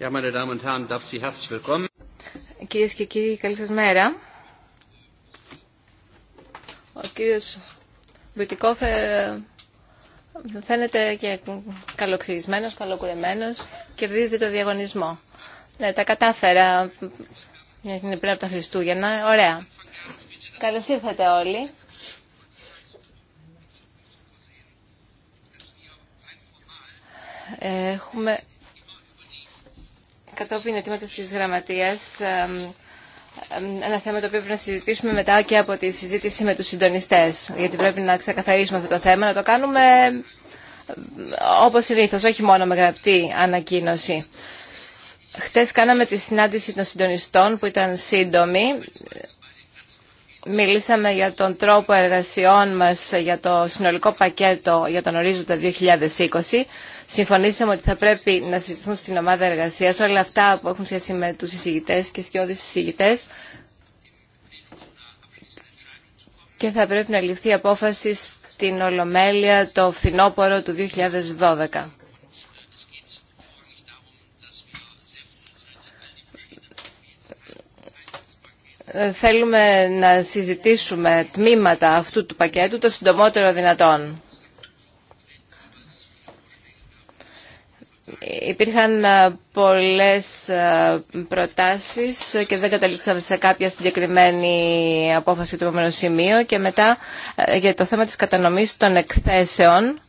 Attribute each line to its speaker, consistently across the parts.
Speaker 1: Ja,
Speaker 2: Κυρίες και κύριοι, καλή σας μέρα. Ο κύριος Μπουτικόφερ ε, φαίνεται και καλοξυγισμένος, καλοκουρεμένος, κερδίζει το διαγωνισμό. Ναι, τα κατάφερα, είναι πριν από τα Χριστούγεννα, ωραία. Καλώς ήρθατε όλοι. Ε, έχουμε κατόπιν αιτήματο τη Γραμματεία, ένα θέμα το οποίο πρέπει να συζητήσουμε μετά και από τη συζήτηση με τους συντονιστές γιατί πρέπει να ξεκαθαρίσουμε αυτό το θέμα να το κάνουμε όπως συνήθω, όχι μόνο με γραπτή ανακοίνωση Χτες κάναμε τη συνάντηση των συντονιστών που ήταν σύντομη Μιλήσαμε για τον τρόπο εργασιών μας για το συνολικό πακέτο για τον ορίζοντα 2020. Συμφωνήσαμε ότι θα πρέπει να συζητηθούν στην ομάδα εργασίας όλα αυτά που έχουν σχέση με τους εισηγητές και σκιώδεις εισηγητές και θα πρέπει να ληφθεί απόφαση στην Ολομέλεια το φθινόπωρο του 2012. Ε, θέλουμε να συζητήσουμε τμήματα αυτού του πακέτου το συντομότερο δυνατόν. Υπήρχαν ε, πολλές ε, προτάσεις και δεν καταλήξαμε σε κάποια συγκεκριμένη απόφαση του επόμενου σημείου και μετά για το θέμα της κατανομής των εκθέσεων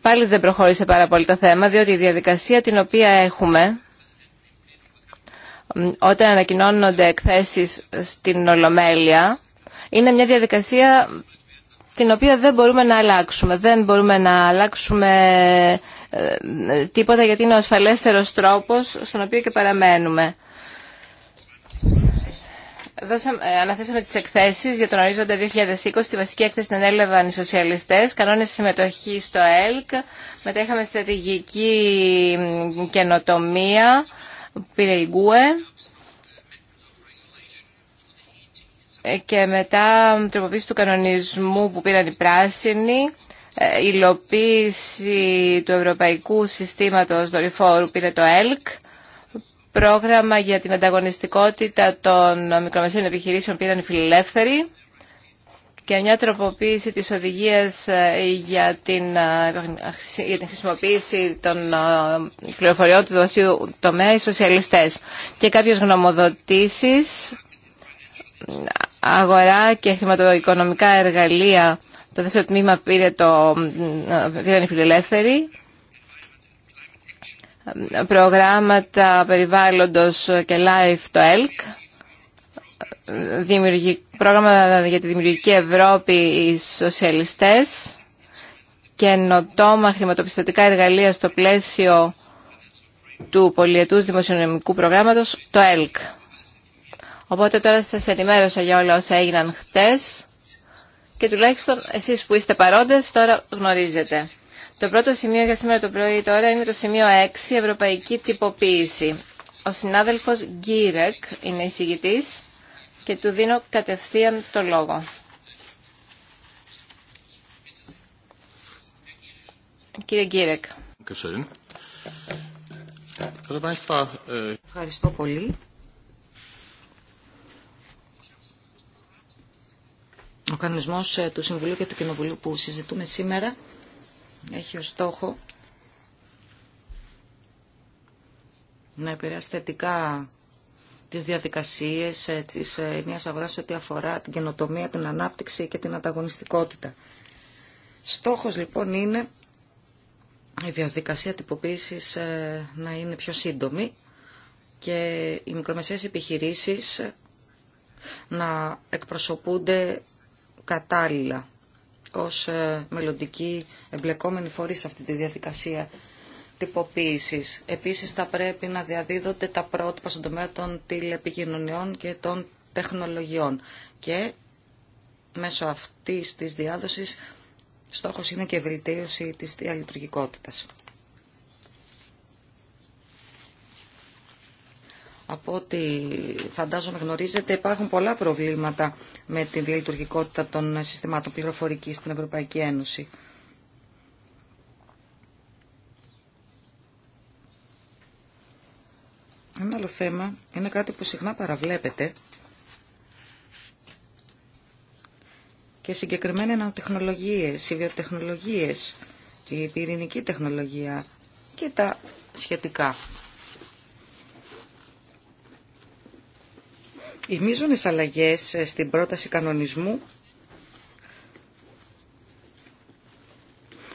Speaker 2: πάλι δεν προχώρησε πάρα πολύ το θέμα διότι η διαδικασία την οποία έχουμε όταν ανακοινώνονται εκθέσεις στην Ολομέλεια είναι μια διαδικασία την οποία δεν μπορούμε να αλλάξουμε. Δεν μπορούμε να αλλάξουμε ε, ε, τίποτα γιατί είναι ο ασφαλέστερος τρόπος στον οποίο και παραμένουμε. Δώσαμε, ε, αναθέσαμε τις εκθέσεις για τον ορίζοντα 2020. Στη βασική έκθεση την ανέλαβαν οι σοσιαλιστές, κανόνες συμμετοχή στο ΕΛΚ. Μετά είχαμε στρατηγική καινοτομία πήρε η Γκουε ε, και μετά τροποποίηση του κανονισμού που πήραν οι πράσινοι ε, υλοποίηση του Ευρωπαϊκού Συστήματος Δορυφόρου πήρε το ΕΛΚ πρόγραμμα για την ανταγωνιστικότητα των μικρομεσαίων επιχειρήσεων πήραν οι φιλελεύθεροι και μια τροποποίηση της οδηγίας ε, ε, για την, χρησιμοποίηση των ε, πληροφοριών του δημοσίου τομέα οι σοσιαλιστές και κάποιες γνωμοδοτήσεις αγορά και χρηματοοικονομικά εργαλεία το δεύτερο τμήμα πήρε το, πήραν οι φιλελεύθεροι προγράμματα περιβάλλοντος και live το ΕΛΚ πρόγραμμα για τη δημιουργική Ευρώπη οι σοσιαλιστές νοτόμα χρηματοπιστωτικά εργαλεία στο πλαίσιο του πολιετούς δημοσιονομικού προγράμματος, το ΕΛΚ. Οπότε τώρα σας ενημέρωσα για όλα όσα έγιναν χτες και τουλάχιστον εσείς που είστε παρόντες τώρα γνωρίζετε. Το πρώτο σημείο για σήμερα το πρωί τώρα είναι το σημείο 6, Ευρωπαϊκή Τυποποίηση. Ο συνάδελφος Γκίρεκ είναι εισηγητής και του δίνω κατευθείαν το λόγο. Κύριε Γκίρεκ. Ευχαριστώ
Speaker 3: πολύ. Ο κανονισμός ε, του Συμβουλίου και του Κοινοβουλίου που συζητούμε σήμερα έχει ως στόχο να επηρεάσει θετικά τις διαδικασίες ε, της ε, αγορά σε ό,τι αφορά την καινοτομία, την ανάπτυξη και την ανταγωνιστικότητα. Στόχος λοιπόν είναι η διαδικασία τυποποίησης ε, να είναι πιο σύντομη και οι μικρομεσαίες επιχειρήσεις να εκπροσωπούνται κατάλληλα ως μελλοντικοί εμπλεκόμενοι φορείς σε αυτή τη διαδικασία τυποποίησης. Επίσης θα πρέπει να διαδίδονται τα πρότυπα στον τομέα των τηλεπικοινωνιών και των τεχνολογιών. Και μέσω αυτής της διάδοσης στόχος είναι και η βελτίωση της διαλειτουργικότητας. από ό,τι φαντάζομαι γνωρίζετε, υπάρχουν πολλά προβλήματα με τη διαλειτουργικότητα των συστημάτων πληροφορικής στην Ευρωπαϊκή Ένωση. Ένα άλλο θέμα είναι κάτι που συχνά παραβλέπετε και συγκεκριμένα είναι τεχνολογίες, οι βιοτεχνολογίες, η πυρηνική τεχνολογία και τα σχετικά. Οι μείζονες αλλαγές ε, στην πρόταση κανονισμού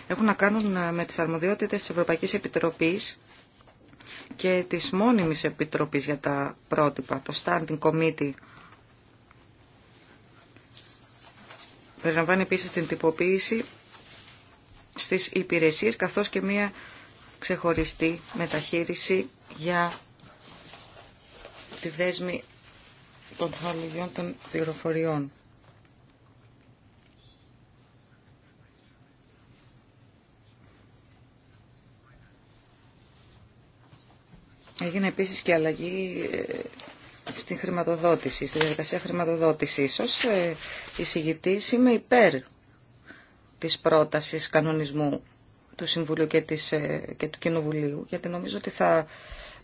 Speaker 3: έχουν να κάνουν ε, με τις αρμοδιότητες της Ευρωπαϊκής Επιτροπής και της μόνιμης επιτροπής για τα πρότυπα, το Standing Committee. Περιλαμβάνει επίσης την τυποποίηση στις υπηρεσίες καθώς και μία ξεχωριστή μεταχείριση για τη δέσμη των τεχνολογιών των πληροφοριών. Έγινε επίσης και αλλαγή ε, στη χρηματοδότηση, στη διαδικασία χρηματοδότησης. Ως ε, εισηγητής είμαι υπέρ της πρότασης κανονισμού του Συμβουλίου και, της, ε, και του Κοινοβουλίου, γιατί νομίζω ότι θα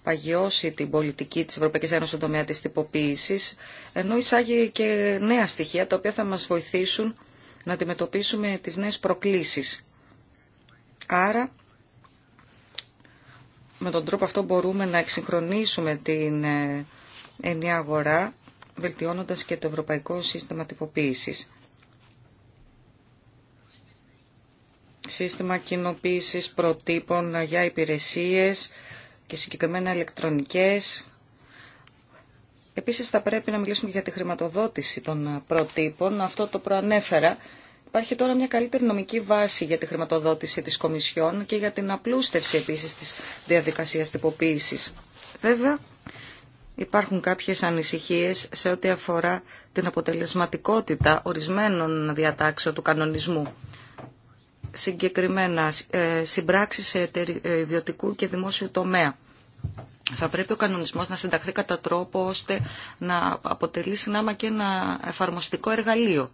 Speaker 3: παγιώσει την πολιτική της Ευρωπαϊκής Ένωσης στον τομέα της τυποποίησης, ενώ εισάγει και νέα στοιχεία τα οποία θα μας βοηθήσουν να αντιμετωπίσουμε τις νέες προκλήσεις. Άρα με τον τρόπο αυτό μπορούμε να εξυγχρονίσουμε την ε, ενιαία αγορά, βελτιώνοντας και το ευρωπαϊκό σύστημα τυποποίησης. Σύστημα κοινοποίησης προτύπων για υπηρεσίες και συγκεκριμένα ηλεκτρονικές. Επίσης θα πρέπει να μιλήσουμε για τη χρηματοδότηση των προτύπων. Αυτό το προανέφερα Υπάρχει τώρα μια καλύτερη νομική βάση για τη χρηματοδότηση της Κομισιόν και για την απλούστευση επίσης της διαδικασίας τυποποίησης. Βέβαια, υπάρχουν κάποιες ανησυχίες σε ό,τι αφορά την αποτελεσματικότητα ορισμένων διατάξεων του κανονισμού. Συγκεκριμένα, ε, συμπράξεις σε ε, ιδιωτικού και δημόσιου τομέα. Θα πρέπει ο κανονισμός να συνταχθεί κατά τρόπο ώστε να αποτελεί συνάμα και ένα εφαρμοστικό εργαλείο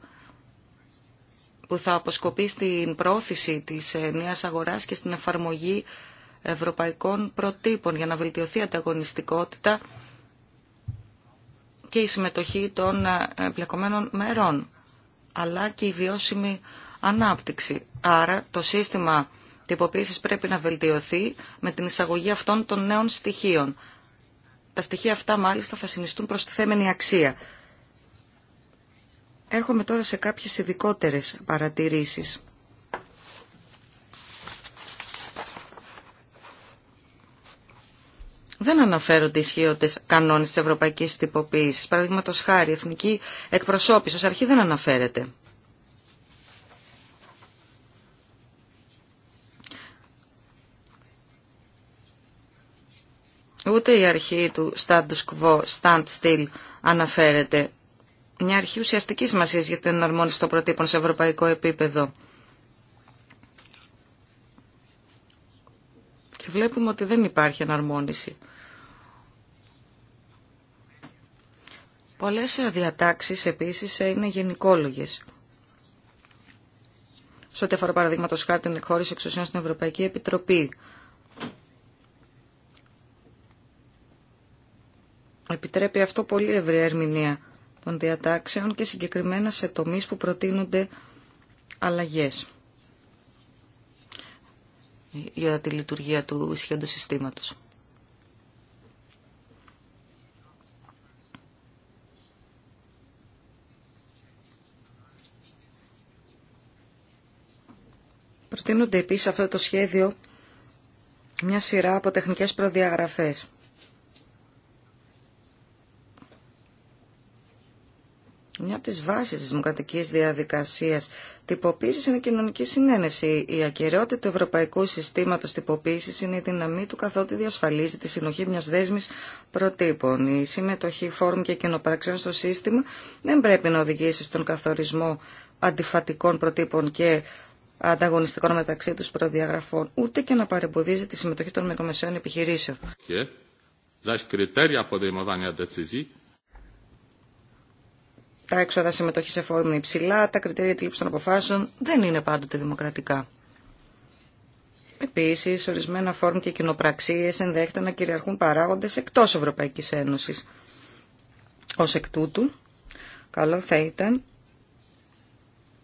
Speaker 3: που θα αποσκοπεί στην πρόθεση της ε, νέας αγοράς και στην εφαρμογή ευρωπαϊκών προτύπων για να βελτιωθεί η ανταγωνιστικότητα και η συμμετοχή των ε, εμπλεκομένων μερών, αλλά και η βιώσιμη ανάπτυξη. Άρα το σύστημα τυποποίησης πρέπει να βελτιωθεί με την εισαγωγή αυτών των νέων στοιχείων. Τα στοιχεία αυτά μάλιστα θα συνιστούν προστιθέμενη αξία Έρχομαι τώρα σε κάποιες ειδικότερε παρατηρήσεις. Δεν αναφέρονται ισχύωτες κανόνες της ευρωπαϊκής τυποποίηση. Παραδείγματο χάρη, εθνική εκπροσώπηση ως αρχή δεν αναφέρεται. Ούτε η αρχή του status quo, stand still, αναφέρεται μια αρχή ουσιαστική σημασία για την εναρμόνιση των προτύπων σε ευρωπαϊκό επίπεδο. Και βλέπουμε ότι δεν υπάρχει εναρμόνιση. Πολλές διατάξεις επίσης είναι γενικόλογες. Σε ό,τι αφορά παραδείγματο χάρη την εκχώρηση εξουσιών στην Ευρωπαϊκή Επιτροπή. Επιτρέπει αυτό πολύ ευρία ερμηνεία των διατάξεων και συγκεκριμένα σε τομείς που προτείνονται αλλαγές για τη λειτουργία του ισχύοντος συστήματος. Προτείνονται επίσης αυτό το σχέδιο μια σειρά από τεχνικές προδιαγραφές Μια από τις βάσεις της δημοκρατικής διαδικασίας τυποποίησης είναι η κοινωνική συνένεση. Η ακαιρεότητα του ευρωπαϊκού συστήματος τυποποίησης είναι η δύναμή του καθότι διασφαλίζει τη συνοχή μιας δέσμης προτύπων. Η συμμετοχή φόρουμ και κοινοπραξιών στο σύστημα δεν πρέπει να οδηγήσει στον καθορισμό αντιφατικών προτύπων και ανταγωνιστικών μεταξύ τους προδιαγραφών, ούτε και να παρεμποδίζει τη συμμετοχή των μικρομεσαίων επιχειρήσεων. Και, τα έξοδα συμμετοχή σε φόρουμ είναι υψηλά, τα κριτήρια τύληψη των αποφάσεων δεν είναι πάντοτε δημοκρατικά. Επίση, ορισμένα φόρουμ και κοινοπραξίε ενδέχεται να κυριαρχούν παράγοντε εκτό Ευρωπαϊκή Ένωση. Ω εκ τούτου, καλό θα ήταν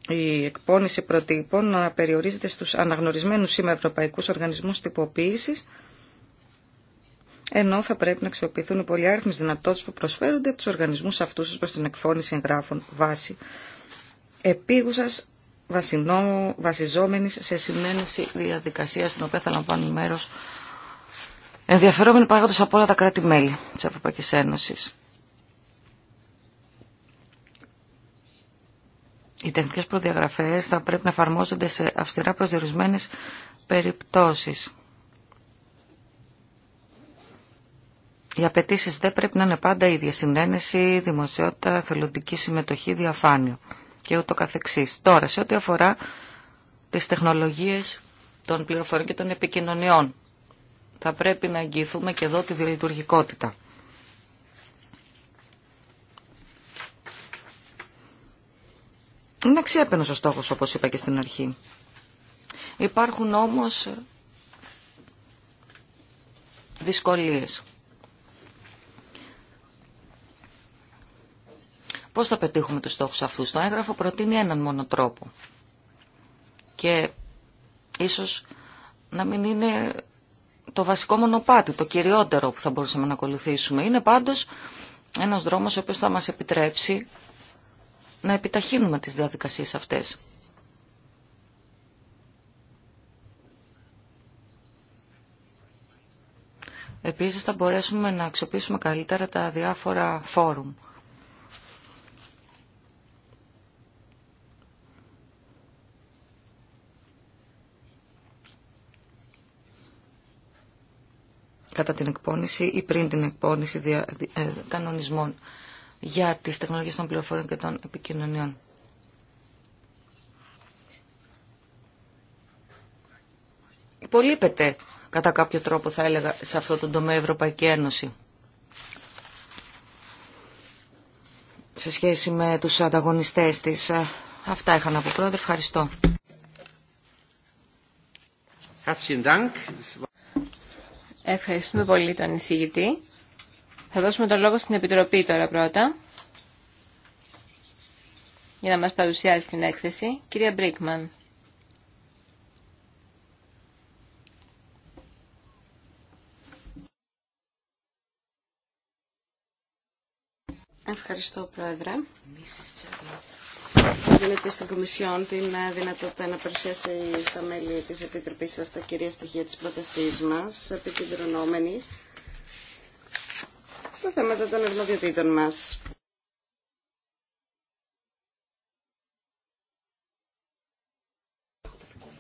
Speaker 3: η εκπόνηση προτύπων να περιορίζεται στους αναγνωρισμένους σήμερα Ευρωπαϊκού Οργανισμού τυποποίηση ενώ θα πρέπει να αξιοποιηθούν οι πολυάριθμες δυνατότητες που προσφέρονται από τους οργανισμούς αυτούς προς την εκφώνηση εγγράφων βάση επίγουσας βασινό, βασιζόμενης σε συνένεση διαδικασία στην οποία θα λαμβάνουν μέρος ενδιαφερόμενοι παράγοντες από όλα τα κράτη-μέλη της Ευρωπαϊκής Ένωσης. Οι τεχνικές προδιαγραφές θα πρέπει να εφαρμόζονται σε αυστηρά προσδιορισμένες περιπτώσεις. Οι απαιτήσει δεν πρέπει να είναι πάντα ίδια. Συνένεση, δημοσιότητα, θελοντική συμμετοχή, διαφάνεια και ούτω καθεξής. Τώρα, σε ό,τι αφορά τις τεχνολογίες των πληροφοριών και των επικοινωνιών, θα πρέπει να εγγυηθούμε και εδώ τη διελειτουργικότητα. Είναι αξιέπαινος ο στόχος, όπως είπα και στην αρχή. Υπάρχουν όμως δυσκολίες. Πώς θα πετύχουμε τους στόχους αυτούς. Το έγγραφο προτείνει έναν μόνο τρόπο. Και ίσως να μην είναι το βασικό μονοπάτι, το κυριότερο που θα μπορούσαμε να ακολουθήσουμε. Είναι πάντως ένας δρόμος ο οποίος θα μας επιτρέψει να επιταχύνουμε τις διαδικασίες αυτές. Επίσης θα μπορέσουμε να αξιοποιήσουμε καλύτερα τα διάφορα φόρουμ κατά την εκπόνηση ή πριν την εκπόνηση δια, ε, κανονισμών για τις τεχνολογίες των πληροφοριών και των επικοινωνιών. Υπολείπεται κατά κάποιο τρόπο θα έλεγα σε αυτό τον τομέα Ευρωπαϊκή Ένωση. σε σχέση με τους ανταγωνιστές της. Ε, αυτά είχα να πω,
Speaker 2: Πρόεδρε. Ευχαριστώ. Ευχαριστούμε πολύ τον εισηγητή. Θα δώσουμε τον λόγο στην Επιτροπή τώρα πρώτα για να μας παρουσιάσει την έκθεση. Κυρία Μπρίκμαν.
Speaker 4: Ευχαριστώ, Πρόεδρε. Δίνετε στην Κομισιόν την ε, δυνατότητα να παρουσιάσει στα μέλη της Επιτροπής σας τα κυρία στοιχεία της πρότασής μας, επικεντρωνόμενη στα θέματα των αρμοδιοτήτων μας.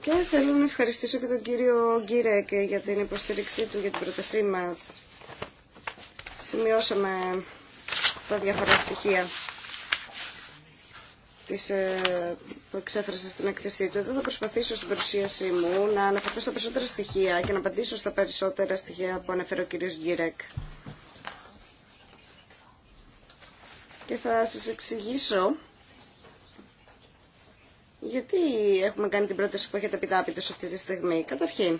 Speaker 4: Και θέλω να ευχαριστήσω και τον κύριο Γκίρεκ για την υποστήριξή του για την πρότασή μας. Σημειώσαμε τα διάφορα στοιχεία της, ε, που εξέφρασε στην εκθεσή του. Εδώ θα προσπαθήσω στην παρουσίασή μου να αναφερθώ στα περισσότερα στοιχεία και να απαντήσω στα περισσότερα στοιχεία που ανέφερε ο κ. Γκίρεκ. Και θα σας εξηγήσω γιατί έχουμε κάνει την πρόταση που έχετε σε αυτή τη στιγμή. Καταρχήν,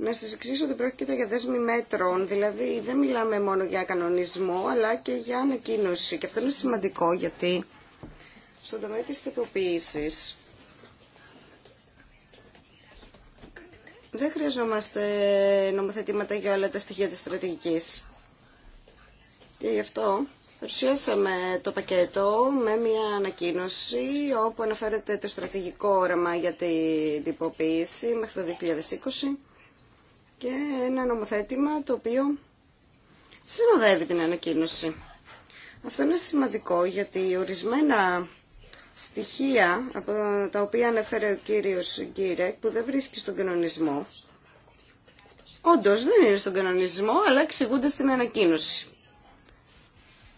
Speaker 4: να σας εξηγήσω ότι πρόκειται για δέσμη μέτρων, δηλαδή δεν μιλάμε μόνο για κανονισμό, αλλά και για ανακοίνωση. Και αυτό είναι σημαντικό γιατί στον τομέα της τυποποίησης δεν χρειαζόμαστε νομοθετήματα για όλα τα στοιχεία της στρατηγικής. Και γι' αυτό Παρουσιάσαμε το πακέτο με μια ανακοίνωση όπου αναφέρεται το στρατηγικό όραμα για την τυποποίηση μέχρι το 2020 και ένα νομοθέτημα το οποίο συνοδεύει την ανακοίνωση. Αυτό είναι σημαντικό γιατί ορισμένα στοιχεία από τα οποία ανέφερε ο κύριος Γκίρεκ που δεν βρίσκει στον κανονισμό όντως δεν είναι στον κανονισμό, αλλά εξηγούνται στην ανακοίνωση.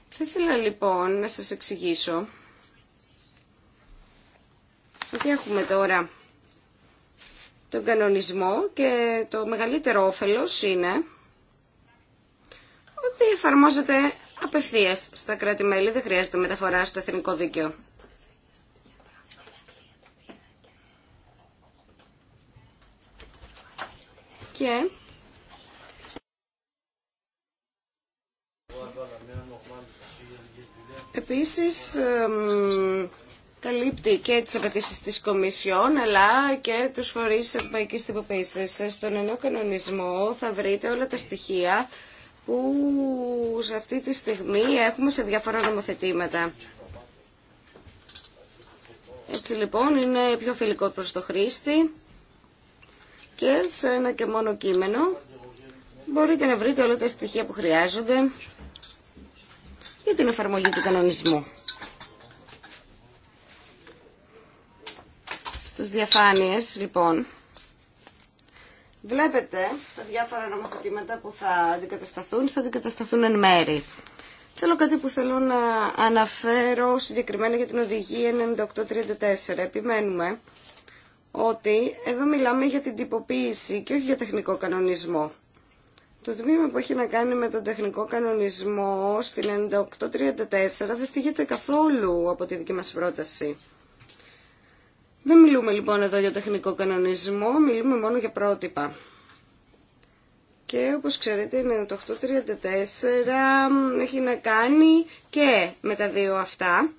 Speaker 4: Θα ήθελα λοιπόν να σας εξηγήσω ότι έχουμε τώρα τον κανονισμό και το μεγαλύτερο όφελος είναι ότι εφαρμόζεται απευθείας στα κράτη-μέλη, δεν χρειάζεται μεταφορά στο εθνικό δίκαιο. Και... Επίσης, καλύπτει και τις απαιτήσει της Κομισιόν αλλά και τους φορείς της Ευρωπαϊκής Τυποποίησης. Στον ενό κανονισμό θα βρείτε όλα τα στοιχεία που σε αυτή τη στιγμή έχουμε σε διάφορα νομοθετήματα. Έτσι λοιπόν είναι πιο φιλικό προς το χρήστη και σε ένα και μόνο κείμενο μπορείτε να βρείτε όλα τα στοιχεία που χρειάζονται για την εφαρμογή του κανονισμού. Στις διαφάνειες, λοιπόν, βλέπετε τα διάφορα νομοθετήματα που θα αντικατασταθούν, θα αντικατασταθούν εν μέρη. Θέλω κάτι που θέλω να αναφέρω συγκεκριμένα για την οδηγία 9834. Επιμένουμε ότι εδώ μιλάμε για την τυποποίηση και όχι για τεχνικό κανονισμό. Το τμήμα που έχει να κάνει με τον τεχνικό κανονισμό στην 9834 δεν φύγεται καθόλου από τη δική μας πρόταση. Δεν μιλούμε λοιπόν εδώ για τεχνικό κανονισμό, μιλούμε μόνο για πρότυπα. Και όπως ξέρετε είναι το 834 έχει να κάνει και με τα δύο αυτά.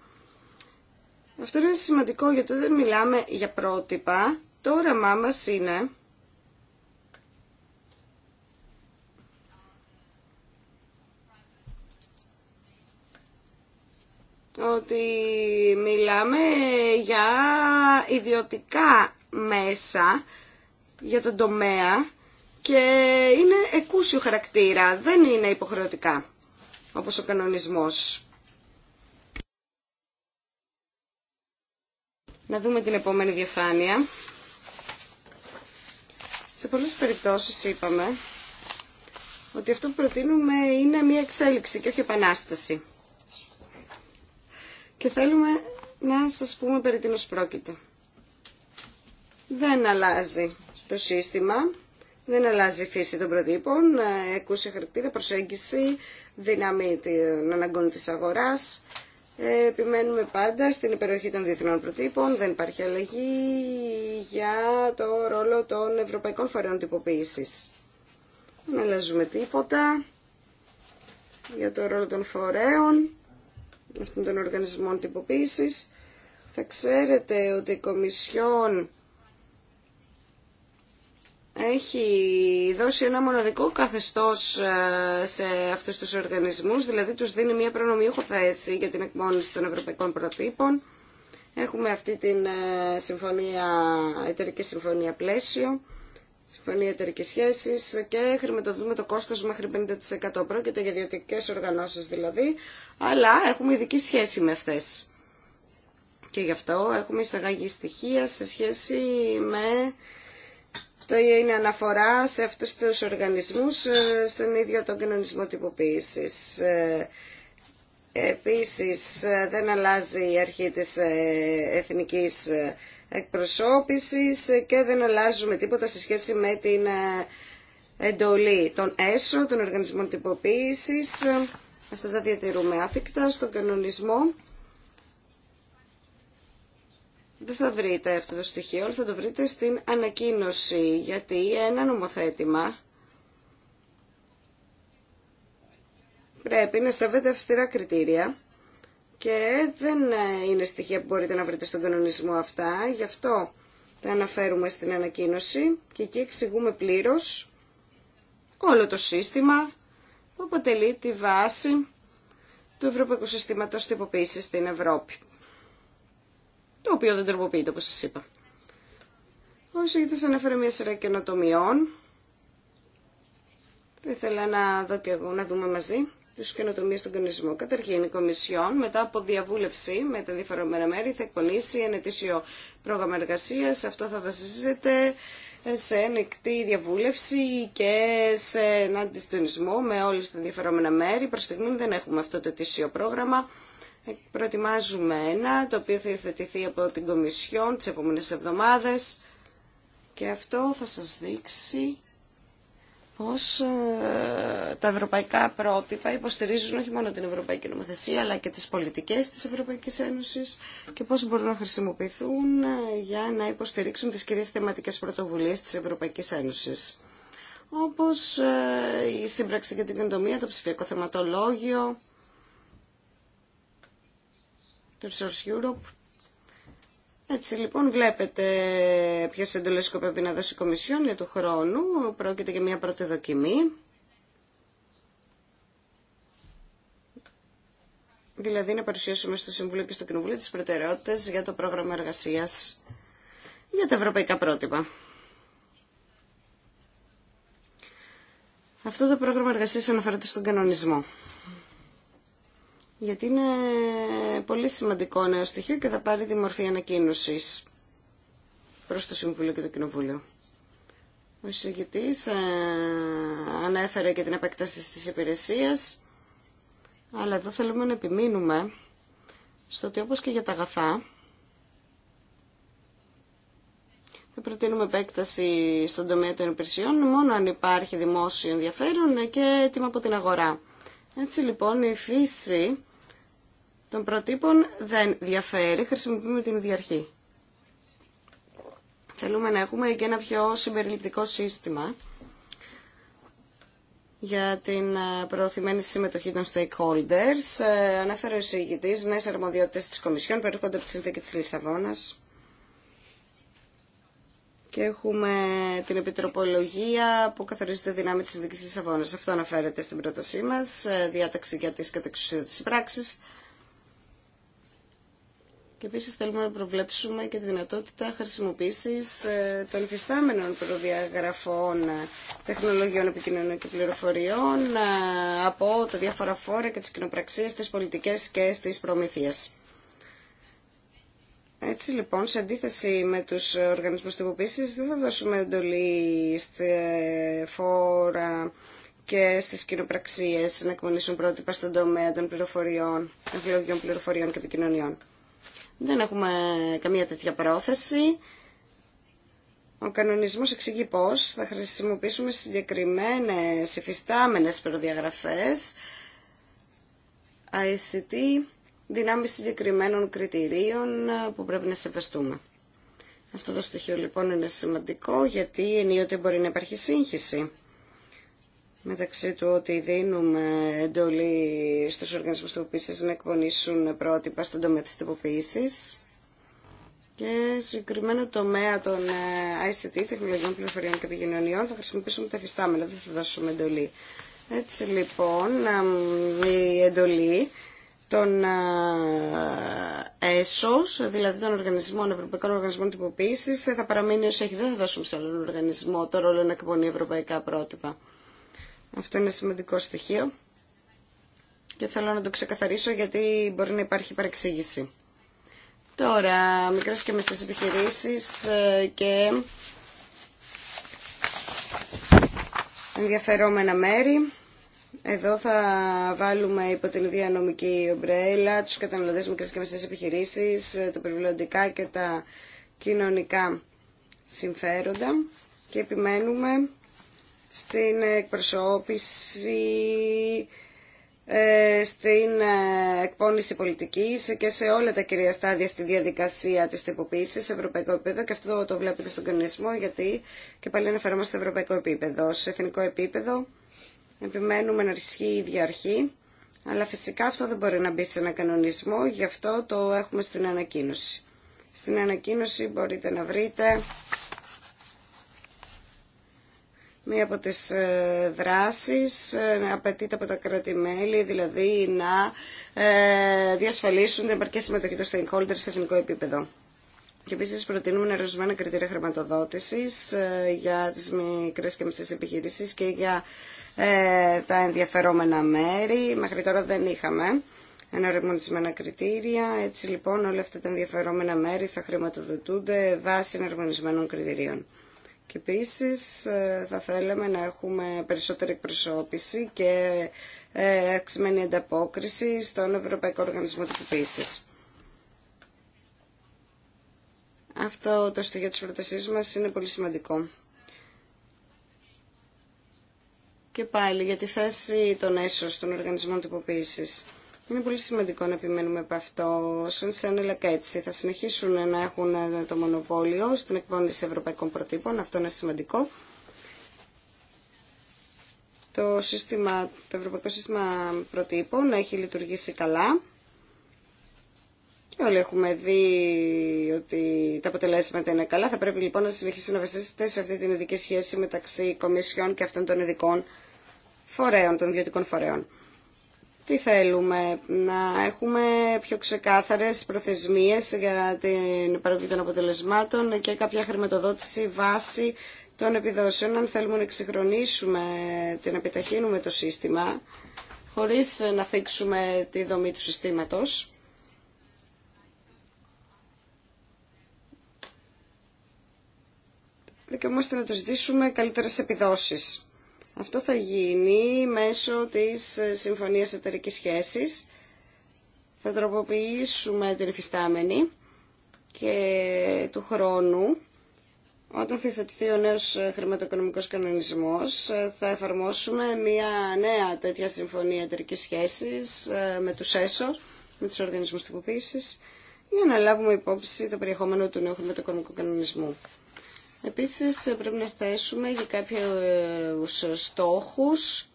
Speaker 4: Αυτό είναι σημαντικό γιατί δεν μιλάμε για πρότυπα, το όραμά μας είναι ότι μιλάμε για ιδιωτικά μέσα για τον τομέα και είναι εκούσιο χαρακτήρα, δεν είναι υποχρεωτικά όπως ο κανονισμός. Να δούμε την επόμενη διαφάνεια. Σε πολλές περιπτώσεις είπαμε ότι αυτό που προτείνουμε είναι μια εξέλιξη και όχι επανάσταση και θέλουμε να σας πούμε περί τίνος πρόκειται. Δεν αλλάζει το σύστημα, δεν αλλάζει η φύση των προτύπων, ε, Έκουσε χαρακτήρα, προσέγγιση, δύναμη των αναγκών της αγοράς. Ε, επιμένουμε πάντα στην υπεροχή των διεθνών προτύπων, δεν υπάρχει αλλαγή για το ρόλο των ευρωπαϊκών φορέων τυποποίησης. Δεν αλλάζουμε τίποτα για το ρόλο των φορέων αυτών των οργανισμών τυποποίησης. Θα ξέρετε ότι η Κομισιόν έχει δώσει ένα μοναδικό καθεστώς ε, σε αυτούς τους οργανισμούς, δηλαδή τους δίνει μια προνομιούχο θέση για την εκμόνηση των ευρωπαϊκών προτύπων. Έχουμε αυτή την ε, συμφωνία, εταιρική συμφωνία πλαίσιο Συμφωνία Εταιρική Σχέση και χρηματοδοτούμε το κόστο μέχρι 50%. Πρόκειται για ιδιωτικέ οργανώσει δηλαδή, αλλά έχουμε ειδική σχέση με αυτέ. Και γι' αυτό έχουμε εισαγάγει στοιχεία σε σχέση με το είναι αναφορά σε αυτούς τους οργανισμούς ε, στον ίδιο τον κοινωνισμό τυποποίησης. Ε, επίσης ε, δεν αλλάζει η αρχή της εθνικής εκπροσώπησης και δεν αλλάζουμε τίποτα σε σχέση με την ε, εντολή των ΕΣΟ, των οργανισμών τυποποίησης. Αυτά τα διατηρούμε άθικτα στον κανονισμό. Δεν θα βρείτε αυτό το στοιχείο, θα το βρείτε στην ανακοίνωση, γιατί ένα νομοθέτημα πρέπει να σέβεται αυστηρά κριτήρια και δεν ε, είναι στοιχεία που μπορείτε να βρείτε στον κανονισμό αυτά, γι' αυτό τα αναφέρουμε στην ανακοίνωση και εκεί εξηγούμε πλήρως όλο το σύστημα που αποτελεί τη βάση του Ευρωπαϊκού Συστήματος Τυποποίησης στην Ευρώπη, το οποίο δεν τροποποιείται όπως σας είπα. Ο σας αναφέρω μια σειρά καινοτομιών. Θα ήθελα να δω και εγώ, να δούμε μαζί τη καινοτομία του κανονισμό. Καταρχήν, η Κομισιόν, μετά από διαβούλευση με τα διαφορεμένα μέρη, θα εκπονήσει ένα ετήσιο πρόγραμμα εργασία. Αυτό θα βασίζεται σε ανοιχτή διαβούλευση και σε έναν με όλες τα ενδιαφερόμενα μέρη. Προ στιγμή δεν έχουμε αυτό το ετήσιο πρόγραμμα. Προετοιμάζουμε ένα, το οποίο θα υιοθετηθεί από την Κομισιόν τις επόμενε εβδομάδες και αυτό θα σας δείξει πως ε, τα ευρωπαϊκά πρότυπα υποστηρίζουν όχι μόνο την ευρωπαϊκή νομοθεσία αλλά και τις πολιτικές της Ευρωπαϊκής Ένωσης και πώς μπορούν να χρησιμοποιηθούν ε, για να υποστηρίξουν τις κυρίες θεματικές πρωτοβουλίες της Ευρωπαϊκής Ένωσης. Όπως ε, η σύμπραξη για την κεντομία, το ψηφιακό θεματολόγιο, το Resource Europe έτσι λοιπόν βλέπετε ποιε εντολέ σκοπεύει να δώσει η Κομισιόν για του χρόνου. Πρόκειται για μια πρώτη δοκιμή. Δηλαδή να παρουσιάσουμε στο Συμβούλιο και στο Κοινοβούλιο τις προτεραιότητες για το πρόγραμμα εργασίας για τα ευρωπαϊκά πρότυπα. Αυτό το πρόγραμμα εργασίας αναφέρεται στον κανονισμό γιατί είναι πολύ σημαντικό νέο στοιχείο και θα πάρει τη μορφή ανακοίνωση προς το Συμβούλιο και το Κοινοβούλιο. Ο εισηγητής ε, ανέφερε και την επέκταση της υπηρεσίας, αλλά εδώ θέλουμε να επιμείνουμε στο ότι όπως και για τα αγαθά, θα προτείνουμε επέκταση στον τομέα των υπηρεσιών μόνο αν υπάρχει δημόσιο ενδιαφέρον και έτοιμο από την αγορά. Έτσι λοιπόν η φύση των προτύπων δεν διαφέρει, χρησιμοποιούμε την ίδια αρχή. Θέλουμε να έχουμε και ένα πιο συμπεριληπτικό σύστημα για την ε, προωθημένη συμμετοχή των stakeholders. Ε, ανέφερε ο εισηγητής νέες αρμοδιότητες της Κομισιόν, περιέχονται από τη συνθήκη της Λισαβόνας. Και έχουμε την επιτροπολογία που καθορίζεται δυνάμει της συνθήκης της Λισαβόνας. Αυτό αναφέρεται στην πρότασή μας, ε, διάταξη για τις κατεξουσίες της πράξης και επίση θέλουμε να προβλέψουμε και τη δυνατότητα χρησιμοποίησης ε, των υφιστάμενων προδιαγραφών ε, τεχνολογιών επικοινωνιών και πληροφοριών ε, από τα διάφορα φόρα και τι κοινοπραξίε, τι πολιτικέ και στις προμήθειε. Έτσι λοιπόν, σε αντίθεση με τους οργανισμούς τυποποίησης, δεν θα δώσουμε εντολή στη φόρα και στις κοινοπραξίες να εκμονήσουν πρότυπα στον τομέα των πληροφοριών, πληροφοριών και επικοινωνιών. Δεν έχουμε καμία τέτοια πρόθεση. Ο κανονισμός εξηγεί πώς θα χρησιμοποιήσουμε συγκεκριμένες υφιστάμενες προδιαγραφές ICT, δυνάμεις συγκεκριμένων κριτηρίων που πρέπει να σεβαστούμε. Αυτό το στοιχείο λοιπόν είναι σημαντικό γιατί ενίοτε μπορεί να υπάρχει σύγχυση μεταξύ του ότι δίνουμε εντολή στους οργανισμούς τυποποίησης να εκπονήσουν πρότυπα στον τομέα της τυποποίησης και συγκεκριμένα τομέα των ε, ICT, τεχνολογιών πληροφοριών και επικοινωνιών, θα χρησιμοποιήσουμε τα φυστάμενα, δεν θα δώσουμε εντολή. Έτσι λοιπόν, η εντολή των ε, ΕΣΟΣ, δηλαδή των οργανισμών, Ευρωπαϊκών Οργανισμών Τυποποίησης, ε, θα παραμείνει ως έχει, δεν θα δώσουμε σε άλλον οργανισμό το ρόλο να εκπονεί ευρωπαϊκά πρότυπα. Αυτό είναι σημαντικό στοιχείο και θέλω να το ξεκαθαρίσω γιατί μπορεί να υπάρχει παρεξήγηση. Τώρα, μικρές και μεσές επιχειρήσεις ε, και ενδιαφερόμενα μέρη. Εδώ θα βάλουμε υπό την ίδια νομική ομπρέλα τους καταναλωτές μικρές και μεσές επιχειρήσεις, ε, τα περιβαλλοντικά και τα κοινωνικά συμφέροντα και επιμένουμε στην εκπροσώπηση, ε, στην ε, εκπόνηση πολιτικής και σε όλα τα κυρία στάδια στη διαδικασία της τυποποίησης σε ευρωπαϊκό επίπεδο και αυτό το βλέπετε στον κανονισμό γιατί και πάλι αναφερόμαστε σε ευρωπαϊκό επίπεδο. Σε εθνικό επίπεδο επιμένουμε να αρχίσει η ίδια αρχή, αλλά φυσικά αυτό δεν μπορεί να μπει σε ένα κανονισμό, γι' αυτό το έχουμε στην ανακοίνωση. Στην ανακοίνωση μπορείτε να βρείτε Μία από τις ε, δράσεις ε, απαιτείται από τα κράτη-μέλη, δηλαδή να ε, διασφαλίσουν την επαρκή συμμετοχή των stakeholders σε εθνικό επίπεδο. Και επίση προτείνουμε ορισμένα κριτήρια χρηματοδότηση για τι μικρέ και μισέ επιχειρήσει και για τα ενδιαφερόμενα μέρη. Μέχρι τώρα δεν είχαμε εναρμονισμένα κριτήρια. Έτσι λοιπόν όλα αυτά τα ενδιαφερόμενα μέρη θα χρηματοδοτούνται βάσει εναρμονισμένων κριτηρίων. Και επίση ε, θα θέλαμε να έχουμε περισσότερη εκπροσώπηση και ε, αξιμένη ανταπόκριση στον Ευρωπαϊκό Οργανισμό Τυποποίησης. Αυτό το στοιχείο της πρότασής μας είναι πολύ σημαντικό. Και πάλι για τη θέση των έσω των οργανισμών τυποποίησης. Είναι πολύ σημαντικό να επιμένουμε από αυτό. Σαν σαν έτσι θα συνεχίσουν να έχουν ε, το μονοπόλιο στην εκπόνηση ευρωπαϊκών προτύπων. Αυτό είναι σημαντικό. Το, σύστημα, το ευρωπαϊκό σύστημα προτύπων έχει λειτουργήσει καλά. Και όλοι έχουμε δει ότι τα αποτελέσματα είναι καλά. Θα πρέπει λοιπόν να συνεχίσει να βασίζεται σε αυτή την ειδική σχέση μεταξύ κομισιών και αυτών των ειδικών φορέων, των ιδιωτικών φορέων τι θέλουμε, να έχουμε πιο ξεκάθαρες προθεσμίες για την παραγωγή των αποτελεσμάτων και κάποια χρηματοδότηση βάση των επιδόσεων, αν θέλουμε να εξυγχρονίσουμε, την επιταχύνουμε το σύστημα, χωρίς να θίξουμε τη δομή του συστήματος. Δικαιούμαστε να το ζητήσουμε καλύτερες επιδόσεις. Αυτό θα γίνει μέσω της Συμφωνίας Εταιρικής Σχέσης. Θα τροποποιήσουμε την υφιστάμενη και του χρόνου όταν θα ο νέος χρηματοοικονομικός κανονισμός θα εφαρμόσουμε μια νέα τέτοια συμφωνία εταιρικής σχέσης ε, με τους ΕΣΟ, με τους οργανισμούς τυποποίησης, για να λάβουμε υπόψη το περιεχόμενο του νέου χρηματοοικονομικού κανονισμού. Επίσης πρέπει να θέσουμε για κάποιους στόχους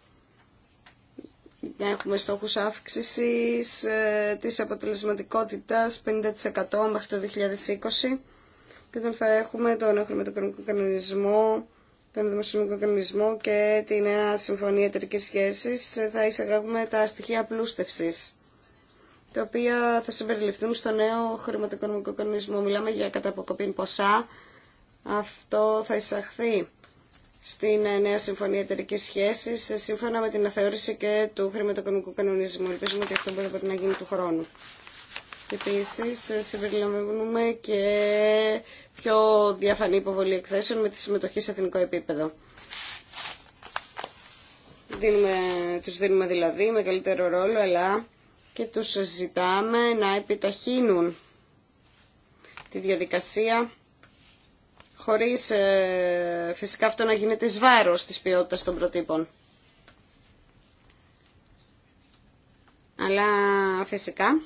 Speaker 4: έχουμε στόχους αύξησης ε, της αποτελεσματικότητας 50% μέχρι το 2020 και όταν θα έχουμε τον χρηματοοικονομικό κανονισμό, τον δημοσιονομικό κανονισμό και τη νέα συμφωνία εταιρικής σχέσης θα εισαγάγουμε τα στοιχεία πλούστευσης τα οποία θα συμπεριληφθούν στο νέο χρηματοοικονομικό κανονισμό. Μιλάμε για καταποκοπή ποσά αυτό θα εισαχθεί στην ε, νέα συμφωνία εταιρική σχέση, ε, σύμφωνα με την αθεώρηση και του χρηματοοικονομικού κανονισμού. Ελπίζουμε ότι αυτό μπορεί να γίνει του χρόνου. Επίση, ε, συμπεριλαμβάνουμε και πιο διαφανή υποβολή εκθέσεων με τη συμμετοχή σε εθνικό επίπεδο. Δίνουμε, τους δίνουμε δηλαδή μεγαλύτερο ρόλο, αλλά και τους ζητάμε να επιταχύνουν τη διαδικασία χωρίς ε, φυσικά αυτό να γίνεται σβάρος της ποιότητας των προτύπων. Αλλά φυσικά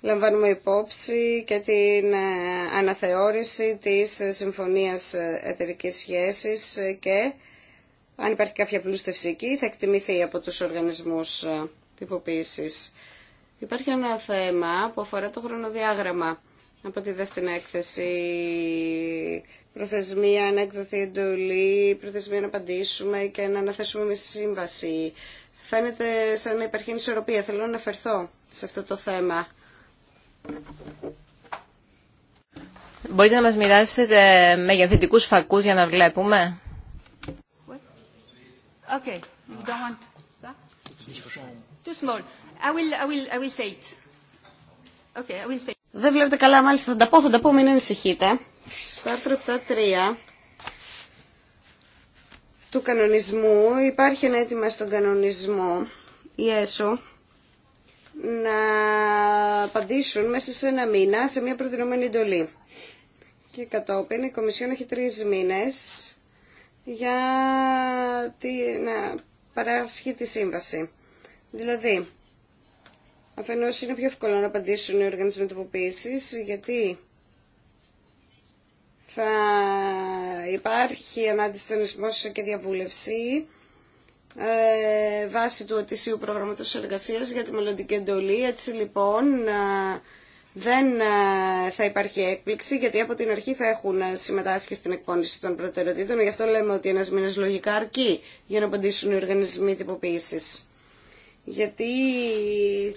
Speaker 4: λαμβάνουμε υπόψη και την ε, αναθεώρηση της Συμφωνίας Εταιρικής Σχέσης και αν υπάρχει κάποια πλούστευση εκεί θα εκτιμηθεί από τους οργανισμούς ε, τυποποίησης. Υπάρχει ένα θέμα που αφορά το χρονοδιάγραμμα από τη στην έκθεση. Προθεσμία να εκδοθεί εντολή, προθεσμία να απαντήσουμε και να αναθέσουμε μια σύμβαση. Φαίνεται σαν να υπάρχει ανισορροπία. Θέλω να αναφερθώ σε αυτό το θέμα.
Speaker 2: Μπορείτε να μας μοιράσετε μεγεθυντικούς φακούς για να βλέπουμε. Okay, you don't want that? Too small. I will, I will, I will say it. Okay, I will say
Speaker 4: δεν βλέπετε καλά, μάλιστα θα τα πω, θα τα πω, μην ανησυχείτε. Στα άρθρο τρία του κανονισμού υπάρχει ένα αίτημα στον κανονισμό, η ΕΣΟ, να απαντήσουν μέσα σε ένα μήνα σε μια προτινόμενη εντολή. Και κατόπιν η Κομισιόν έχει τρεις μήνες για να παράσχει τη σύμβαση. Δηλαδή, Αφενός είναι πιο εύκολο να απαντήσουν οι οργανισμοί τοποποίησης, γιατί θα υπάρχει ανάντηση και διαβούλευση ε, βάσει του ατησίου προγράμματος εργασίας για τη μελλοντική εντολή. Έτσι λοιπόν ε, δεν ε, θα υπάρχει έκπληξη γιατί από την αρχή θα έχουν συμμετάσχει στην εκπόνηση των προτεραιοτήτων. Γι' αυτό λέμε ότι ένας μήνας λογικά αρκεί για να απαντήσουν οι οργανισμοί τυποποίησης γιατί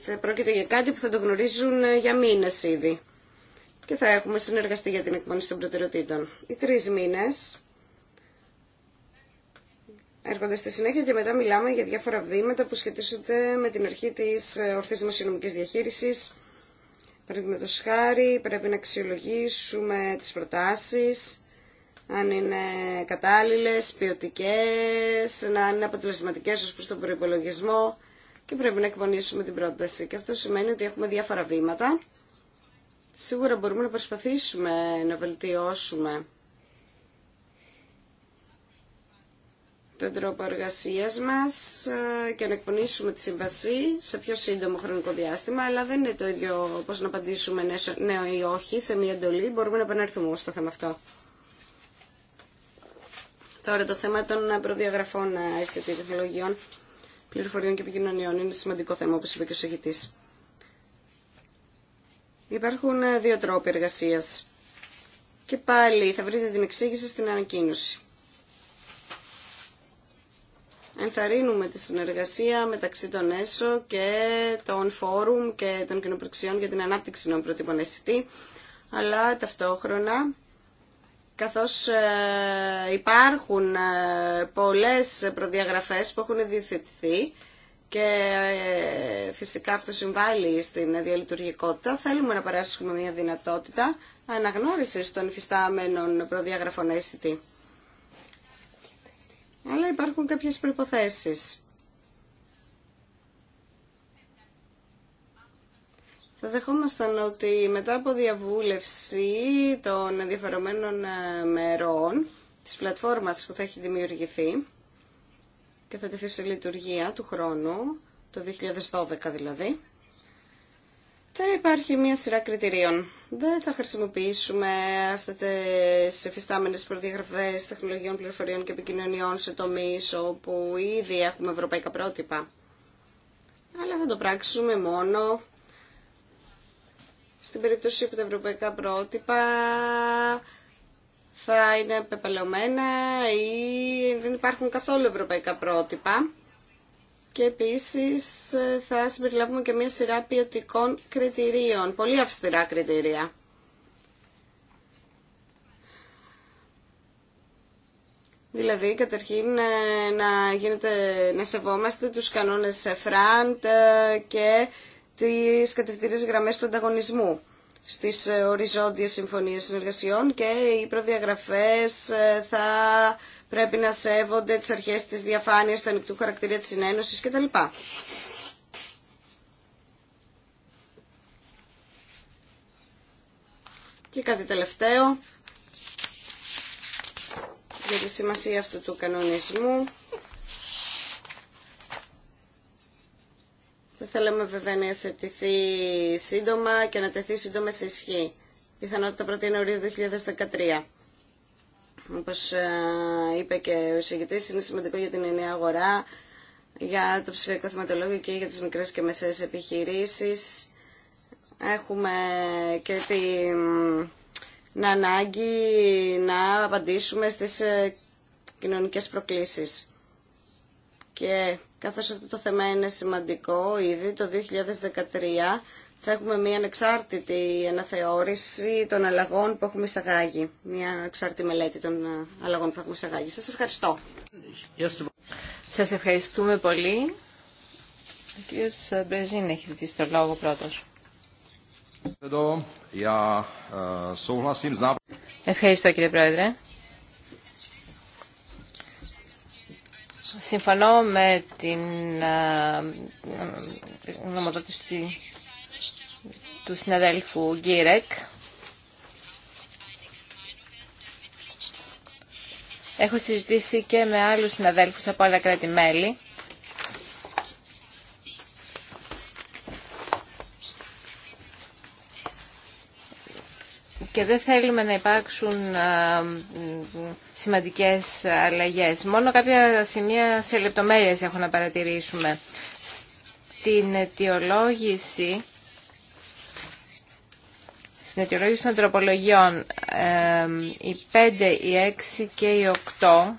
Speaker 4: θα πρόκειται για κάτι που θα το γνωρίζουν ε, για μήνες ήδη και θα έχουμε συνεργαστεί για την εκπόνηση των προτεραιοτήτων. Οι τρεις μήνες έρχονται στη συνέχεια και μετά μιλάμε για διάφορα βήματα που σχετίζονται με την αρχή της ε, ορθής δημοσιονομικής διαχείρισης. Παραδείγματο χάρη πρέπει να αξιολογήσουμε τις προτάσεις, αν είναι κατάλληλες, ποιοτικές, να είναι αποτελεσματικές ω προ τον προϋπολογισμό και πρέπει να εκπονήσουμε την πρόταση. Και αυτό σημαίνει ότι έχουμε διάφορα βήματα. Σίγουρα μπορούμε να προσπαθήσουμε να βελτιώσουμε τον τρόπο εργασία μα ε, και να εκπονήσουμε τη συμβασή σε πιο σύντομο χρονικό διάστημα, αλλά δεν είναι το ίδιο πώς να απαντήσουμε ναι, ναι ή όχι σε μία εντολή. Μπορούμε να επανέλθουμε όμω στο θέμα αυτό. Τώρα το θέμα των προδιαγραφών ICT ε, τεχνολογιών πληροφοριών και επικοινωνιών. Είναι σημαντικό θέμα, όπως είπε και ο συγητής. Υπάρχουν ε, δύο τρόποι εργασία Και πάλι θα βρείτε την εξήγηση στην ανακοίνωση. Ενθαρρύνουμε τη συνεργασία μεταξύ των ΕΣΟ και των φόρουμ και των κοινοπροξιών για την ανάπτυξη των προτύπων αισθητή, αλλά ταυτόχρονα καθώς ε, υπάρχουν ε, πολλές προδιαγραφές που έχουν διευθυνθεί και ε, φυσικά αυτό συμβάλλει στην διαλειτουργικότητα, θέλουμε να παράσχουμε μια δυνατότητα αναγνώρισης των υφιστάμενων προδιαγραφών ICT. Αλλά
Speaker 3: υπάρχουν κάποιες
Speaker 4: προϋποθέσεις. Θα δεχόμασταν ότι μετά από διαβούλευση των ενδιαφερομένων ε, μερών της πλατφόρμας που θα έχει δημιουργηθεί και θα τεθεί σε λειτουργία του χρόνου, το 2012 δηλαδή, θα υπάρχει μια σειρά κριτηρίων. Δεν θα χρησιμοποιήσουμε αυτές τις εφιστάμενες προδιαγραφές τεχνολογιών, πληροφοριών και επικοινωνιών σε τομείς όπου ήδη έχουμε ευρωπαϊκά πρότυπα. Αλλά θα το πράξουμε μόνο στην περίπτωση που τα ευρωπαϊκά πρότυπα θα είναι πεπελωμένα ή δεν υπάρχουν καθόλου ευρωπαϊκά πρότυπα. Και επίσης ε, θα συμπεριλάβουμε και μια σειρά ποιοτικών κριτηρίων, πολύ αυστηρά κριτήρια. Δηλαδή, καταρχήν, ε, να, γίνεται, να σεβόμαστε τους κανόνες φράντ ε, και τις κατευθυντήριες γραμμές του ανταγωνισμού στις ε, οριζόντιες συμφωνίες συνεργασιών και οι προδιαγραφές ε, θα πρέπει να σέβονται τις αρχές της διαφάνειας, του ανοιχτού χαρακτήρα της συνένωσης κτλ. Και κάτι τελευταίο για τη σημασία αυτού του κανονισμού. Δεν θέλαμε βέβαια να υιοθετηθεί σύντομα και να τεθεί σύντομα σε ισχύ. Πιθανότητα 1η Ιανουαρίου 2013. Όπω είπε και ο εισηγητή, είναι σημαντικό για την ενιαία αγορά, για το ψηφιακό θεματολόγιο και για τι μικρέ και μεσαίε επιχειρήσει. Έχουμε και την ανάγκη να απαντήσουμε στις ε, κοινωνικές προκλήσεις. Και καθώς αυτό το θέμα είναι σημαντικό ήδη το 2013 θα έχουμε μια ανεξάρτητη αναθεώρηση των αλλαγών που έχουμε εισαγάγει. Μια ανεξάρτητη μελέτη των ε, αλλαγών που έχουμε εισαγάγει. Σας ευχαριστώ.
Speaker 2: Σας ευχαριστούμε πολύ. Ο κ. Μπρεζίν έχει ζητήσει το λόγο πρώτος. Ε, ευχαριστώ κύριε Πρόεδρε. Συμφωνώ με την ε, ε, νομοδότηση του συναδέλφου Γκίρεκ. Έχω συζητήσει και με άλλους συναδέλφους από άλλα κράτη-μέλη και δεν θέλουμε να υπάρξουν σημαντικές αλλαγές. Μόνο κάποια σημεία σε λεπτομέρειες έχω να παρατηρήσουμε. Στην αιτιολόγηση, στην αιτιολόγηση των τροπολογιών, οι 5, οι 6 και οι 8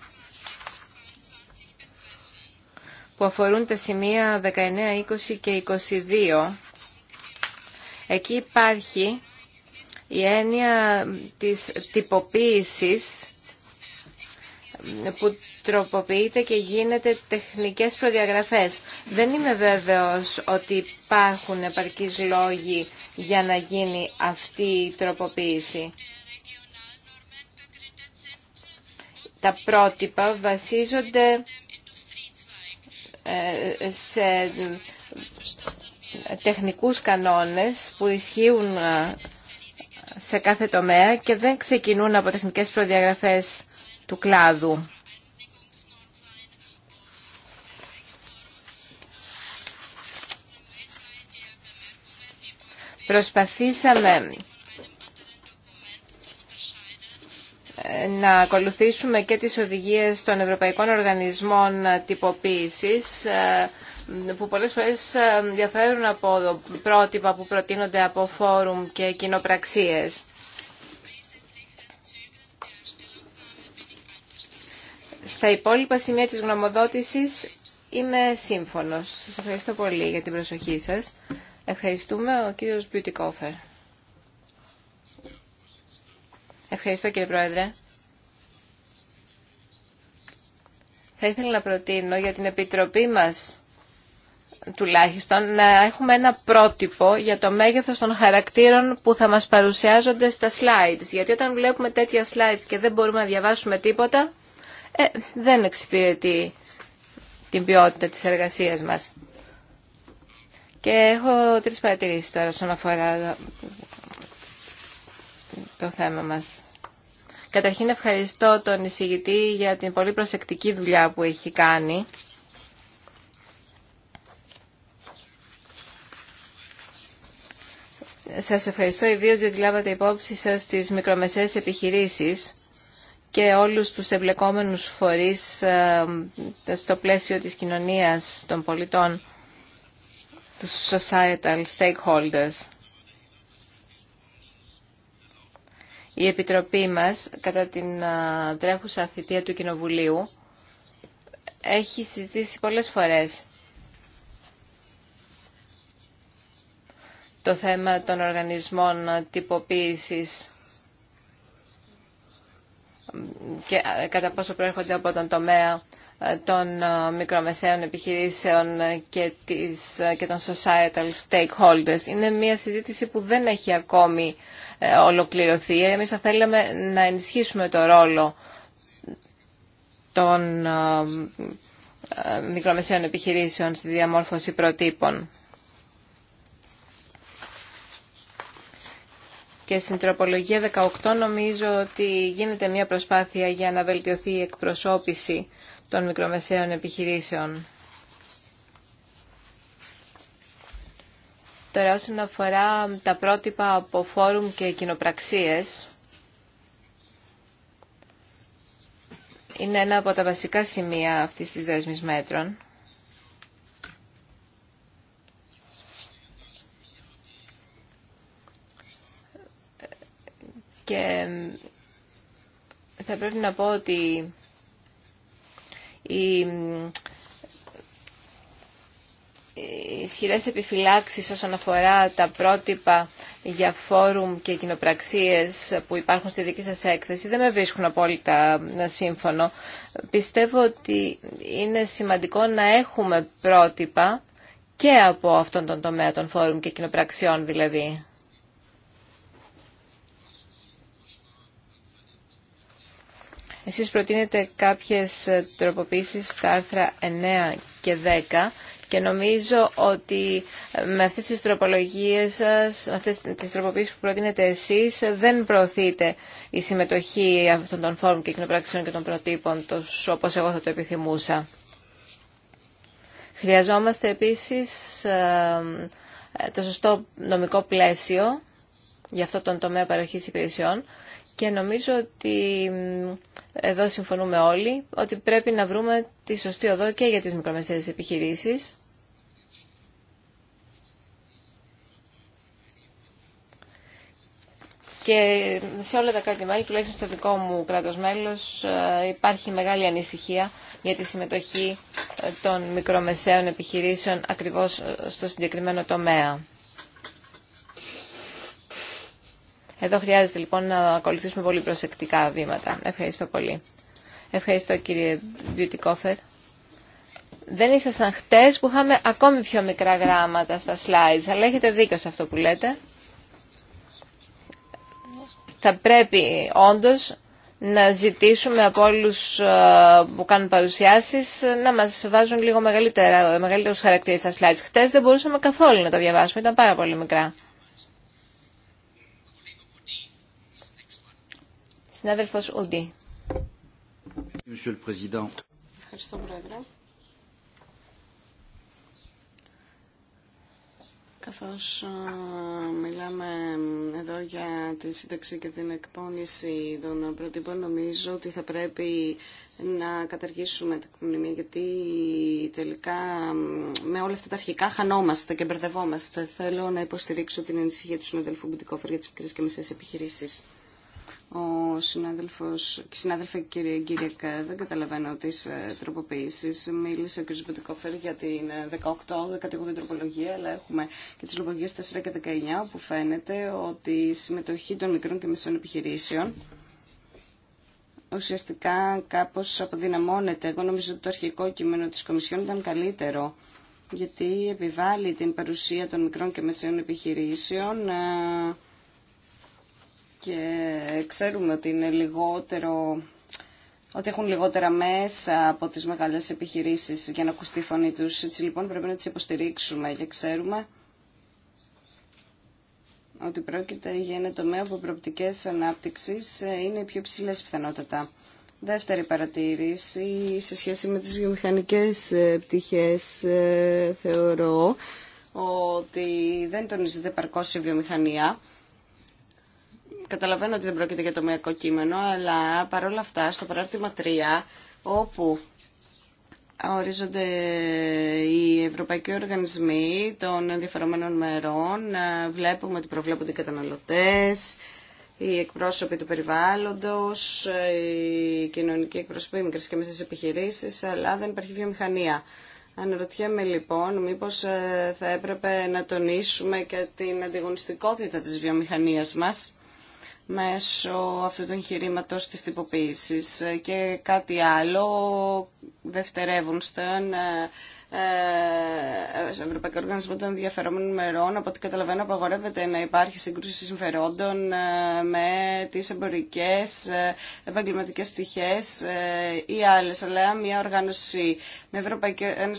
Speaker 2: που αφορούν τα σημεία 19, 20 και 22, εκεί υπάρχει η έννοια της τυποποίησης που τροποποιείται και γίνεται τεχνικές προδιαγραφές. Δεν είμαι βέβαιος ότι υπάρχουν επαρκείς λόγοι για να γίνει αυτή η τροποποίηση. Τα πρότυπα βασίζονται ε, σε τεχνικούς κανόνες που ισχύουν ε, σε κάθε τομέα και δεν ξεκινούν από τεχνικές προδιαγραφές του κλάδου. Προσπαθήσαμε να ακολουθήσουμε και τις οδηγίες των Ευρωπαϊκών Οργανισμών Τυποποίησης που πολλές φορές ε, διαφέρουν από πρότυπα που προτείνονται από φόρουμ και κοινοπραξίες. Στα υπόλοιπα σημεία της γνωμοδότησης είμαι σύμφωνος. Σας ευχαριστώ πολύ για την προσοχή σας. Ευχαριστούμε ο κύριος Μπιουτικόφερ. Ευχαριστώ κύριε Πρόεδρε. Θα ήθελα να προτείνω για την Επιτροπή μας τουλάχιστον να έχουμε ένα πρότυπο για το μέγεθος των χαρακτήρων που θα μας παρουσιάζονται στα slides. Γιατί όταν βλέπουμε τέτοια slides και δεν μπορούμε να διαβάσουμε τίποτα, ε, δεν εξυπηρετεί την ποιότητα της εργασίας μας. Και έχω τρεις παρατηρήσεις τώρα όσον αφορά το θέμα μας. Καταρχήν ευχαριστώ τον εισηγητή για την πολύ προσεκτική δουλειά που έχει κάνει Σας ευχαριστώ ιδίως διότι λάβατε υπόψη σας τις μικρομεσαίες επιχειρήσεις και όλους τους εμπλεκόμενους φορείς ε, στο πλαίσιο της κοινωνίας των πολιτών, τους societal stakeholders. Η Επιτροπή μας, κατά την ε, τρέχουσα θητεία του Κοινοβουλίου, έχει συζητήσει πολλές φορές το θέμα των οργανισμών τυποποίησης και ε, κατά πόσο προέρχονται από τον τομέα ε, των ε, μικρομεσαίων επιχειρήσεων και, της, και των societal stakeholders. Είναι μια συζήτηση που δεν έχει ακόμη ολοκληρωθεί. Εμείς θα θέλαμε να ενισχύσουμε το ρόλο των μικρομεσαίων επιχειρήσεων στη διαμόρφωση προτύπων. και στην τροπολογία 18 νομίζω ότι γίνεται μια προσπάθεια για να βελτιωθεί η εκπροσώπηση των μικρομεσαίων επιχειρήσεων. Τώρα όσον αφορά τα πρότυπα από φόρουμ και κοινοπραξίες, είναι ένα από τα βασικά σημεία αυτής της δέσμης μέτρων. Και θα πρέπει να πω ότι η οι ισχυρέ επιφυλάξεις όσον αφορά τα πρότυπα για φόρουμ και κοινοπραξίες που υπάρχουν στη δική σας έκθεση δεν με βρίσκουν απόλυτα ε, σύμφωνο. Πιστεύω ότι είναι σημαντικό να έχουμε πρότυπα και από αυτόν τον τομέα των φόρουμ και κοινοπραξιών δηλαδή. Εσείς προτείνετε κάποιες ε, τροποποίησεις στα άρθρα 9 και 10 και νομίζω ότι ε, με αυτές τις τροπολογίες σας, με αυτές τις τροποποίησεις που προτείνετε εσείς, ε, δεν προωθείτε η συμμετοχή αυτών των φόρμ και κοινοπραξιών και των προτύπων, όπω όπως εγώ θα το επιθυμούσα. Χρειαζόμαστε επίσης το σωστό νομικό πλαίσιο για αυτό τον τομέα παροχής υπηρεσιών και νομίζω ότι εδώ συμφωνούμε όλοι ότι πρέπει να βρούμε τη σωστή οδό και για τις μικρομεσαίες επιχειρήσεις. Και σε όλα τα κράτη-μέλη, τουλάχιστον στο δικό μου κράτος μέλος, ε, υπάρχει μεγάλη ανησυχία για τη συμμετοχή ε, των μικρομεσαίων επιχειρήσεων ακριβώς ε, στο συγκεκριμένο τομέα. Εδώ χρειάζεται λοιπόν να ακολουθήσουμε πολύ προσεκτικά βήματα. Ευχαριστώ πολύ. Ευχαριστώ κύριε Coffer. Δεν ήσασταν χτες που είχαμε ακόμη πιο μικρά γράμματα στα slides, αλλά έχετε δίκιο σε αυτό που λέτε. Θα πρέπει όντως να ζητήσουμε από όλους ε, που κάνουν παρουσιάσεις να μας βάζουν λίγο μεγαλύτερα, μεγαλύτερους χαρακτήρες στα slides. Χτες δεν μπορούσαμε καθόλου να τα διαβάσουμε, ήταν πάρα πολύ μικρά. Συνάδελφος Ούντι.
Speaker 4: Ευχαριστώ, Πρόεδρε. Καθώς μιλάμε εδώ για τη σύνταξη και την εκπόνηση των προτύπων, νομίζω ότι θα πρέπει να καταργήσουμε την κοινωνία, γιατί τελικά με όλα αυτά τα αρχικά χανόμαστε και μπερδευόμαστε. Θέλω να υποστηρίξω την ανησυχία του συναδελφού Μπουτικόφερ για τις μικρές και μισές επιχειρήσεις ο συνάδελφος και συνάδελφε κύριε Γκύριακ, δεν καταλαβαίνω τις ε, τροποποιήσεις. Μίλησε ο κ. Μπετικόφερ για την 18 ε, η τροπολογία, αλλά έχουμε και τις τροπολογίες 4 και 19, όπου φαίνεται ότι η συμμετοχή των μικρών και μεσών επιχειρήσεων ουσιαστικά κάπως αποδυναμώνεται. Εγώ νομίζω ότι το αρχικό κείμενο της Κομισιόν ήταν καλύτερο γιατί επιβάλλει την παρουσία των μικρών και μεσαίων επιχειρήσεων ε, και ξέρουμε ότι είναι λιγότερο ότι έχουν λιγότερα μέσα από τις μεγάλες επιχειρήσεις για να ακουστεί η φωνή τους. Έτσι λοιπόν πρέπει να τις υποστηρίξουμε και ξέρουμε ότι πρόκειται για ένα τομέα που προοπτικές ανάπτυξης ε, είναι οι πιο ψηλές πιθανότητα. Δεύτερη παρατήρηση, σε σχέση με τις βιομηχανικές ε, πτυχές ε, θεωρώ ότι δεν τονίζεται παρκώς η βιομηχανία Καταλαβαίνω ότι δεν πρόκειται για το μιακό κείμενο, αλλά παρόλα αυτά στο παράρτημα 3, όπου ορίζονται οι ευρωπαϊκοί οργανισμοί των ενδιαφερομένων μερών, βλέπουμε ότι προβλέπονται οι καταναλωτές, οι εκπρόσωποι του περιβάλλοντος, οι κοινωνικοί εκπρόσωποι, οι μικρές και μεσές επιχειρήσεις, αλλά δεν υπάρχει βιομηχανία. Αναρωτιέμαι λοιπόν μήπως θα έπρεπε να τονίσουμε και την αντιγωνιστικότητα της βιομηχανίας μας μέσω αυτού του εγχειρήματο της τυποποίηση. και κάτι άλλο δευτερεύουν στον ε, ε, ε, ευρωπαϊκό Οργανισμό των Διαφερόμενων Μερών. Από ό,τι καταλαβαίνω, απαγορεύεται να υπάρχει σύγκρουση συμφερόντων ε, με τι εμπορικέ, επαγγελματικέ πτυχέ ή άλλε. Αλλά μια οργάνωση, ένα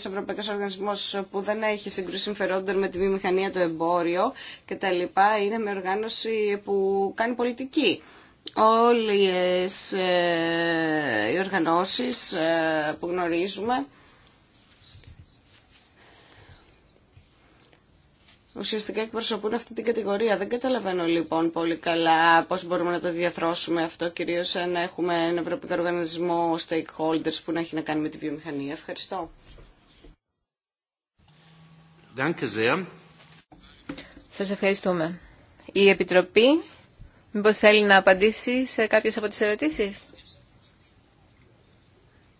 Speaker 4: ευρωπαϊκό οργανισμό που δεν έχει σύγκρουση συμφερόντων με τη βιομηχανία, το εμπόριο κτλ. είναι μια οργάνωση που κάνει πολιτική όλες οι οργανώσεις που γνωρίζουμε ουσιαστικά εκπροσωπούν αυτή την κατηγορία. Δεν καταλαβαίνω λοιπόν πολύ καλά πώς μπορούμε να το διαθρώσουμε αυτό, κυρίως αν έχουμε ένα ευρωπαϊκό οργανισμό stakeholders που να έχει να κάνει με τη βιομηχανία.
Speaker 2: Ευχαριστώ. Σας ευχαριστούμε. Η Επιτροπή μήπως θέλει να απαντήσει σε κάποιες από τις ερωτήσεις.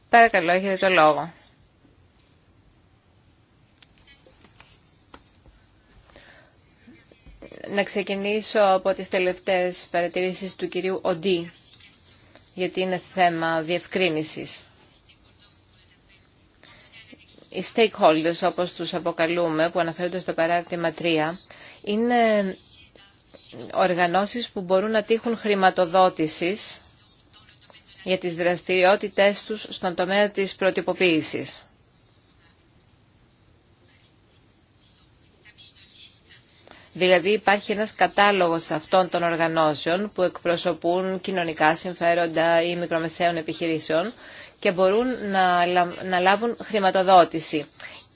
Speaker 2: Παρακαλώ, έχετε το λόγο. να ξεκινήσω από τις τελευταίες παρατηρήσεις του κυρίου Οντί, γιατί είναι θέμα διευκρίνησης. Οι stakeholders, όπως τους αποκαλούμε, που αναφέρονται στο παράρτημα 3, είναι οργανώσεις που μπορούν να τύχουν χρηματοδότησης για τις δραστηριότητές τους στον τομέα της προτυποποίησης. Δηλαδή υπάρχει ένας κατάλογος αυτών των οργανώσεων που εκπροσωπούν κοινωνικά συμφέροντα ή μικρομεσαίων επιχειρήσεων και μπορούν να λάβουν χρηματοδότηση.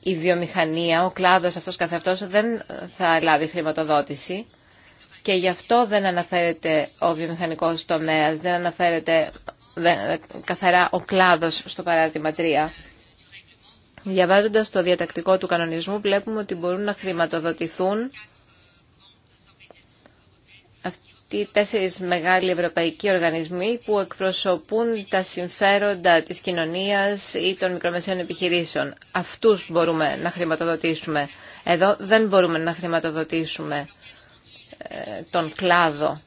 Speaker 2: Η βιομηχανία, ο κλάδος αυτός καθεαυτός δεν θα λάβει χρηματοδότηση και γι' αυτό δεν αναφέρεται ο βιομηχανικός τομέας, δεν αναφέρεται καθαρά ο κλάδος στο παράδειγμα 3. Διαβάζοντας το διατακτικό του κανονισμού βλέπουμε ότι μπορούν να χρηματοδοτηθούν αυτοί οι τέσσερις μεγάλοι ευρωπαϊκοί οργανισμοί που εκπροσωπούν τα συμφέροντα της κοινωνίας ή των μικρομεσαίων επιχειρήσεων. Αυτούς μπορούμε να χρηματοδοτήσουμε. Εδώ δεν μπορούμε να χρηματοδοτήσουμε ε, τον κλάδο.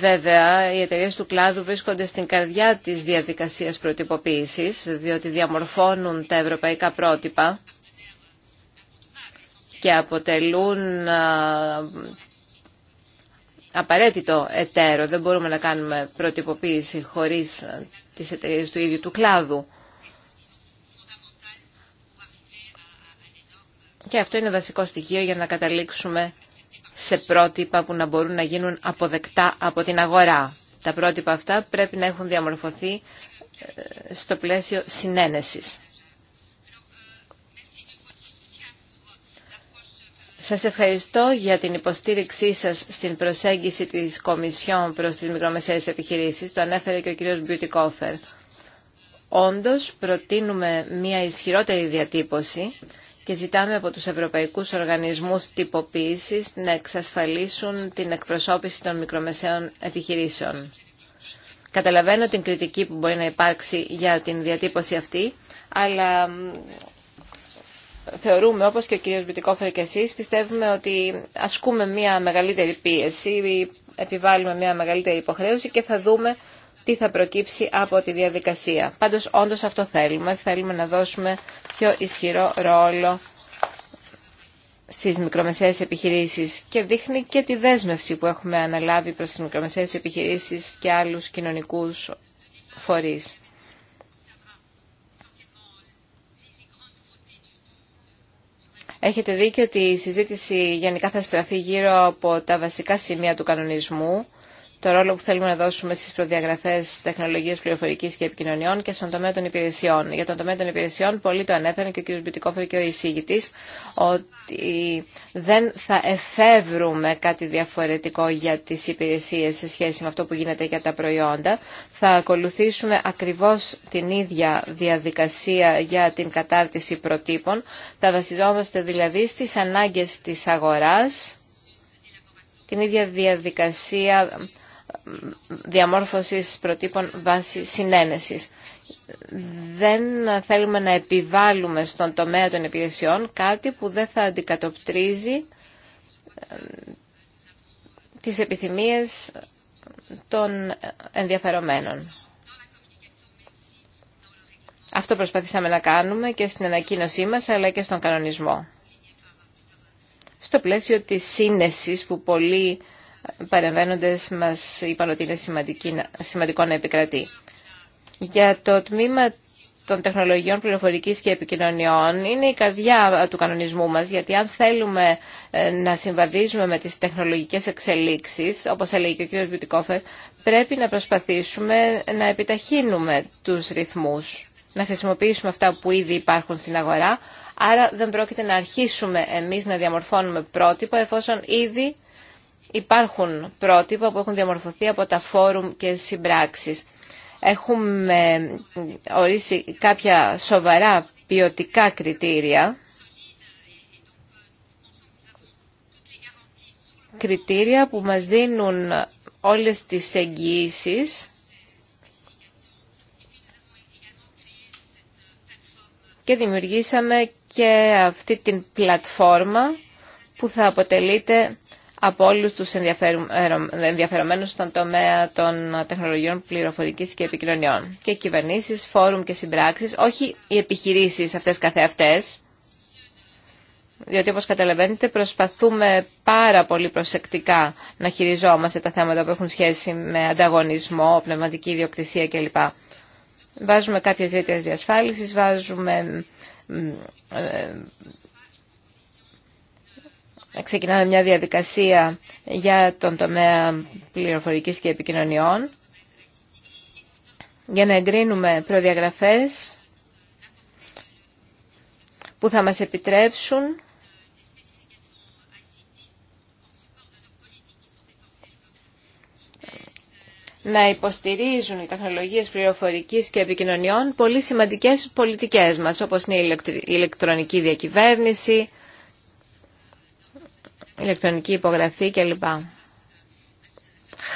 Speaker 2: Βέβαια, οι εταιρείε του κλάδου βρίσκονται στην καρδιά της διαδικασίας προτυποποίησης, διότι διαμορφώνουν τα ευρωπαϊκά πρότυπα και αποτελούν ε, απαραίτητο εταίρο. Δεν μπορούμε να κάνουμε προτυποποίηση χωρίς τις εταιρείες του ίδιου του κλάδου. Και αυτό είναι βασικό στοιχείο για να καταλήξουμε σε πρότυπα που να μπορούν να γίνουν αποδεκτά από την αγορά. Τα πρότυπα αυτά πρέπει να έχουν διαμορφωθεί ε, στο πλαίσιο συνένεσης. Σας ευχαριστώ για την υποστήριξή σας στην προσέγγιση της Κομισιόν προς τις μικρομεσαίες επιχειρήσεις. Το ανέφερε και ο κύριος Μπιουτικόφερ. Όντως, προτείνουμε μια ισχυρότερη διατύπωση και ζητάμε από τους ευρωπαϊκούς οργανισμούς τυποποίησης να εξασφαλίσουν την εκπροσώπηση των μικρομεσαίων επιχειρήσεων. Καταλαβαίνω την κριτική που μπορεί να υπάρξει για την διατύπωση αυτή, αλλά θεωρούμε, όπως και ο κ. Μπιτικόφερ και εσείς, πιστεύουμε ότι ασκούμε μια μεγαλύτερη πίεση, επιβάλλουμε μια μεγαλύτερη υποχρέωση και θα δούμε τι θα προκύψει από τη διαδικασία. Πάντως, όντως αυτό θέλουμε. Θέλουμε να δώσουμε πιο ισχυρό ρόλο στις μικρομεσαίες επιχειρήσεις και δείχνει και τη δέσμευση που έχουμε αναλάβει προς τις μικρομεσαίες επιχειρήσεις και άλλους κοινωνικούς φορείς. Έχετε δίκιο ότι η συζήτηση γενικά θα στραφεί γύρω από τα βασικά σημεία του κανονισμού το ρόλο που θέλουμε να δώσουμε στι προδιαγραφέ τεχνολογία πληροφορική και επικοινωνιών και στον τομέα των υπηρεσιών. Για τον τομέα των υπηρεσιών, πολύ το ανέφεραν και ο κ. Μπιτικόφερ και ο εισήγητη, ότι δεν θα εφεύρουμε κάτι διαφορετικό για τι υπηρεσίε σε σχέση με αυτό που γίνεται για τα προϊόντα. Θα ακολουθήσουμε ακριβώ την ίδια διαδικασία για την κατάρτιση προτύπων. Θα βασιζόμαστε δηλαδή στις ανάγκες της αγορά την ίδια διαδικασία διαμόρφωσης προτύπων βάση συνένεσης. Δεν θέλουμε να επιβάλλουμε στον τομέα των υπηρεσιών κάτι που δεν θα αντικατοπτρίζει ε, τις επιθυμίες των ενδιαφερομένων. Αυτό προσπαθήσαμε να κάνουμε και στην ανακοίνωσή μας αλλά και στον κανονισμό. Στο πλαίσιο της σύνεσης που πολλοί παρεμβαίνοντες μας είπαν ότι είναι σημαντικό να επικρατεί. Για το τμήμα των τεχνολογιών πληροφορικής και επικοινωνιών είναι η καρδιά του κανονισμού μας, γιατί αν θέλουμε ε, να συμβαδίζουμε με τις τεχνολογικές εξελίξεις, όπως έλεγε και ο κ. Μπιουτικόφερ, πρέπει να προσπαθήσουμε να επιταχύνουμε τους ρυθμούς, να χρησιμοποιήσουμε αυτά που ήδη υπάρχουν στην αγορά, άρα δεν πρόκειται να αρχίσουμε εμείς να διαμορφώνουμε πρότυπα, εφόσον ήδη Υπάρχουν πρότυπα που έχουν διαμορφωθεί από τα φόρουμ και συμπράξεις. Έχουμε ε, ορίσει κάποια σοβαρά ποιοτικά κριτήρια, κριτήρια που μας δίνουν όλες τις εγγυήσει. και δημιουργήσαμε και αυτή την πλατφόρμα που θα αποτελείται από όλου του ενδιαφερομένους στον τομέα των τεχνολογιών πληροφορικής και επικοινωνιών. Και κυβερνήσει, φόρουμ και συμπράξει, όχι οι επιχειρήσει αυτές καθεαυτέ. διότι όπως καταλαβαίνετε προσπαθούμε πάρα πολύ προσεκτικά να χειριζόμαστε τα θέματα που έχουν σχέση με ανταγωνισμό, πνευματική ιδιοκτησία κλπ. Βάζουμε κάποιες ρήτρες διασφάλισης, βάζουμε ε, ξεκινάμε μια διαδικασία για τον τομέα πληροφορικής και επικοινωνιών για να εγκρίνουμε προδιαγραφές που θα μας επιτρέψουν να υποστηρίζουν οι τεχνολογίες πληροφορικής και επικοινωνιών πολύ σημαντικές πολιτικές μας, όπως είναι η ηλεκτρονική διακυβέρνηση, ηλεκτρονική υπογραφή κλπ.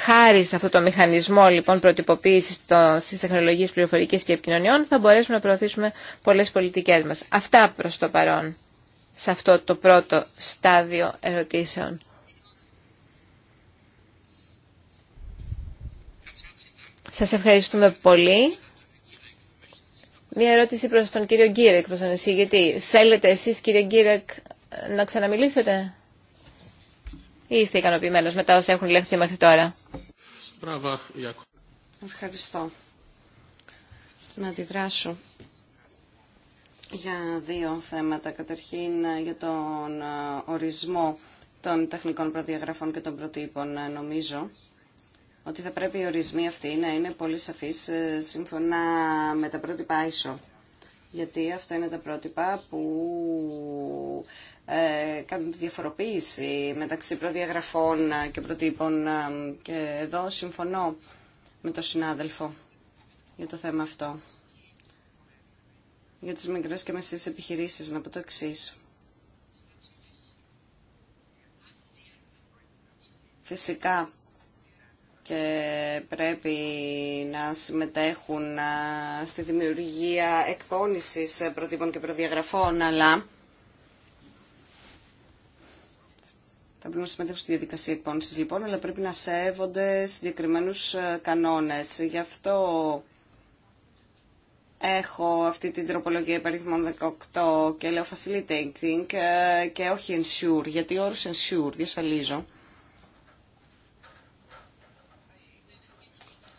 Speaker 2: Χάρη σε αυτό το μηχανισμό λοιπόν προτυποποίησης στι τεχνολογίε πληροφορική και επικοινωνιών θα μπορέσουμε να προωθήσουμε πολλέ πολιτικέ μα. Αυτά προ το παρόν σε αυτό το πρώτο στάδιο ερωτήσεων. Σας ευχαριστούμε πολύ. Μία ερώτηση προς τον κύριο Γκίρεκ, προς τον εισηγητή. Θέλετε εσείς κύριε Γκίρεκ να ξαναμιλήσετε ή είστε ικανοποιημένος με τα όσα έχουν λεχθεί μέχρι τώρα.
Speaker 4: Ευχαριστώ.
Speaker 2: Να αντιδράσω
Speaker 4: για δύο θέματα. Καταρχήν ε, για τον ε, ορισμό των τεχνικών προδιαγραφών και των προτύπων. Ε, νομίζω ότι θα πρέπει οι ορισμοί αυτοί να είναι πολύ σαφείς σύμφωνα με τα πρότυπα ISO. Γιατί αυτά είναι τα πρότυπα που ε, κάνουν τη διαφοροποίηση μεταξύ προδιαγραφών και προτύπων ε, και εδώ συμφωνώ με τον συνάδελφο για το θέμα αυτό. Για τις μικρές και μεσαίες επιχειρήσεις να πω το εξή. Φυσικά και πρέπει να συμμετέχουν ε, στη δημιουργία εκπόνησης προτύπων και προδιαγραφών, αλλά πρέπει να συμμετέχουν στη διαδικασία εκπόνησης λοιπόν, αλλά πρέπει να σέβονται συγκεκριμένους ε, κανόνες. Γι' αυτό έχω αυτή την τροπολογία υπαριθμών 18 και λέω facilitating ε, και όχι ensure, γιατί όρου ensure διασφαλίζω.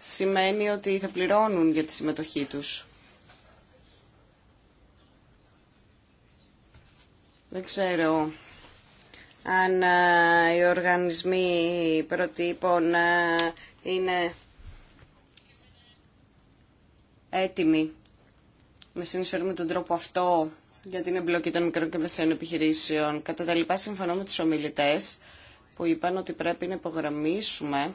Speaker 4: Σημαίνει ότι θα πληρώνουν για τη συμμετοχή τους. Δεν ξέρω αν ε, οι οργανισμοί προτύπων ε, είναι έτοιμοι να συνεισφέρουν τον τρόπο αυτό για την εμπλοκή των μικρών και μεσαίων επιχειρήσεων. Κατά τα λοιπά, συμφωνώ με τους ομιλητές που είπαν ότι πρέπει να υπογραμμίσουμε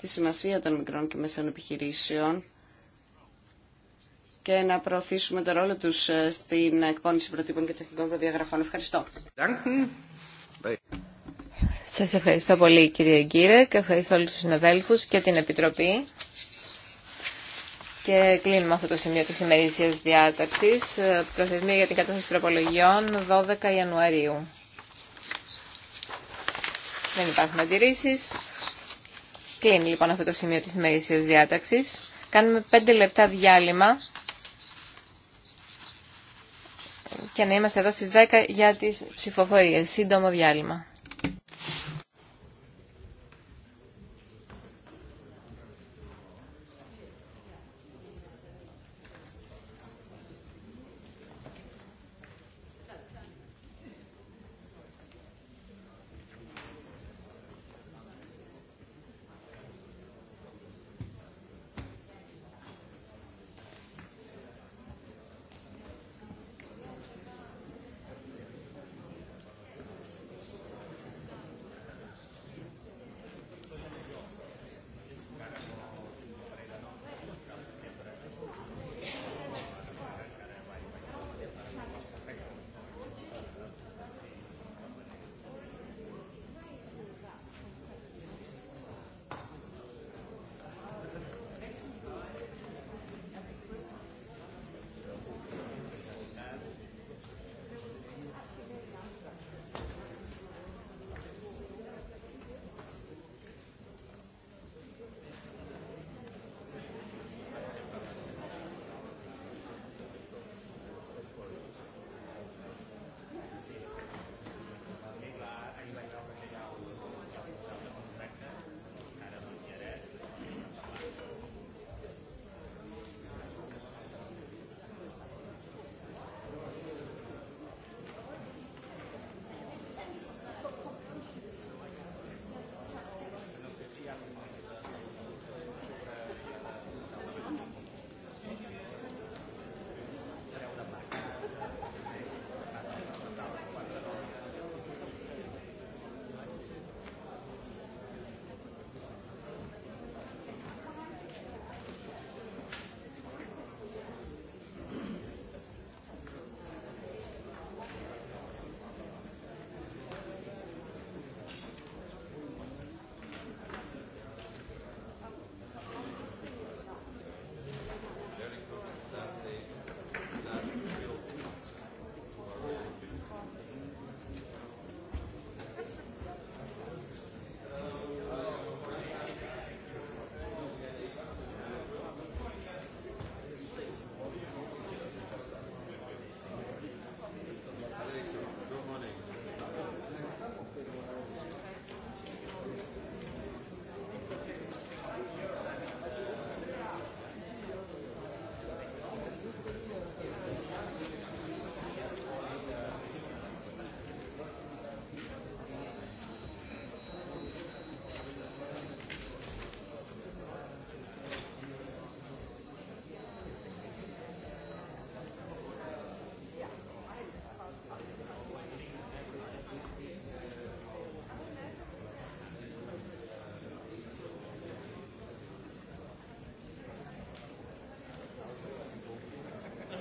Speaker 4: τη σημασία των μικρών και μεσαίων επιχειρήσεων και να προωθήσουμε το ρόλο τους ε, στην εκπόνηση προτύπων και τεχνικών προδιαγραφών. Ευχαριστώ.
Speaker 2: Σας ευχαριστώ πολύ κύριε Γκύρε και ευχαριστώ όλους τους συναδέλφους και την Επιτροπή. Και κλείνουμε αυτό το σημείο της ημερήσιας διάταξης. Προθεσμία για την κατάσταση τροπολογιών 12 Ιανουαρίου. Δεν υπάρχουν αντιρρήσει. Κλείνει λοιπόν αυτό το σημείο της ημερήσιας διάταξης. Κάνουμε 5 λεπτά διάλειμμα και να είμαστε εδώ στις 10 για τις ψηφοφορίες. Σύντομο διάλειμμα.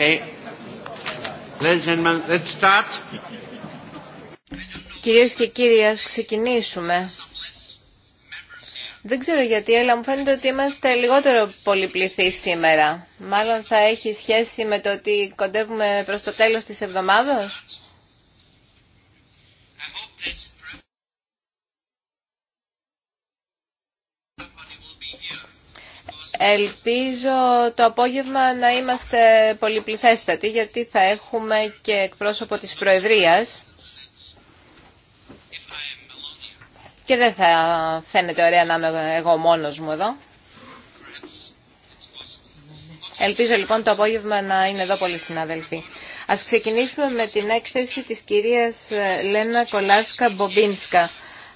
Speaker 1: Κυρίε
Speaker 2: Κυρίες και κύριοι, ας ξεκινήσουμε. Δεν ξέρω γιατί, αλλά μου φαίνεται ότι είμαστε λιγότερο πολυπληθεί σήμερα. Μάλλον θα έχει σχέση με το ότι κοντεύουμε προς το τέλος της εβδομάδας. Ελπίζω το απόγευμα να είμαστε πολυπληθέστατοι γιατί θα έχουμε και εκπρόσωπο της Προεδρίας και δεν θα φαίνεται ωραία να είμαι εγώ μόνος μου εδώ. Ελπίζω λοιπόν το απόγευμα να είναι εδώ πολλοί συνάδελφοι. Ας ξεκινήσουμε με την έκθεση της κυρίας Λένα Κολάσκα Μπομπίνσκα.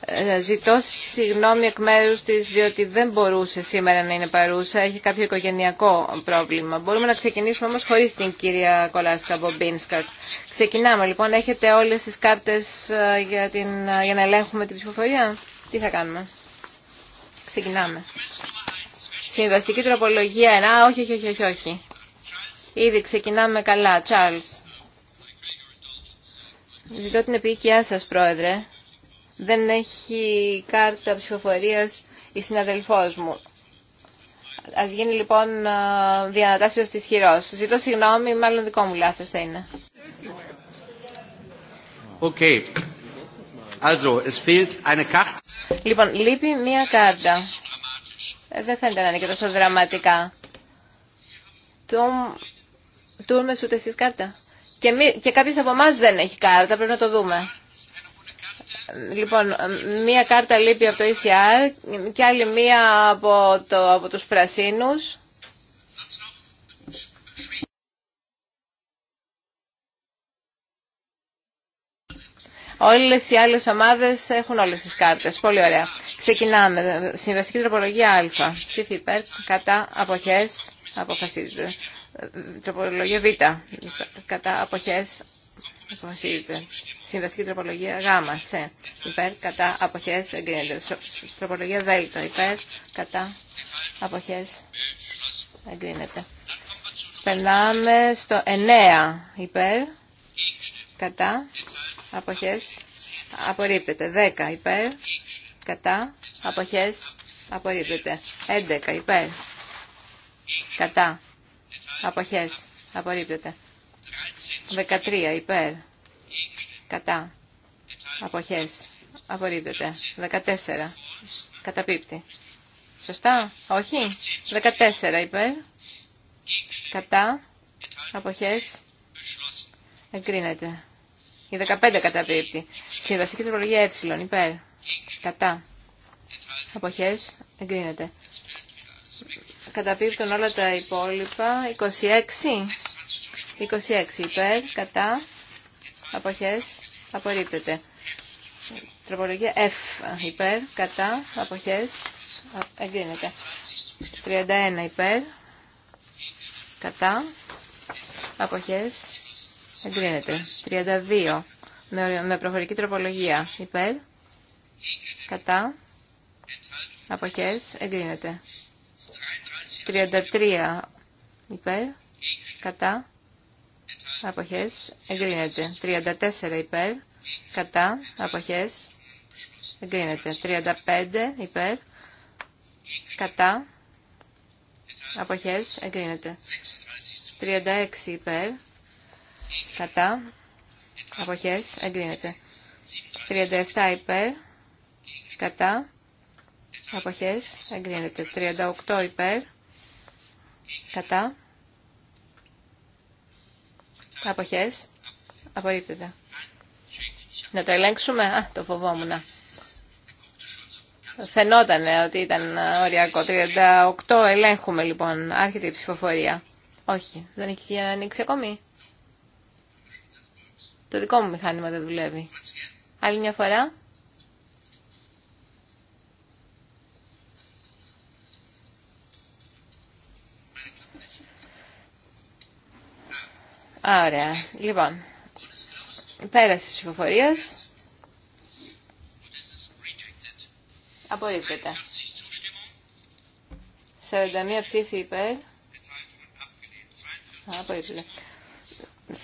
Speaker 2: Ε, ζητώ συγγνώμη εκ μέρους της διότι δεν μπορούσε σήμερα να είναι παρούσα. Έχει κάποιο οικογενειακό πρόβλημα. Μπορούμε να ξεκινήσουμε όμως χωρίς την κυρία Κολάσκα Μπομπίνσκα. Ξεκινάμε λοιπόν. Έχετε όλες τις κάρτες ε, ε, για, να ελέγχουμε την ψηφοφορία. Τι θα κάνουμε. Ξεκινάμε. Συμβαστική τροπολογία 1. Όχι, όχι, όχι, όχι. όχι. Ήδη ξεκινάμε καλά. Charles. Ζητώ την επίοικιά σας, Πρόεδρε δεν έχει κάρτα ψηφοφορία η συναδελφό μου. Α γίνει λοιπόν διανατάσσεως τη χειρό. Ζητώ συγγνώμη, μάλλον δικό μου λάθο θα είναι.
Speaker 1: Okay. Also, es fehlt eine Karte.
Speaker 2: Λοιπόν, λείπει μία κάρτα. Ε, δεν φαίνεται να είναι και τόσο δραματικά. Τούρμε ούτε εσείς κάρτα. Και, μη, και κάποιος από εμά δεν έχει κάρτα, πρέπει να το δούμε. Λοιπόν, μία κάρτα λείπει από το ECR και άλλη μία από, το, από τους πρασίνους. Όλες οι άλλες ομάδες έχουν όλες τις κάρτες. Πολύ ωραία. Ξεκινάμε. Συμβαστική τροπολογία Α. Ψήφι υπέρ, κατά, αποχές, αποφασίζεται. Τροπολογία Β. Κατά, αποχές, αποσύρεται. Συμβαστική τροπολογία Γ, σε, υπέρ, κατά, αποχές, εγκρίνεται. Τροπολογία Δ, υπέρ, κατά, αποχές, εγκρίνεται. Περνάμε στο 9, υπέρ, κατά, αποχές, απορρίπτεται. 10, υπέρ, κατά, αποχές, απορρίπτεται. 11, υπέρ, κατά, αποχές, απορρίπτεται. 13 υπέρ. Κατά. Αποχές. Απορρίπτεται. 14. Καταπίπτει. Σωστά. Όχι. 14 υπέρ. Κατά. Αποχές. Εγκρίνεται. Η 15 καταπίπτει. Συμβαστική τροπολογία ε. Υπέρ. Κατά. Αποχές. Εγκρίνεται. Καταπίπτουν όλα τα υπόλοιπα. 26. 26 υπέρ, κατά, αποχές, απορρίπτεται. Τροπολογία F υπέρ, κατά, αποχές, εγκρίνεται. 31 υπέρ, κατά, αποχές, εγκρίνεται. 32 με προφορική τροπολογία υπέρ, κατά, αποχές, εγκρίνεται. 33 υπέρ, κατά, αποχές εγκρίνεται. 34 υπέρ, κατά, αποχές εγκρίνεται. 35 υπέρ, κατά, αποχές εγκρίνεται. 36 υπέρ, κατά, αποχές εγκρίνεται. 37 υπέρ, κατά, αποχές εγκρίνεται. 38 υπέρ, κατά, Αποχές. Απορρίπτεται. Να το ελέγξουμε. Α, το φοβόμουν. Φαινόταν ότι ήταν ωριακό. 38 ελέγχουμε λοιπόν. Άρχεται η ψηφοφορία. Όχι, δεν έχει ανοίξει ακόμη. Το δικό μου μηχάνημα δεν δουλεύει. Άλλη μια φορά. Ωραία. Λοιπόν, πέραση τη ψηφοφορία. Απορρίπτεται. 41 ψήφοι υπέρ. Απορρίπτεται.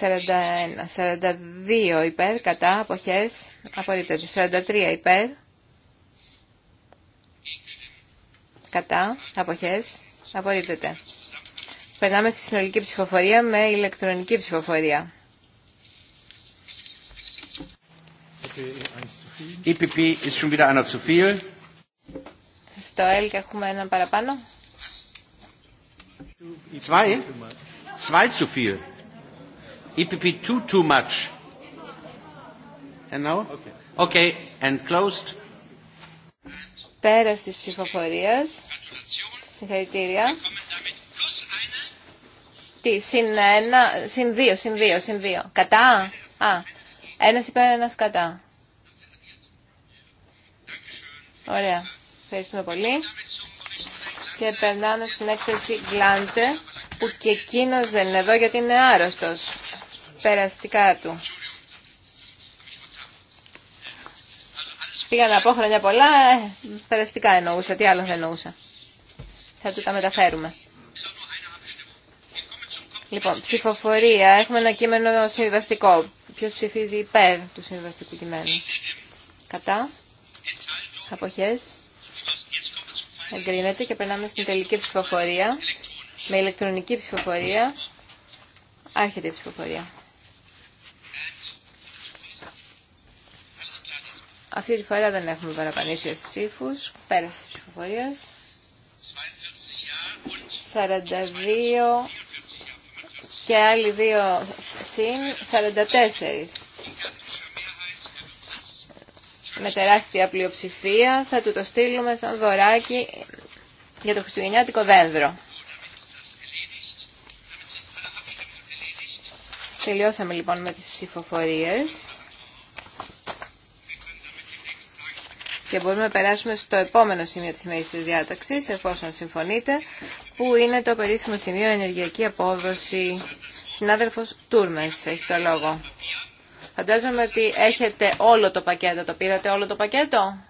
Speaker 2: 41. 42 υπέρ, κατά, αποχές, απορρίπτεται. 43 υπέρ, κατά, αποχές, απορρίπτεται. Περνάμε στη συνολική ψηφοφορία με ηλεκτρονική ψηφοφορία. Στο ΕΛΚ έχουμε έναν παραπάνω.
Speaker 1: Zwei? Zwei zu
Speaker 2: Πέρας της ψηφοφορίας. Συγχαρητήρια. Τι, συν ένα, συν δύο, συν δύο, συν δύο. Κατά. Α, ένας υπέρ, ένας κατά. Ωραία. Ευχαριστούμε πολύ. Και περνάμε στην έκθεση Γκλάντε, που και εκείνο δεν είναι εδώ γιατί είναι άρρωστος. Περαστικά του. Πήγα να πω χρόνια πολλά, ε, περαστικά εννοούσα, τι άλλο δεν εννοούσα. Θα του τα μεταφέρουμε. Λοιπόν, ψηφοφορία. Έχουμε ένα κείμενο συμβιβαστικό. Ποιο ψηφίζει υπέρ του συμβιβαστικού κειμένου. Κατά. Αποχές. Εγκρίνεται και περνάμε στην τελική ψηφοφορία. Με ηλεκτρονική ψηφοφορία. Άρχεται η ψηφοφορία. Αυτή τη φορά δεν έχουμε παραπανήσει ψήφους. Πέρασε τη ψηφοφορία. 42 και άλλοι δύο συν 44. Με τεράστια πλειοψηφία θα του το στείλουμε σαν δωράκι για το χριστουγεννιάτικο δένδρο. Τελειώσαμε λοιπόν με τις ψηφοφορίες. Και μπορούμε να περάσουμε στο επόμενο σημείο της της διάταξης, εφόσον συμφωνείτε, που είναι το περίφημο σημείο ενεργειακή απόδοση. Συνάδελφος Τούρμες έχει το λόγο. Φαντάζομαι ότι έχετε όλο το πακέτο. Το πήρατε όλο το πακέτο?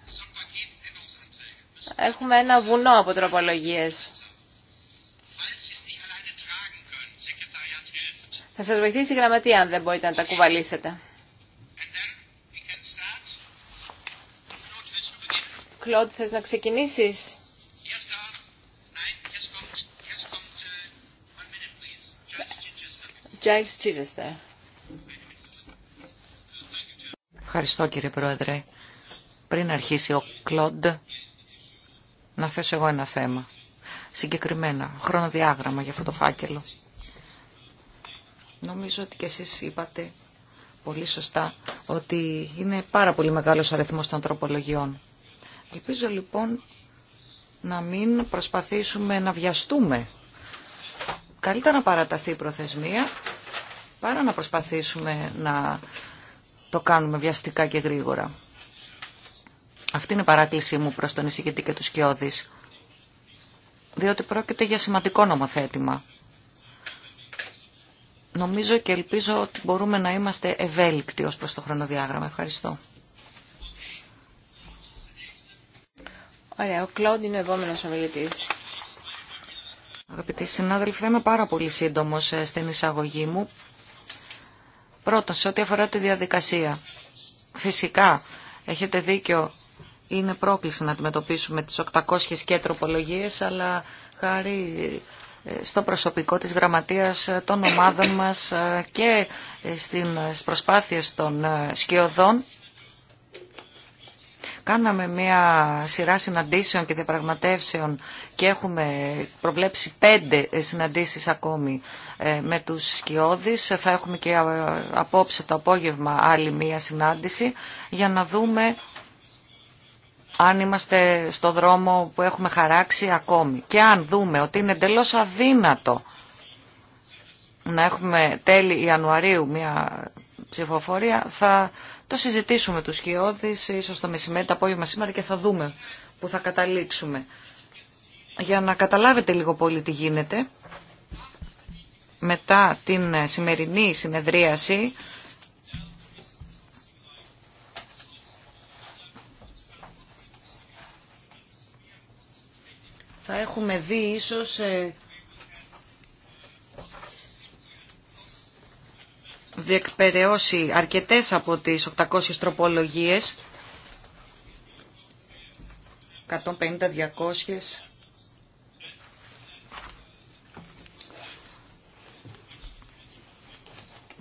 Speaker 2: Έχουμε ένα βουνό από τροπολογίες. Θα σας βοηθήσει η γραμματεία αν δεν μπορείτε να τα κουβαλήσετε. Κλοντ, θες να ξεκινήσεις?
Speaker 3: Ευχαριστώ κύριε Πρόεδρε. Πριν αρχίσει ο Κλοντ, να θέσω εγώ ένα θέμα. Συγκεκριμένα, χρονοδιάγραμμα για αυτό το φάκελο. Νομίζω ότι και εσείς είπατε πολύ σωστά ότι είναι πάρα πολύ μεγάλος αριθμός των τροπολογιών. Ελπίζω λοιπόν να μην προσπαθήσουμε να βιαστούμε. Καλύτερα να παραταθεί η προθεσμία παρά να προσπαθήσουμε να το κάνουμε βιαστικά και γρήγορα. Αυτή είναι η παράκλησή μου προς τον εισηγητή και τους Κιώδης, διότι πρόκειται για σημαντικό νομοθέτημα. Νομίζω και ελπίζω ότι μπορούμε να είμαστε ευέλικτοι ως προς το χρονοδιάγραμμα. Ευχαριστώ.
Speaker 2: Ωραία, ο Κλόντ είναι ο επόμενο
Speaker 3: Αγαπητοί συνάδελφοι, θα είμαι πάρα πολύ σύντομο ε, στην εισαγωγή μου. Πρώτον, σε ό,τι αφορά τη διαδικασία. Φυσικά, έχετε δίκιο, είναι πρόκληση να αντιμετωπίσουμε τις 800 και τροπολογίες, αλλά χάρη ε, στο προσωπικό της γραμματείας ε, των ομάδων μας ε, και στις προσπάθειες των σκιωδών Κάναμε μια σειρά συναντήσεων και διαπραγματεύσεων και έχουμε προβλέψει πέντε συναντήσεις ακόμη ε, με τους σκιώδεις. Θα έχουμε και ε, απόψε το απόγευμα άλλη μια συνάντηση για να δούμε αν είμαστε στο δρόμο που έχουμε χαράξει ακόμη. Και αν δούμε ότι είναι εντελώς αδύνατο να έχουμε τέλη Ιανουαρίου μια ψηφοφορία, θα το συζητήσουμε του χειώδεις, ίσως το μεσημέρι, το απόγευμα σήμερα και θα δούμε που θα καταλήξουμε. Για να καταλάβετε λίγο πολύ τι γίνεται, μετά την σημερινή συνεδρίαση θα έχουμε δει ίσως ε, διεκπαιρεώσει αρκετές από τις 800 τροπολογίες, 150-200,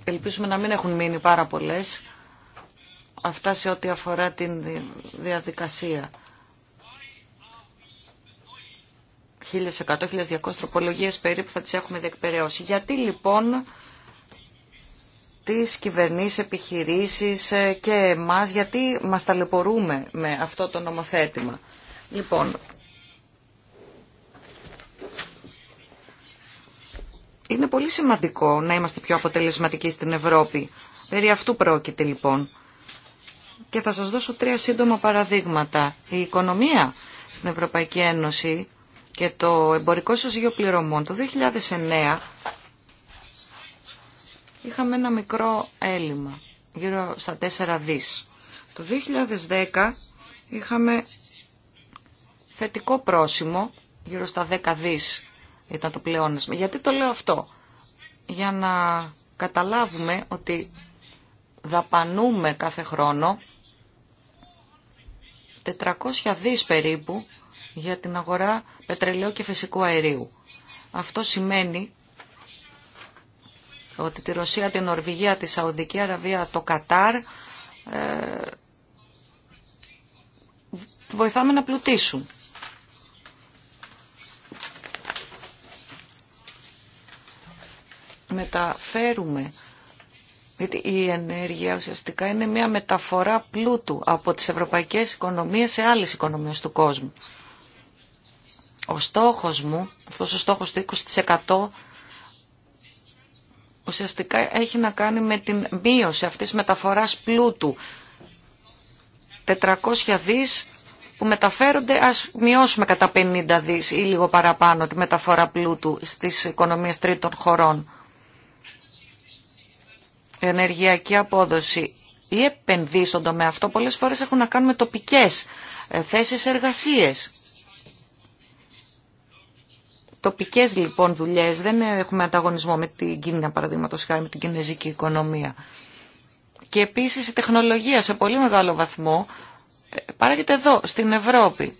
Speaker 3: Ελπίζουμε να μην έχουν μείνει πάρα πολλές. Αυτά σε ό,τι αφορά την διαδικασία. 1.100-1.200 τροπολογίες περίπου θα τις έχουμε διεκπαιρεώσει. Γιατί λοιπόν τις κυβερνήσεις, επιχειρήσεις ε, και εμάς, γιατί μας ταλαιπωρούμε με αυτό το νομοθέτημα. Λοιπόν, είναι πολύ σημαντικό να είμαστε πιο αποτελεσματικοί στην Ευρώπη. Περί αυτού πρόκειται λοιπόν. Και θα σας δώσω τρία σύντομα παραδείγματα. Η οικονομία στην Ευρωπαϊκή Ένωση και το εμπορικό ισοζύγιο πληρωμών το 2009 είχαμε ένα μικρό έλλειμμα, γύρω στα 4 δις. Το 2010 είχαμε θετικό πρόσημο, γύρω στα 10 δις ήταν το πλεόνασμα. Γιατί το λέω αυτό. Για να καταλάβουμε ότι δαπανούμε κάθε χρόνο 400 δις περίπου για την αγορά πετρελαίου και φυσικού αερίου. Αυτό σημαίνει ότι τη Ρωσία, την Νορβηγία, τη Σαουδική Αραβία, το Κατάρ ε, βοηθάμε να πλουτίσουν. Μεταφέρουμε γιατί η ενέργεια ουσιαστικά είναι μια μεταφορά πλούτου από τις ευρωπαϊκές οικονομίες σε άλλες οικονομίες του κόσμου. Ο στόχος μου, αυτός ο στόχος του 20% ουσιαστικά έχει να κάνει με την μείωση αυτής της μεταφοράς πλούτου. 400 δις που μεταφέρονται, ας μειώσουμε κατά 50 δις ή λίγο παραπάνω τη μεταφορά πλούτου στις οικονομίες τρίτων χωρών. Η ενεργειακή απόδοση τριτων χωρων ενεργειακη επενδύσεις με αυτό πολλές φορές έχουν να κάνουν με τοπικές ε, θέσεις εργασίες. Τοπικέ λοιπόν δουλειέ δεν έχουμε ανταγωνισμό με την Κίνα παραδείγματο χάρη με την κινέζικη οικονομία. Και επίση η τεχνολογία σε πολύ μεγάλο βαθμό ε, παράγεται εδώ, στην Ευρώπη.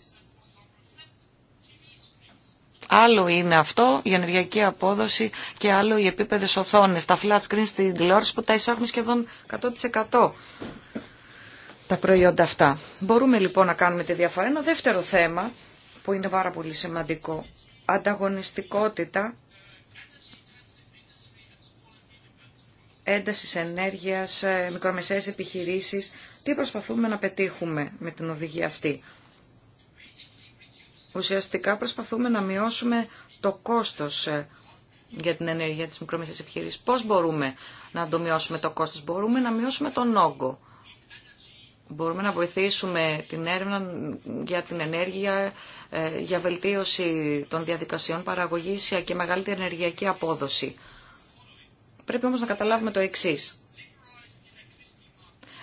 Speaker 3: Άλλο είναι αυτό, η ενεργειακή απόδοση και άλλο οι επίπεδε οθόνε, τα flat screen στην τηλεόραση που τα εισάγουν σχεδόν 100% τα προϊόντα αυτά. Μπορούμε λοιπόν να κάνουμε τη διαφορά. Ένα δεύτερο θέμα που είναι πάρα πολύ σημαντικό ανταγωνιστικότητα έντασης ενέργειας, ε, μικρομεσαίες επιχειρήσεις, τι προσπαθούμε να πετύχουμε με την οδηγία αυτή. Ουσιαστικά προσπαθούμε να μειώσουμε το κόστος ε, για την ενέργεια της μικρομεσαίας επιχειρήσης. Πώς μπορούμε να το μειώσουμε το κόστος, μπορούμε να μειώσουμε τον όγκο. Μπορούμε να βοηθήσουμε την έρευνα για την ενέργεια, ε, για βελτίωση των διαδικασιών παραγωγής ε, και μεγαλύτερη ενεργειακή απόδοση. Πρέπει όμως να καταλάβουμε το εξής.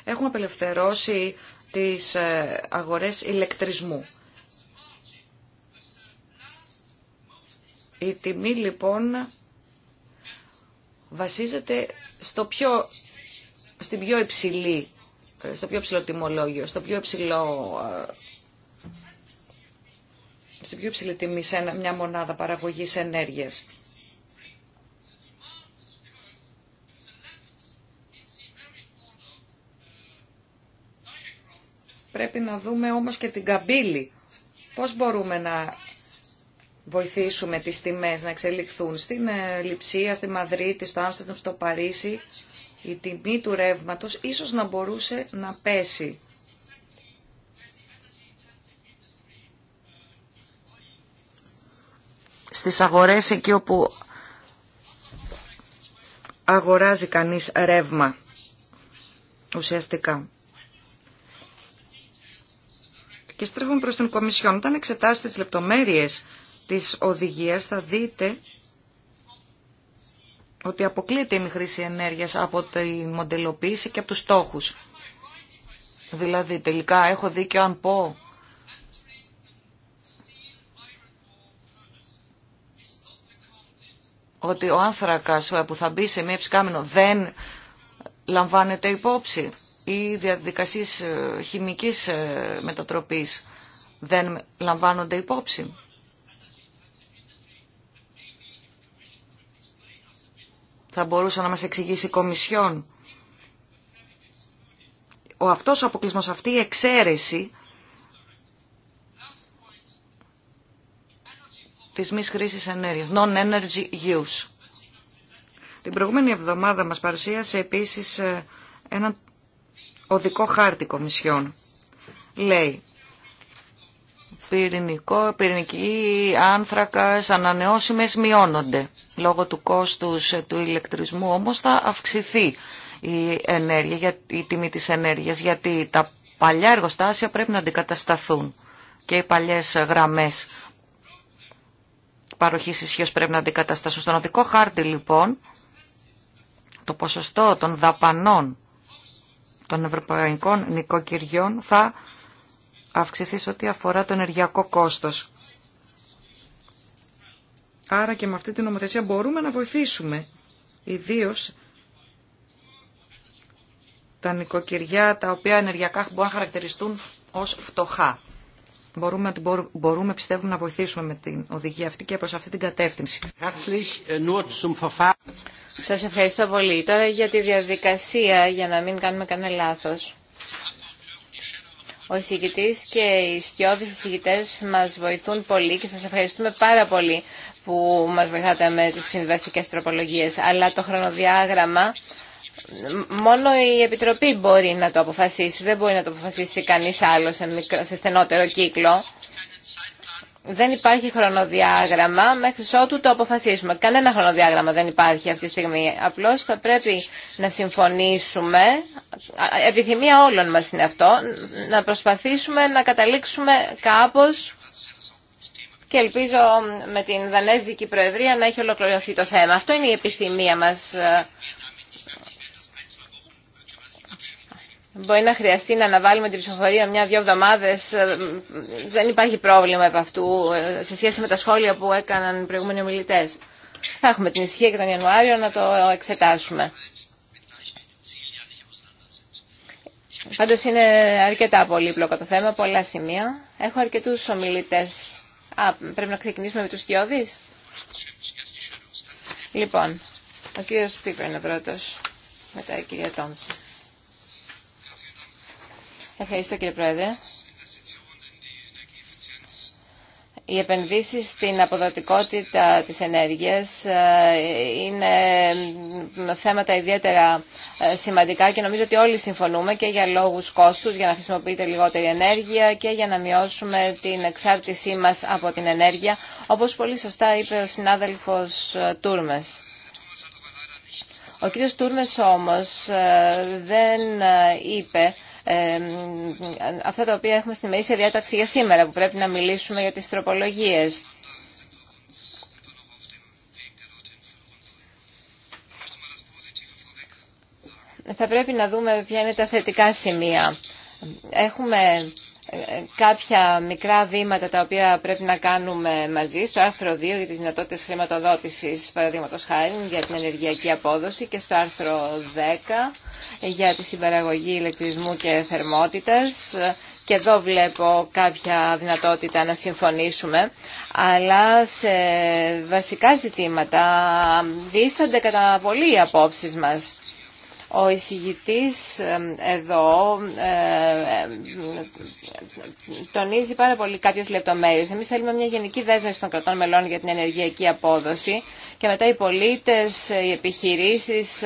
Speaker 3: Έχουμε απελευθερώσει τις ε, αγορές ηλεκτρισμού. Η τιμή λοιπόν βασίζεται στο πιο, στην πιο υψηλή ε, στο πιο ψηλό τιμολόγιο, στο πιο ψηλό ε, στην πιο ψηλή τιμή σε μια μονάδα παραγωγής ενέργειας. Πρέπει να δούμε όμως και την καμπύλη. Πώς μπορούμε να βοηθήσουμε τις τιμές να εξελιχθούν στην ε, Λιψία, στη Μαδρίτη, στο Άμστερντο, στο Παρίσι η τιμή του ρεύματος ίσως να μπορούσε να πέσει. Στις αγορές εκεί όπου αγοράζει κανείς ρεύμα ουσιαστικά. Και στρέφουμε προς την Κομισιόν. Όταν εξετάσετε τις λεπτομέρειες της οδηγίας θα δείτε ότι αποκλείεται η μη χρήση ενέργειας από τη μοντελοποίηση και από τους στόχους. Δηλαδή, τελικά έχω δίκιο αν πω ότι ο άνθρακας που θα μπει σε μία ψυκάμινο δεν λαμβάνεται υπόψη ή διαδικασίες ε, χημικής ε, μετατροπής δεν λαμβάνονται υπόψη. θα μπορούσε να μας εξηγήσει η Κομισιόν. Ο αυτός ο αποκλεισμός, αυτή η εξαίρεση της μη χρήσης ενέργειας, non-energy use. Την προηγούμενη εβδομάδα μας παρουσίασε επίσης ε, ένα οδικό χάρτη Κομισιόν. Λέει, πυρηνικό, πυρηνική, άνθρακα, ανανεώσιμες μειώνονται. Λόγω του κόστους του ηλεκτρισμού όμως θα αυξηθεί η, ενέργεια, η τιμή της ενέργειας γιατί τα παλιά εργοστάσια πρέπει να αντικατασταθούν και οι παλιές γραμμές παροχής ισχύω πρέπει να αντικατασταθούν. Στον οδικό χάρτη λοιπόν το ποσοστό των δαπανών των ευρωπαϊκών νοικοκυριών θα αυξηθεί σε ό,τι αφορά το ενεργειακό κόστος. Άρα και με αυτή την νομοθεσία μπορούμε να βοηθήσουμε ιδίω τα νοικοκυριά τα οποία ενεργειακά μπορούν να χαρακτηριστούν ως φτωχά. Μπορούμε, μπορούμε πιστεύουμε να βοηθήσουμε με την οδηγία αυτή και προς αυτή την κατεύθυνση. Ε,
Speaker 2: σας ευχαριστώ πολύ. Τώρα για τη διαδικασία, για να μην κάνουμε κανένα λάθος. Ο εισηγητή και οι σκιώδεις εισηγητέ μας βοηθούν πολύ και σας ευχαριστούμε πάρα πολύ που μας βοηθάτε με τις συμβιβαστικές τροπολογίες, αλλά το χρονοδιάγραμμα μόνο η Επιτροπή μπορεί να το αποφασίσει, δεν μπορεί να το αποφασίσει κανείς άλλος σε, στενότερο κύκλο. Δεν υπάρχει χρονοδιάγραμμα μέχρι ότου το αποφασίσουμε. Κανένα χρονοδιάγραμμα δεν υπάρχει αυτή τη στιγμή. Απλώς θα πρέπει να συμφωνήσουμε, επιθυμία όλων μας είναι αυτό, να προσπαθήσουμε να καταλήξουμε κάπως και ελπίζω με την Δανέζικη Προεδρία να έχει ολοκληρωθεί το θέμα. Αυτό είναι η επιθυμία μας. Μπορεί να χρειαστεί να αναβάλουμε την ψηφοφορία μια-δυο εβδομάδε. Δεν υπάρχει πρόβλημα από αυτού σε σχέση με τα σχόλια που έκαναν οι προηγούμενοι ομιλητέ. Θα έχουμε την ισχύ και τον Ιανουάριο να το εξετάσουμε. Πάντω είναι αρκετά πολύπλοκο το θέμα, πολλά σημεία. Έχω αρκετού ομιλητέ Α, πρέπει να ξεκινήσουμε με τους σκιώδεις. Λοιπόν, ο κύριος Πίπερ είναι πρώτος, μετά η κυρία Τόνση. Ευχαριστώ κύριε Πρόεδρε. Οι επενδύσεις στην αποδοτικότητα της ενέργειας ε, είναι θέματα ιδιαίτερα ε, σημαντικά και νομίζω ότι όλοι συμφωνούμε και για λόγους κόστους, για να χρησιμοποιείται λιγότερη ενέργεια και για να μειώσουμε την εξάρτησή μας από την ενέργεια, όπως πολύ σωστά είπε ο συνάδελφος ε, Τούρμες. Ο κύριος Τούρμες όμως δεν είπε αυτά τα οποία έχουμε στη μείσια διάταξη για σήμερα που πρέπει να μιλήσουμε για τις τροπολογίες. Θα πρέπει να δούμε ποια είναι τα θετικά σημεία. Έχουμε κάποια μικρά βήματα τα οποία πρέπει να κάνουμε μαζί στο άρθρο 2 για τις δυνατότητες χρηματοδότησης παραδείγματος χάρη για την ενεργειακή απόδοση και στο άρθρο 10 για τη συμπαραγωγή ηλεκτρισμού και θερμότητας και εδώ βλέπω κάποια δυνατότητα να συμφωνήσουμε αλλά σε βασικά ζητήματα δίστανται κατά πολύ οι απόψεις μας. Ο εισηγητής εδώ τονίζει πάρα πολύ κάποιες λεπτομέρειες. Εμείς θέλουμε μια γενική δέσμευση των κρατών μελών για την ενεργειακή απόδοση και μετά οι πολίτες, οι επιχειρήσεις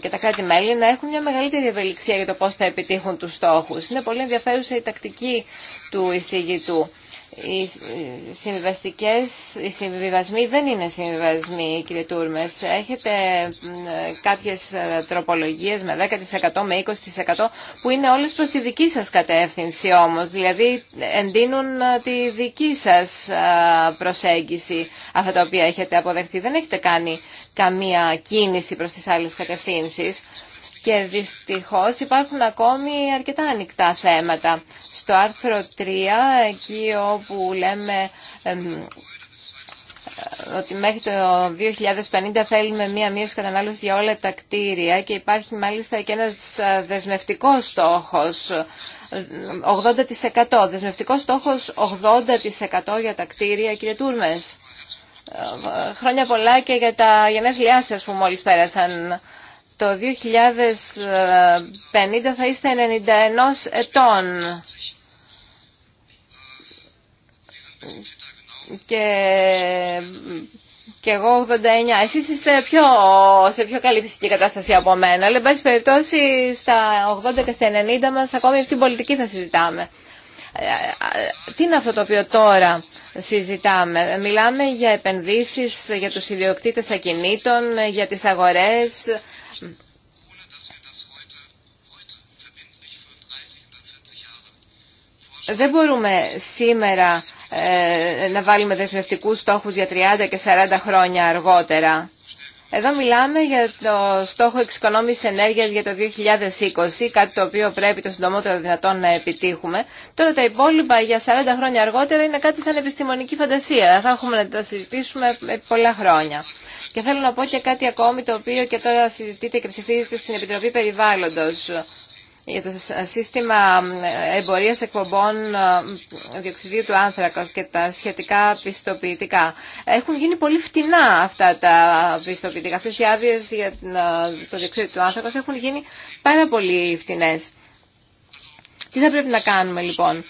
Speaker 2: και τα κράτη-μέλη να έχουν μια μεγαλύτερη ευελιξία για το πώς θα επιτύχουν τους στόχους. Είναι πολύ ενδιαφέρουσα η τακτική του εισηγητού οι συμβιβαστικές, οι συμβιβασμοί δεν είναι συμβιβασμοί, κύριε Τούρμες. Έχετε κάποιες ε, τροπολογίες με 10% με 20% που είναι όλες προς τη δική σας κατεύθυνση όμως. Δηλαδή εντείνουν ε, τη δική σας ε, προσέγγιση αυτά τα οποία έχετε αποδεχθεί. Δεν έχετε κάνει καμία κίνηση προς τις άλλες κατευθύνσεις. Και δυστυχώς υπάρχουν ακόμη αρκετά ανοιχτά θέματα. Στο άρθρο 3, εκεί όπου λέμε ότι μέχρι το 2050 θέλουμε μία μείωση κατανάλωση για όλα τα κτίρια και υπάρχει μάλιστα και ένας δεσμευτικός στόχος 80%. Δεσμευτικός στόχος 80% για τα κτίρια, κύριε Τούρμες χρόνια πολλά και για τα γενέθλιά σας που μόλις πέρασαν. Το 2050 θα είστε 91 ετών. Και, και εγώ 89. Εσείς είστε πιο, σε πιο καλή φυσική κατάσταση από μένα. Αλλά, εν πάση περιπτώσει, στα 80 και στα 90 μας ακόμη αυτή την πολιτική θα συζητάμε. Ε, ε, ε, τι είναι αυτό το οποίο τώρα συζητάμε. Μιλάμε για επενδύσεις για τους ιδιοκτήτες ακινήτων, για τις αγορές. Δεν μπορούμε σήμερα να βάλουμε δεσμευτικούς στόχους για 30 και 40 χρόνια αργότερα. Εδώ μιλάμε για το στόχο εξοικονόμησης ενέργειας για το 2020, κάτι το οποίο πρέπει το συντομότερο δυνατόν να επιτύχουμε. Τώρα τα υπόλοιπα για 40 χρόνια αργότερα είναι κάτι σαν επιστημονική φαντασία. Θα έχουμε να τα συζητήσουμε πολλά χρόνια. Και θέλω να πω και κάτι ακόμη το οποίο και τώρα συζητείτε και ψηφίζετε στην Επιτροπή Περιβάλλοντος για το σύστημα ε, εμπορίας εκπομπών ε, διοξιδίου του άνθρακος και τα σχετικά πιστοποιητικά. Έχουν γίνει πολύ φτηνά αυτά τα πιστοποιητικά. Αυτές οι άδειε για ε, το διοξιδίου του άνθρακος έχουν γίνει πάρα πολύ φτηνές. Τι θα πρέπει να κάνουμε λοιπόν.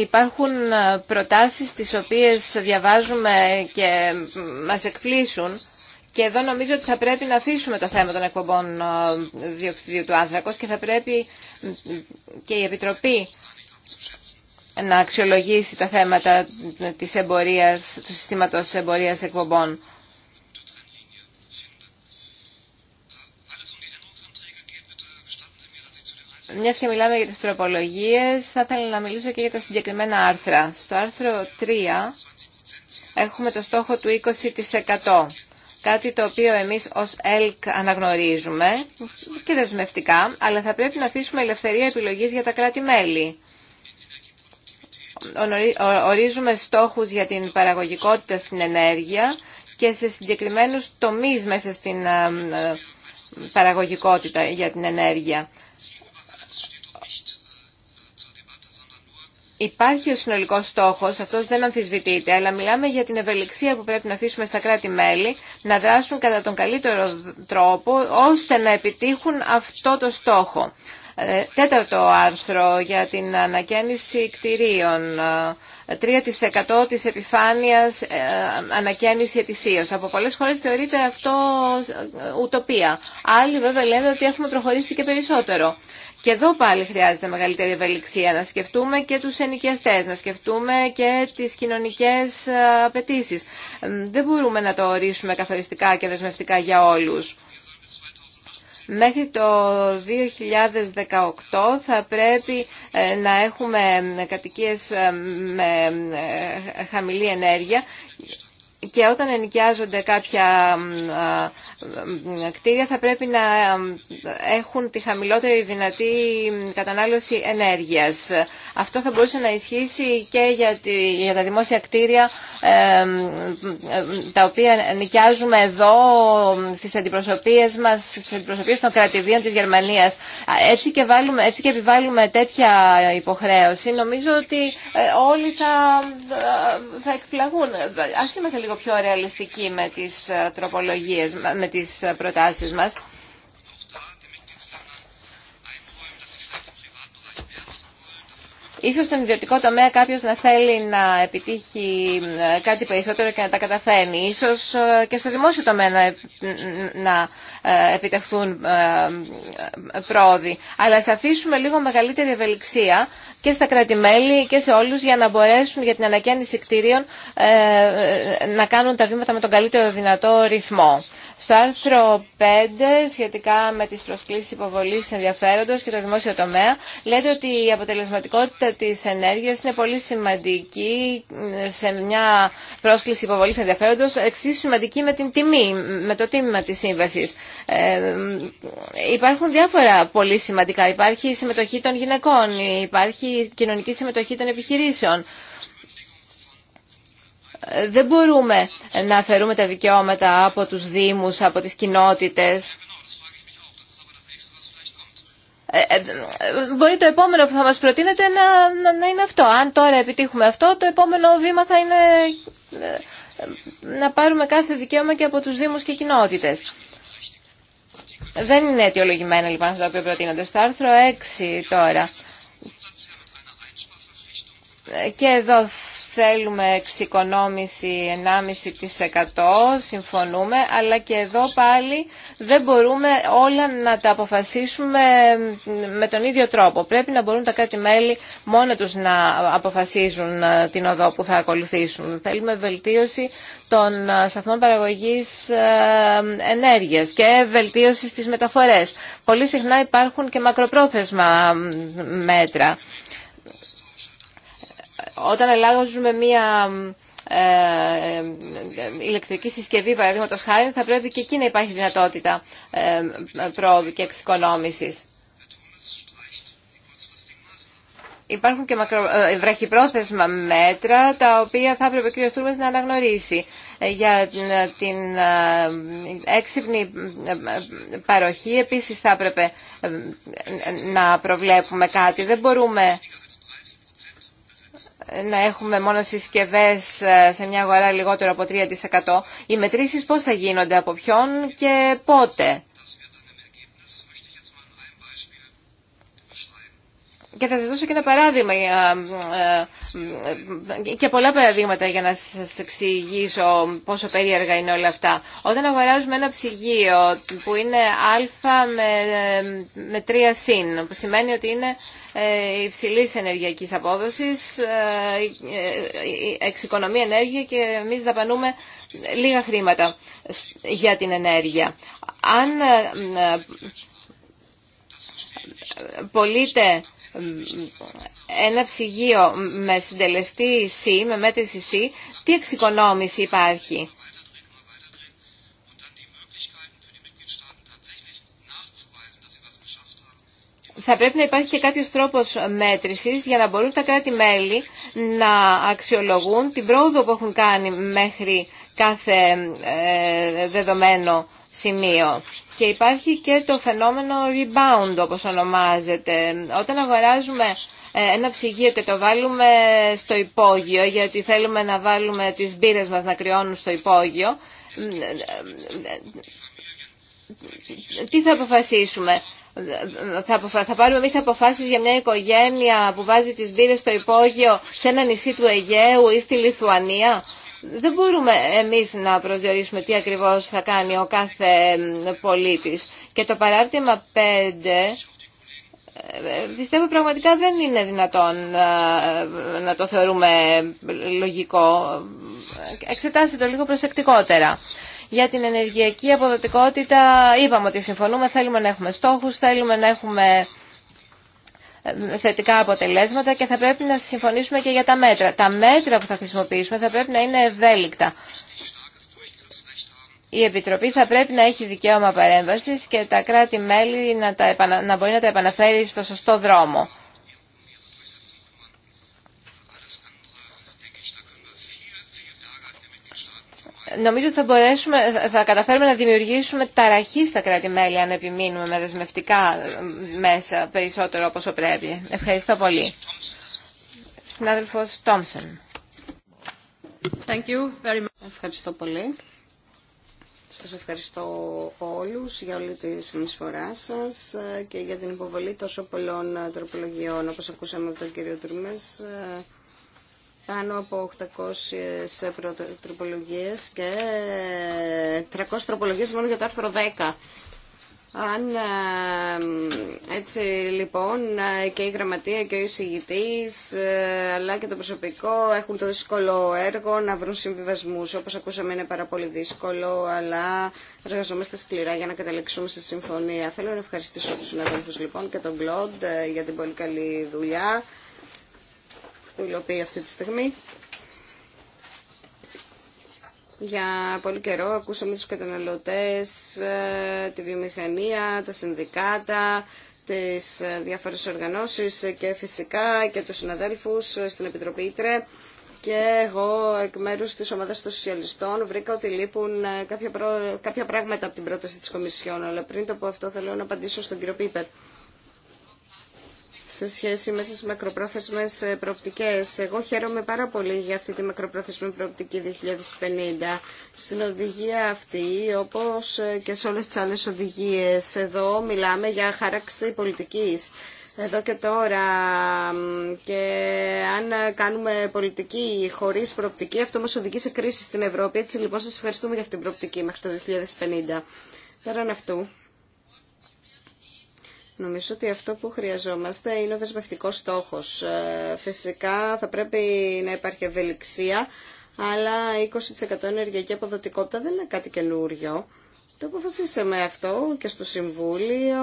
Speaker 2: Υπάρχουν προτάσεις τις οποίες διαβάζουμε και μας εκπλήσουν και εδώ νομίζω ότι θα πρέπει να αφήσουμε το θέμα των εκπομπών ε, διοξιδίου του άνθρακος και θα πρέπει και η Επιτροπή να αξιολογήσει τα θέματα της εμπορίας, του συστήματος εμπορίας εκπομπών. Μια και μιλάμε για τις τροπολογίες, θα ήθελα να μιλήσω και για τα συγκεκριμένα άρθρα. Στο άρθρο 3 έχουμε το στόχο του 20% κάτι το οποίο εμείς ως ΕΛΚ αναγνωρίζουμε και δεσμευτικά, αλλά θα πρέπει να αφήσουμε ελευθερία επιλογής για τα κράτη-μέλη. Ορίζουμε στόχους για την παραγωγικότητα στην ενέργεια και σε συγκεκριμένους τομείς μέσα στην ε, ε, παραγωγικότητα για την ενέργεια. Υπάρχει ο συνολικός στόχος, αυτός δεν αμφισβητείται, αλλά μιλάμε για την ευελιξία που πρέπει να αφήσουμε στα κράτη-μέλη να δράσουν κατά τον καλύτερο τρόπο ώστε να επιτύχουν αυτό το στόχο. Ε, τέταρτο άρθρο για την ανακαίνιση κτηρίων. 3% ε, της επιφάνειας ε, ανακαίνιση ετησίως. Από πολλές χώρες θεωρείται αυτό ουτοπία. Άλλοι βέβαια λένε ότι έχουμε προχωρήσει και περισσότερο. Και εδώ πάλι χρειάζεται μεγαλύτερη ευελιξία να σκεφτούμε και τους ενοικιαστές, να σκεφτούμε και τις κοινωνικές ε, απαιτήσει. Δεν μπορούμε να το ορίσουμε καθοριστικά και δεσμευτικά για όλους. Μέχρι το 2018 θα πρέπει ε, να έχουμε κατοικίες ε, με χαμηλή ενέργεια και όταν ενοικιάζονται κάποια κτίρια θα πρέπει να έχουν τη χαμηλότερη δυνατή κατανάλωση ενέργειας. Αυτό θα μπορούσε να ισχύσει και για τα δημόσια κτίρια ε, ε, τα οποία νοικιάζουμε εδώ στις αντιπροσωπείες μας, στις αντιπροσωπείες των κρατηδίων της Γερμανίας. Έτσι και, βάλουμε, έτσι και επιβάλλουμε τέτοια υποχρέωση. Νομίζω ότι ε, όλοι θα, θα εκπλαγούν. Ας λίγο πιο ρεαλιστικοί με τις ε, τροπολογίες, με τις ε, προτάσεις μας. Ίσως στον ιδιωτικό τομέα κάποιος να θέλει να επιτύχει ε, κάτι περισσότερο και να τα καταφέρνει. Ίσως ε, και στο δημόσιο τομέα να ε, επιτευχθούν πρόοδοι. Αλλά ας αφήσουμε λίγο μεγαλύτερη ευελιξία και στα κρατημέλη και σε όλους για να μπορέσουν για την ανακαίνιση κτίριων να κάνουν τα βήματα με τον καλύτερο δυνατό ρυθμό. Στο άρθρο 5, σχετικά με τις προσκλήσεις υποβολής ενδιαφέροντος και το δημόσιο τομέα, λέτε ότι η αποτελεσματικότητα της ενέργειας είναι πολύ σημαντική σε μια πρόσκληση υποβολής ενδιαφέροντος, εξίσου σημαντική με την τιμή, με το τίμημα της σύμβασης. Ε, υπάρχουν διάφορα πολύ σημαντικά. Υπάρχει η συμμετοχή των γυναικών, υπάρχει η κοινωνική συμμετοχή των επιχειρήσεων δεν μπορούμε να αφαιρούμε τα δικαιώματα από τους Δήμους, από τις κοινότητες. Ε, ε, μπορεί το επόμενο που θα μας προτείνετε να, να, είναι αυτό. Αν τώρα επιτύχουμε αυτό, το επόμενο βήμα θα είναι ε, να πάρουμε κάθε δικαίωμα και από τους Δήμους και κοινότητες. Δεν είναι αιτιολογημένα λοιπόν αυτά τα οποία προτείνονται. Στο άρθρο 6 τώρα. Και εδώ θέλουμε εξοικονόμηση 1,5% συμφωνούμε αλλά και εδώ πάλι δεν μπορούμε όλα να τα αποφασίσουμε με τον ίδιο τρόπο. Πρέπει να μπορούν τα κράτη-μέλη μόνο τους να αποφασίζουν ε, την οδό που θα ακολουθήσουν. Θέλουμε βελτίωση των ε, σταθμών παραγωγής ε, ενέργειας και βελτίωση στις μεταφορές. Πολύ συχνά υπάρχουν και μακροπρόθεσμα μέτρα όταν αλλάζουμε μία ε, ε, ηλεκτρική συσκευή, παραδείγματο χάρη, θα πρέπει και εκεί να υπάρχει δυνατότητα ε, πρόοδου και εξοικονόμηση. Υπάρχουν και μακρο... βραχυπρόθεσμα μέτρα τα οποία θα έπρεπε ο κ. Τούρμες να αναγνωρίσει για την έξυπνη παροχή. Επίσης θα έπρεπε να προβλέπουμε κάτι. Δεν μπορούμε να έχουμε μόνο συσκευέ ε, σε μια αγορά λιγότερο από 3%. Οι μετρήσει πώς θα γίνονται, από ποιον και πότε. Και θα σας δώσω και ένα παράδειγμα ε, ε, ε, και πολλά παραδείγματα για να σας εξηγήσω πόσο περίεργα είναι όλα αυτά. Όταν αγοράζουμε ένα ψυγείο που είναι α με τρία συν, που σημαίνει ότι είναι υψηλής ενεργειακής απόδοσης, εξοικονομεί ενέργεια και εμείς δαπανούμε λίγα χρήματα για την ενέργεια. Αν πολύτε ένα ψυγείο με συντελεστή C, με μέτρηση C, τι εξοικονόμηση υπάρχει. θα πρέπει να υπάρχει και κάποιος τρόπος μέτρησης για να μπορούν τα κράτη-μέλη να αξιολογούν την πρόοδο που έχουν κάνει μέχρι κάθε ε, δεδομένο σημείο. Και υπάρχει και το φαινόμενο rebound όπως ονομάζεται. Όταν αγοράζουμε ε, ένα ψυγείο και το βάλουμε στο υπόγειο γιατί θέλουμε να βάλουμε τις μπύρες μας να κρυώνουν στο υπόγειο, τι θα αποφασίσουμε. Θα, θα πάρουμε εμεί αποφάσει για μια οικογένεια που βάζει τις μπύρες στο υπόγειο σε ένα νησί του Αιγαίου ή στη Λιθουανία δεν μπορούμε εμείς να προσδιορίσουμε τι ακριβώς θα κάνει ο κάθε πολίτης. Και το παράρτημα 5 ε, ε, πιστεύω πραγματικά δεν είναι δυνατόν ε, να το θεωρούμε λογικό. Εξετάστε το λίγο προσεκτικότερα. Για την ενεργειακή αποδοτικότητα είπαμε ότι συμφωνούμε, θέλουμε να έχουμε στόχους, θέλουμε να έχουμε θετικά αποτελέσματα και θα πρέπει να συμφωνήσουμε και για τα μέτρα. Τα μέτρα που θα χρησιμοποιήσουμε θα πρέπει να είναι ευέλικτα. Η Επιτροπή θα πρέπει να έχει δικαίωμα παρέμβασης και τα κράτη-μέλη να, να μπορεί να τα επαναφέρει στο σωστό δρόμο. Νομίζω ότι θα, μπορέσουμε, θα καταφέρουμε να δημιουργήσουμε ταραχή στα κράτη-μέλη αν επιμείνουμε με δεσμευτικά μέσα περισσότερο όπως πρέπει. Ευχαριστώ πολύ. Συνάδελφος Τόμσον.
Speaker 4: Ευχαριστώ πολύ. Σας ευχαριστώ όλους για όλη τη συνεισφορά σας και για την υποβολή τόσο πολλών τροπολογιών όπως ακούσαμε από τον κύριο Τουρμές πάνω από 800 τροπολογίε και 300 τροπολογίε μόνο για το άρθρο 10. Αν ε, έτσι λοιπόν ε, και η γραμματεία και ο εισηγητής ε, αλλά και το προσωπικό έχουν το δύσκολο έργο να βρουν συμβιβασμούς. Όπως ακούσαμε είναι πάρα πολύ δύσκολο αλλά εργαζόμαστε σκληρά για να καταλήξουμε σε συμφωνία. Θέλω να ευχαριστήσω τους συναδέλφους λοιπόν και τον Κλοντ για την πολύ καλή δουλειά που υλοποιεί αυτή τη στιγμή. Για πολύ καιρό ακούσαμε τους καταναλωτές, ε, τη βιομηχανία, τα συνδικάτα, τις ε, διάφορες οργανώσεις ε, και φυσικά και τους συναδέλφους στην Επιτροπή Ήτρε και εγώ εκ μέρους της ομάδας των σοσιαλιστών βρήκα ότι λείπουν κάποια, πράγματα από την πρόταση της Κομισιόν αλλά πριν το πω αυτό θέλω να απαντήσω στον κύριο Πίπερ σε σχέση με τις μακροπρόθεσμες ε, προοπτικές. Εγώ χαίρομαι πάρα πολύ για αυτή τη μακροπρόθεσμη προοπτική 2050. Στην οδηγία αυτή, όπως ε, και σε όλες τις άλλες οδηγίες, εδώ μιλάμε για χάραξη πολιτικής. Εδώ και τώρα και αν κάνουμε πολιτική χωρίς προοπτική, αυτό μας οδηγεί σε κρίση στην Ευρώπη. Έτσι λοιπόν σας ευχαριστούμε για αυτή την προοπτική μέχρι το 2050. Πέραν αυτού. Νομίζω ότι αυτό που χρειαζόμαστε είναι ο δεσμευτικός στόχος. Ε, φυσικά θα πρέπει να υπάρχει ευελιξία, αλλά 20% ενεργειακή αποδοτικότητα δεν είναι κάτι καινούριο. Το αποφασίσαμε αυτό και στο Συμβούλιο,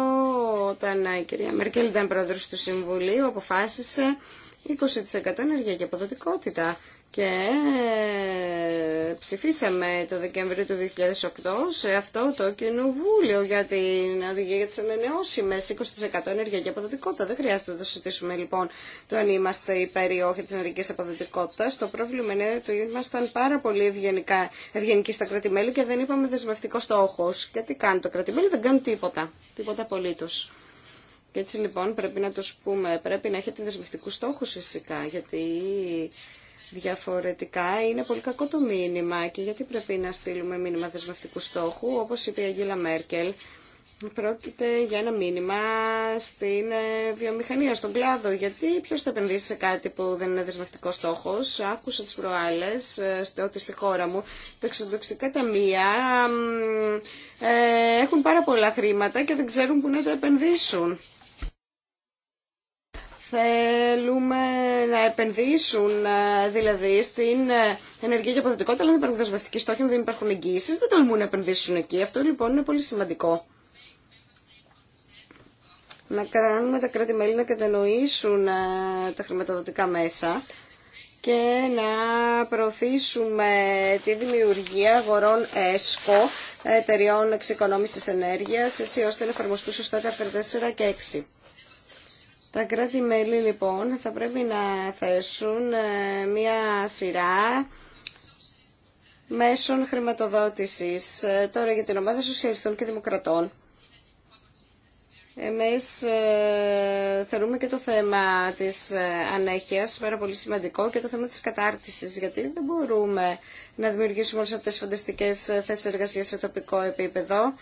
Speaker 4: όταν η κυρία Μέρκελ ήταν πρόεδρος του Συμβουλίου, αποφάσισε 20% ενεργειακή αποδοτικότητα και ε, ψηφίσαμε το Δεκέμβριο του 2008 σε αυτό το κοινοβούλιο για την οδηγία για τις ανανεώσιμες 20% ενεργειακή αποδοτικότητα. Δεν χρειάζεται να το συζητήσουμε λοιπόν το αν είμαστε υπέρ ή όχι της ενεργικής αποδοτικότητας. Το πρόβλημα είναι ότι ήμασταν πάρα πολύ ευγενικά, ευγενικοί στα κρατημέλη και δεν είπαμε δεσμευτικό στόχο. Και τι κάνει το κρατημέλη, δεν κάνουν τίποτα, τίποτα απολύτω. Και έτσι λοιπόν πρέπει να του πούμε, πρέπει να έχετε δεσμευτικού στόχου φυσικά, γιατί Διαφορετικά είναι πολύ κακό το μήνυμα και γιατί πρέπει να στείλουμε μήνυμα δεσμευτικού στόχου, όπως είπε η Αγίλα Μέρκελ, Πρόκειται για ένα μήνυμα στην ε, βιομηχανία, στον κλάδο. Γιατί ποιος θα επενδύσει σε κάτι που δεν είναι δεσμευτικό στόχος. Άκουσα τι προάλλε ε, ότι στη χώρα μου τα εξοδοξικά ταμεία ε, έχουν πάρα πολλά χρήματα και δεν ξέρουν πού να τα επενδύσουν. Θέλουμε να επενδύσουν ε, δηλαδή στην ε, ενεργειακή αποδοτικότητα, αλλά δεν υπάρχουν δεσμευτικοί στόχοι, δεν υπάρχουν εγγύησει, δεν τολμούν να επενδύσουν εκεί. Αυτό λοιπόν είναι πολύ σημαντικό. Να κάνουμε τα κράτη-μέλη να κατανοήσουν ε, τα χρηματοδοτικά μέσα και να προωθήσουμε τη δημιουργία αγορών ΕΣΚΟ, εταιριών εξοικονόμησης ενέργειας, έτσι ώστε να εφαρμοστούν σωστά τα 4 και 6. Τα κράτη-μέλη λοιπόν θα πρέπει να θέσουν ε, μία σειρά μέσων χρηματοδότησης ε, τώρα για την ομάδα σοσιαλιστών και δημοκρατών. Εμείς ε, θεωρούμε και το θέμα της ανέχειας πάρα πολύ σημαντικό και το θέμα της κατάρτισης, γιατί δεν μπορούμε να δημιουργήσουμε όλες αυτές τις φανταστικές θέσεις εργασίας σε τοπικό επίπεδο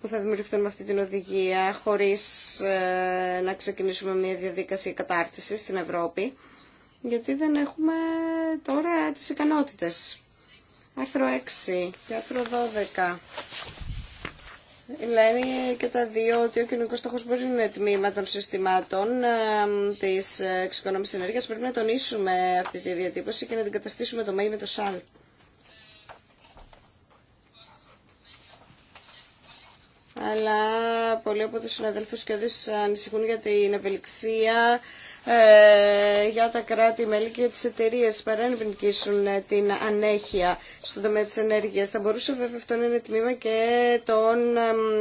Speaker 4: που θα δημιουργηθούν με αυτή την οδηγία χωρίς ε, να ξεκινήσουμε μια διαδικασία κατάρτισης στην Ευρώπη γιατί δεν έχουμε τώρα τις ικανότητες. Άρθρο 6 και άρθρο 12. Λένε και τα δύο ότι ο κοινωνικό στόχο μπορεί να είναι τμήμα των συστημάτων ε, της εξοικονόμηση ενέργειας. Πρέπει να τονίσουμε αυτή τη διατύπωση και να την καταστήσουμε το το ΣΑΛΠ. αλλά πολλοί από τους συναδέλφους και οδείς ανησυχούν για την ευελιξία ε, για τα κράτη-μέλη και τις εταιρείες παρά να ε, την ανέχεια στον τομέα της ενέργειας. Θα μπορούσε βέβαια αυτό να είναι τμήμα και των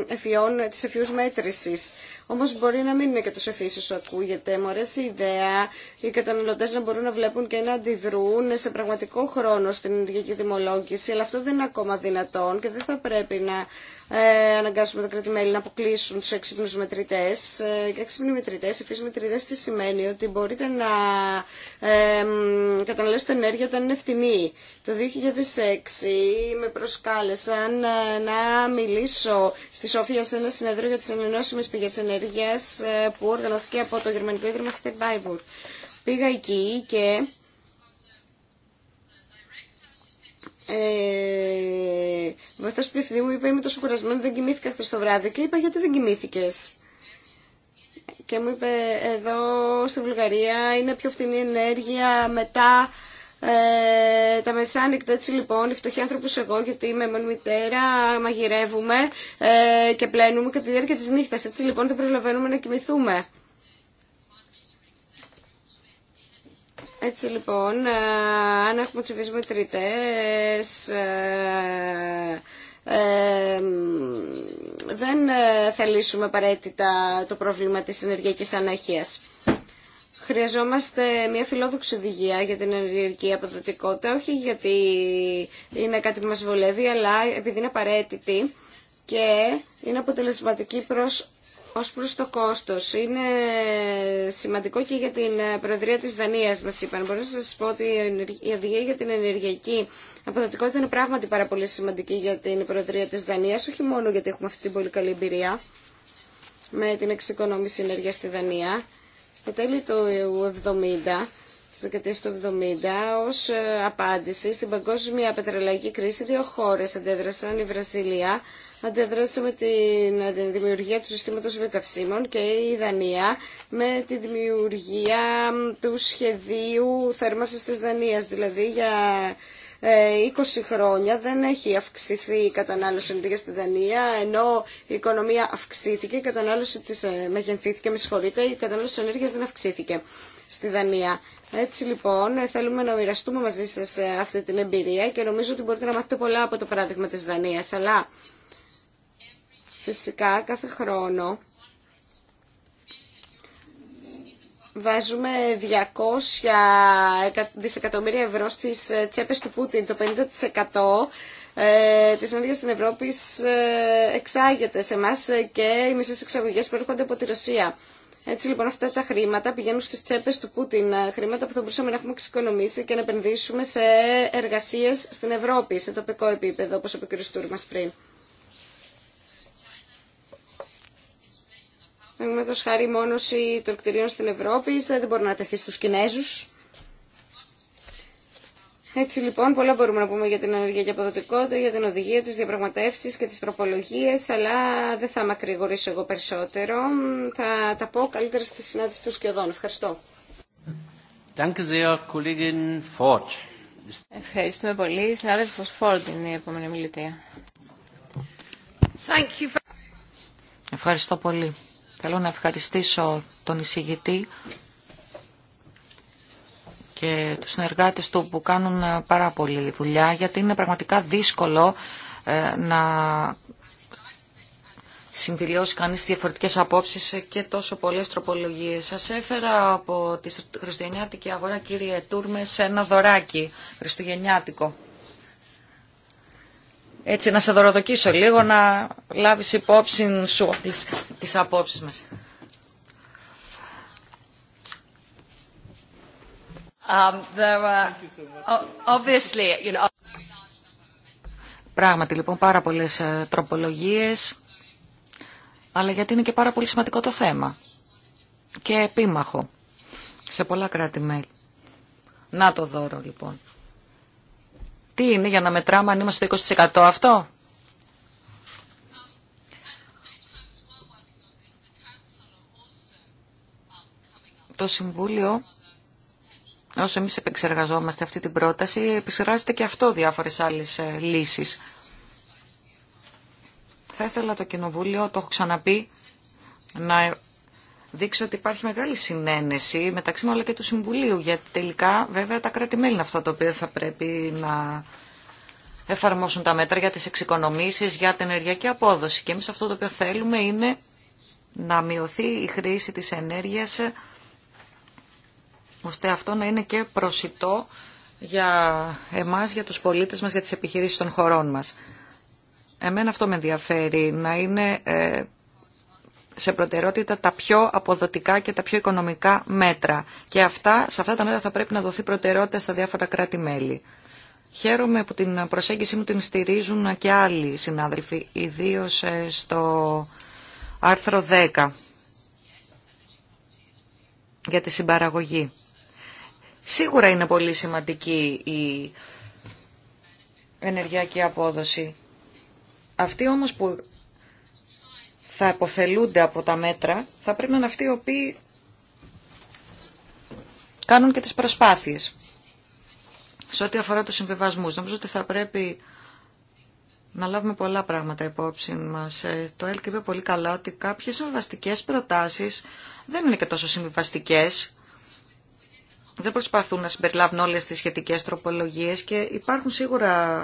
Speaker 4: εφιών, της εφιούς μέτρησης Όμω μπορεί να μην είναι και τόσο ευφύ όσο ακούγεται. Μου αρέσει η ιδέα οι καταναλωτέ να μπορούν να βλέπουν και να αντιδρούν σε πραγματικό χρόνο στην ενεργειακή δημολόγηση, Αλλά αυτό δεν είναι ακόμα δυνατόν και δεν θα πρέπει να ε, αναγκάσουμε τα κράτη-μέλη να αποκλείσουν του έξυπνου μετρητέ. Ε, έξυπνοι μετρητέ, επίση μετρητέ, τι σημαίνει ότι μπορείτε να ε, καταναλώσετε ενέργεια όταν είναι φτηνή. Το 2006 με προσκάλεσαν ε, να μιλήσω στη Σόφια σε ένα συνέδριο για τι ανανεώσιμε πηγέ ενέργεια ε, που οργανώθηκε από το Γερμανικό Ίδρυμα Βάιμπουργκ. Πήγα εκεί και ε, βοηθός του διευθυντή μου είπε είμαι τόσο κουρασμένη, δεν κοιμήθηκα χθες το βράδυ και είπα γιατί δεν κοιμήθηκες. Και μου είπε εδώ στη Βουλγαρία είναι πιο φθηνή ενέργεια μετά ε, τα μεσάνυχτα έτσι λοιπόν, οι φτωχοί άνθρωποι εγώ, γιατί είμαι μόνη μητέρα, μαγειρεύουμε ε, και πλένουμε κατά τη διάρκεια τη νύχτα. Έτσι λοιπόν δεν προλαβαίνουμε να κοιμηθούμε. Έτσι λοιπόν, ε, αν έχουμε τσιβεί μετρητές, ε, ε δεν ε, θα λύσουμε απαραίτητα το πρόβλημα της ενεργειακής ανέχειας. Χρειαζόμαστε μια φιλόδοξη οδηγία για την ενεργειακή αποδοτικότητα, όχι γιατί είναι κάτι που μας βολεύει, αλλά επειδή είναι απαραίτητη και είναι αποτελεσματική προς ως προς το κόστος. Είναι σημαντικό και για την Προεδρία της Δανίας, μας είπαν. Μπορώ να σας πω ότι η οδηγία για την ενεργειακή αποδοτικότητα είναι πράγματι πάρα πολύ σημαντική για την Προεδρία της Δανίας, όχι μόνο γιατί έχουμε αυτή την πολύ καλή εμπειρία με την εξοικονόμηση ενέργειας στη Δανία, στο τέλη του 70, στις του 70, ως ε, απάντηση στην παγκόσμια πετρελαϊκή κρίση, δύο χώρες αντέδρασαν, η Βραζιλία αντέδρασε με την ε, δημιουργία του συστήματος βιοκαυσίμων και η Δανία με τη δημιουργία του σχεδίου θέρμασης της Δανίας, δηλαδή για 20 ε, χρόνια δεν έχει αυξηθεί η κατανάλωση ενέργειας στη Δανία, ενώ η οικονομία αυξήθηκε, η κατανάλωση της ε, μεγενθήθηκε, με συγχωρείτε, η κατανάλωση ενέργειας δεν αυξήθηκε στη Δανία. Έτσι λοιπόν ε, θέλουμε να μοιραστούμε μαζί σας αυτή την εμπειρία και νομίζω ότι μπορείτε να μάθετε πολλά από το παράδειγμα της Δανίας, αλλά φυσικά κάθε χρόνο βάζουμε 200 δισεκατομμύρια ευρώ στις ε, τσέπες του Πούτιν. Το 50% ε, της ενέργειας στην Ευρώπη ε, εξάγεται σε εμά ε, και οι μισές εξαγωγές προέρχονται από τη Ρωσία. Έτσι λοιπόν αυτά τα χρήματα πηγαίνουν στις τσέπες του Πούτιν, χρήματα που θα μπορούσαμε να έχουμε ξεκονομήσει και να επενδύσουμε σε εργασίες στην Ευρώπη, σε τοπικό επίπεδο όπως είπε ο κ. Στούρμας πριν. το χάρη μόνωση των κτηρίων στην Ευρώπη δεν μπορεί να τεθεί στους Κινέζους. Έτσι λοιπόν, πολλά μπορούμε να πούμε για την ενεργειακή αποδοτικότητα, για την οδηγία, της διαπραγματεύσεις και τις τροπολογίες, αλλά δεν θα μακρηγορήσω εγώ περισσότερο. Θα τα πω καλύτερα στη συνάντηση του Σκιωδών. Ευχαριστώ.
Speaker 2: Ευχαριστούμε πολύ. Συνάδελφο Φόρντ είναι η επόμενη μιλητία.
Speaker 3: Ευχαριστώ πολύ. Θέλω να ευχαριστήσω τον εισηγητή και τους συνεργάτες του που κάνουν ε, πάρα πολύ δουλειά γιατί είναι πραγματικά δύσκολο ε, να συμπληρώσει κανείς διαφορετικές απόψεις και τόσο πολλές τροπολογίες. Σας έφερα από τη χριστουγεννιάτικη αγορά κύριε Τούρμε σε ένα δωράκι χριστουγεννιάτικο έτσι να σε δωροδοκίσω λίγο να λάβεις υπόψη σου τις απόψεις μας. Um, Obviously, you know... Πράγματι λοιπόν πάρα πολλές ε, τροπολογίες, αλλά γιατί είναι και πάρα πολύ σημαντικό το θέμα και επίμαχο σε πολλά κράτη-μέλη. Να το δώρο λοιπόν τι είναι για να μετράμε αν είμαστε 20% αυτό. Το Συμβούλιο, όσο εμείς επεξεργαζόμαστε αυτή την πρόταση, επεξεργάζεται και αυτό διάφορες άλλες ε, λύσεις. Θα ήθελα το Κοινοβούλιο, το έχω ξαναπεί, να δείξει ότι υπάρχει μεγάλη συνένεση μεταξύ μου αλλά και του Συμβουλίου, γιατί τελικά βέβαια τα κράτη-μέλη είναι αυτά τα οποία θα πρέπει να εφαρμόσουν τα μέτρα για τις εξοικονομήσεις, για την ενεργειακή απόδοση. Και εμείς αυτό το οποίο θέλουμε είναι να μειωθεί η χρήση της ενέργειας ώστε αυτό να είναι και προσιτό για εμάς, για τους πολίτες μας, για τις επιχειρήσεις των χωρών μας. Εμένα αυτό με ενδιαφέρει, να είναι ε, σε προτεραιότητα τα πιο αποδοτικά και τα πιο οικονομικά μέτρα. Και αυτά, σε αυτά τα μέτρα θα πρέπει να δοθεί προτεραιότητα στα διάφορα κράτη-μέλη. Χαίρομαι που την προσέγγιση μου την στηρίζουν και άλλοι συνάδελφοι, ιδίω ε, στο άρθρο 10 για τη συμπαραγωγή. Σίγουρα είναι πολύ σημαντική η ενεργειακή απόδοση. Αυτή όμως που θα υποφελούνται από τα μέτρα θα πρέπει να είναι αυτοί οι οποίοι κάνουν και τις προσπάθειες. Σε ό,τι αφορά τους συμβιβασμούς, νομίζω ότι θα πρέπει να λάβουμε πολλά πράγματα υπόψη μας. Ε, το ΕΛΚ είπε πολύ καλά ότι κάποιες συμβιβαστικέ προτάσεις δεν είναι και τόσο συμβιβαστικέ. Δεν προσπαθούν να συμπεριλάβουν όλες τις σχετικές τροπολογίες και υπάρχουν σίγουρα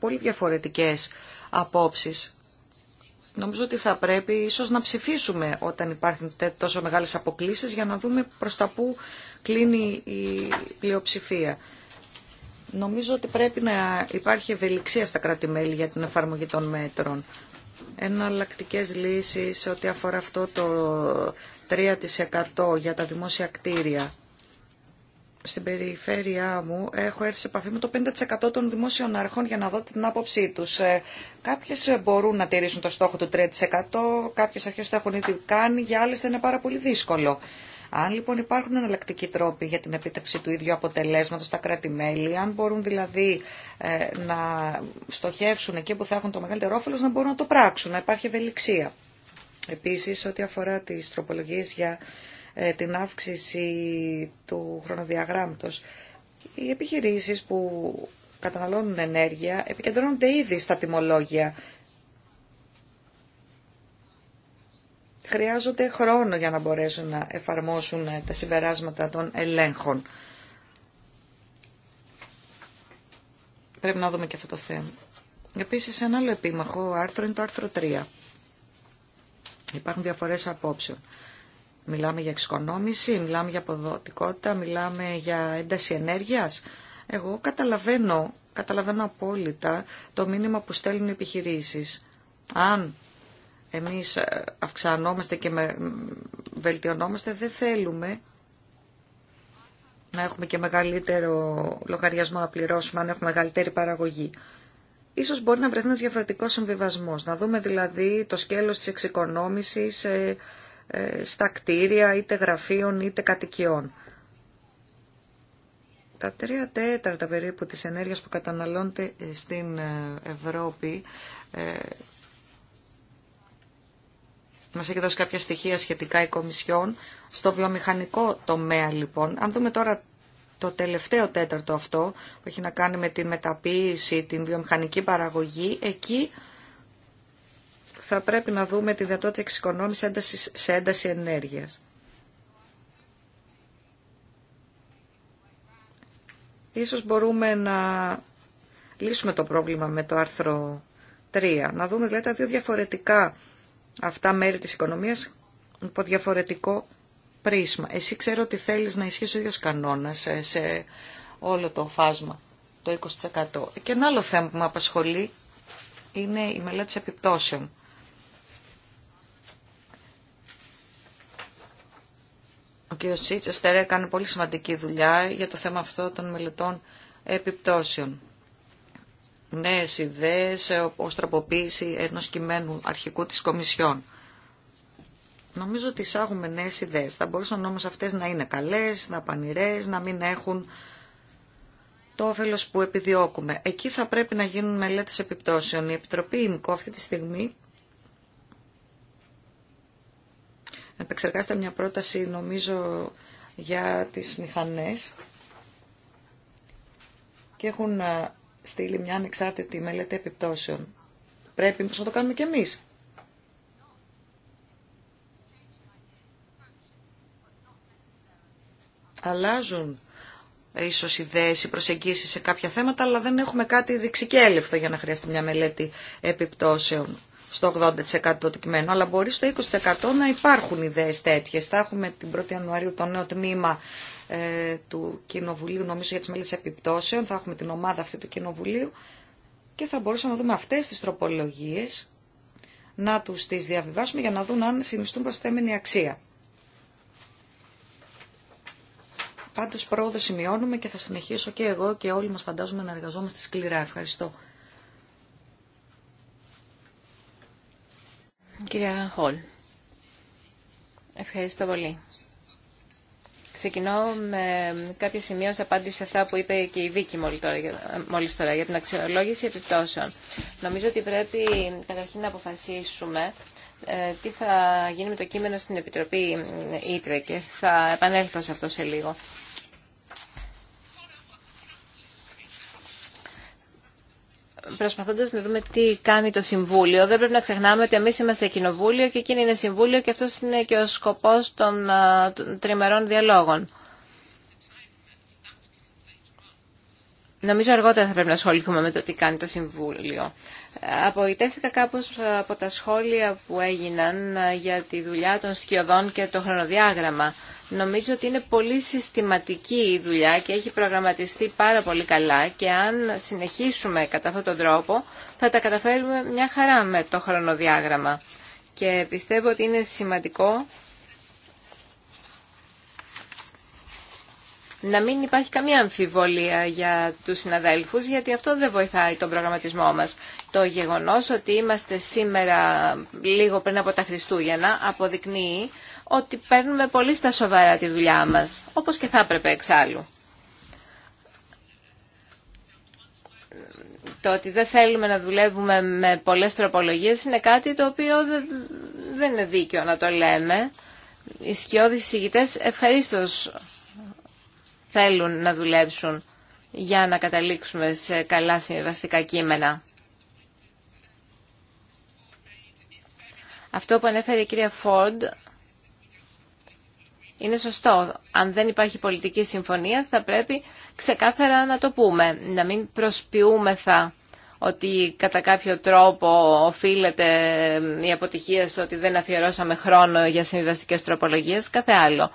Speaker 3: πολύ διαφορετικές απόψεις. Νομίζω ότι θα πρέπει ίσως να ψηφίσουμε όταν υπάρχουν τόσο μεγάλες αποκλήσεις για να δούμε προς τα που κλείνει η πλειοψηφία. Νομίζω ότι πρέπει να υπάρχει ευελιξία στα κράτη-μέλη για την εφαρμογή των μέτρων. Εναλλακτικέ λύσεις ό,τι αφορά αυτό το 3% για τα δημόσια κτίρια στην περιφέρειά μου έχω έρθει σε επαφή με το 50% των δημόσιων αρχών για να δω την άποψή τους. Ε, κάποιε μπορούν να τηρήσουν το στόχο του 3%, κάποιε αρχέ το έχουν ήδη κάνει, για άλλε θα είναι πάρα πολύ δύσκολο. Αν λοιπόν υπάρχουν εναλλακτικοί τρόποι για την επίτευξη του ίδιου αποτελέσματος στα κράτη-μέλη, αν μπορούν δηλαδή ε, να στοχεύσουν εκεί που θα έχουν το μεγαλύτερο όφελος, να μπορούν να το πράξουν, να υπάρχει ευελιξία. Επίσης, ό,τι αφορά τις τροπολογίες για ε, την αύξηση του χρονοδιαγράμματος. Οι επιχειρήσεις που καταναλώνουν ενέργεια επικεντρώνονται ήδη στα τιμολόγια. Χρειάζονται χρόνο για να μπορέσουν να εφαρμόσουν τα συμπεράσματα των ελέγχων. Πρέπει να δούμε και αυτό το θέμα. Επίσης, ένα άλλο επίμαχο άρθρο είναι το άρθρο 3. Υπάρχουν διαφορές απόψεων. Μιλάμε για εξοικονόμηση, μιλάμε για αποδοτικότητα, μιλάμε για ένταση ενέργειας. Εγώ καταλαβαίνω, καταλαβαίνω απόλυτα το μήνυμα που στέλνουν οι επιχειρήσεις. Αν εμείς ε, αυξανόμαστε και βελτιωνόμαστε, δεν θέλουμε να έχουμε και μεγαλύτερο λογαριασμό να πληρώσουμε, αν έχουμε μεγαλύτερη παραγωγή. Ίσως μπορεί να βρεθεί ένας διαφορετικός συμβιβασμός. Να δούμε δηλαδή το σκέλος της εξοικονόμησης ε, ε, στα κτίρια είτε γραφείων είτε κατοικιών. Τα τρία τέταρτα περίπου της ενέργειας που καταναλώνεται ε, στην ε, Ευρώπη μας έχει δώσει κάποια στοιχεία σχετικά η Κομισιόν. Στο βιομηχανικό τομέα λοιπόν, αν δούμε τώρα το τελευταίο τέταρτο αυτό που έχει να κάνει με τη μεταποίηση, την βιομηχανική παραγωγή, εκεί θα πρέπει να δούμε τη δυνατότητα εξοικονόμηση έντασης, σε ένταση ενέργειας. Ίσως μπορούμε να λύσουμε το πρόβλημα με το άρθρο 3. Να δούμε δηλαδή τα δύο διαφορετικά αυτά μέρη της οικονομίας υπό διαφορετικό πρίσμα. Εσύ ξέρω ότι θέλεις να ισχύσει ο ίδιος κανόνας σε, σε όλο το φάσμα, το 20%. Και ένα άλλο θέμα που με απασχολεί είναι η μελέτη επιπτώσεων. κ. Τσίτσεστερ έκανε πολύ σημαντική δουλειά για το θέμα αυτό των μελετών επιπτώσεων. Νέες ιδέες ε, ω τροποποίηση ενό κειμένου αρχικού της Κομισιόν. Νομίζω ότι εισάγουμε νέε ιδέε. Θα μπορούσαν όμως αυτές να είναι καλές, να πανηρές, να μην έχουν το όφελο που επιδιώκουμε. Εκεί θα πρέπει να γίνουν μελέτε επιπτώσεων. Η Επιτροπή ΙΜΚΟ αυτή τη στιγμή επεξεργάσετε μια πρόταση νομίζω για τις μηχανές και έχουν ε, στείλει μια ανεξάρτητη μελέτη επιπτώσεων. Πρέπει να το κάνουμε και εμείς. Αλλάζουν ε, ίσως ιδέες ή προσεγγίσεις σε κάποια θέματα, αλλά δεν έχουμε κάτι ρηξικέλευθο για να χρειαστεί μια μελέτη επιπτώσεων στο 80% του κειμένου, αλλά μπορεί στο 20% να υπάρχουν ιδέες τέτοιες. Θα έχουμε την 1η Ιανουαρίου το νέο τμήμα ε, του Κοινοβουλίου, νομίζω για τις μέλες επιπτώσεων, θα έχουμε την ομάδα αυτή του Κοινοβουλίου και θα μπορούσαμε να δούμε αυτές τις τροπολογίες, να τους τις διαβιβάσουμε για να δουν αν συνιστούν προσθέμενη αξία. Πάντως πρόοδο σημειώνουμε και θα συνεχίσω και εγώ και όλοι μας φαντάζομαι να εργαζόμαστε σκληρά. Ευχαριστώ.
Speaker 2: Κυρία Χολ, ευχαριστώ πολύ. Ξεκινώ με κάποια σημεία σε απάντηση σε αυτά που είπε και η Βίκη μόλις τώρα για την αξιολόγηση επιπτώσεων. Νομίζω ότι πρέπει καταρχήν να αποφασίσουμε ε, τι θα γίνει με το κείμενο στην Επιτροπή ε, Ήτρε και θα επανέλθω σε αυτό σε λίγο. προσπαθώντας να δούμε τι κάνει το Συμβούλιο, δεν πρέπει να ξεχνάμε ότι εμείς είμαστε Κοινοβούλιο και εκείνη είναι Συμβούλιο και αυτός είναι και ο σκοπός των τριμερών διαλόγων. Νομίζω αργότερα θα πρέπει να ασχοληθούμε με το τι κάνει το Συμβούλιο. Απογοητεύτηκα κάπως από τα σχόλια που έγιναν για τη δουλειά των σκιωδών και το χρονοδιάγραμμα. Νομίζω ότι είναι πολύ συστηματική η δουλειά και έχει προγραμματιστεί πάρα πολύ καλά και αν συνεχίσουμε κατά αυτόν τον τρόπο θα τα καταφέρουμε μια χαρά με το χρονοδιάγραμμα. Και πιστεύω ότι είναι σημαντικό να μην υπάρχει καμία αμφιβολία για τους συναδέλφους, γιατί αυτό δεν βοηθάει τον προγραμματισμό μας. Το γεγονός ότι είμαστε σήμερα λίγο πριν από τα Χριστούγεννα αποδεικνύει ότι παίρνουμε πολύ στα σοβαρά τη δουλειά μας, όπως και θα έπρεπε εξάλλου. Το ότι δεν θέλουμε να δουλεύουμε με πολλές τροπολογίες είναι κάτι το οποίο δεν είναι δίκαιο να το λέμε. Οι σκιώδεις συγητές ευχαρίστως θέλουν να δουλέψουν για να καταλήξουμε σε καλά συμβιβαστικά κείμενα. Αυτό που ανέφερε η κυρία Φόρντ είναι σωστό. Αν δεν υπάρχει πολιτική συμφωνία θα πρέπει ξεκάθαρα να το πούμε. Να μην προσποιούμεθα ότι κατά κάποιο τρόπο οφείλεται η αποτυχία στο ότι δεν αφιερώσαμε χρόνο για συμβιβαστικέ τροπολογίε κάθε άλλο.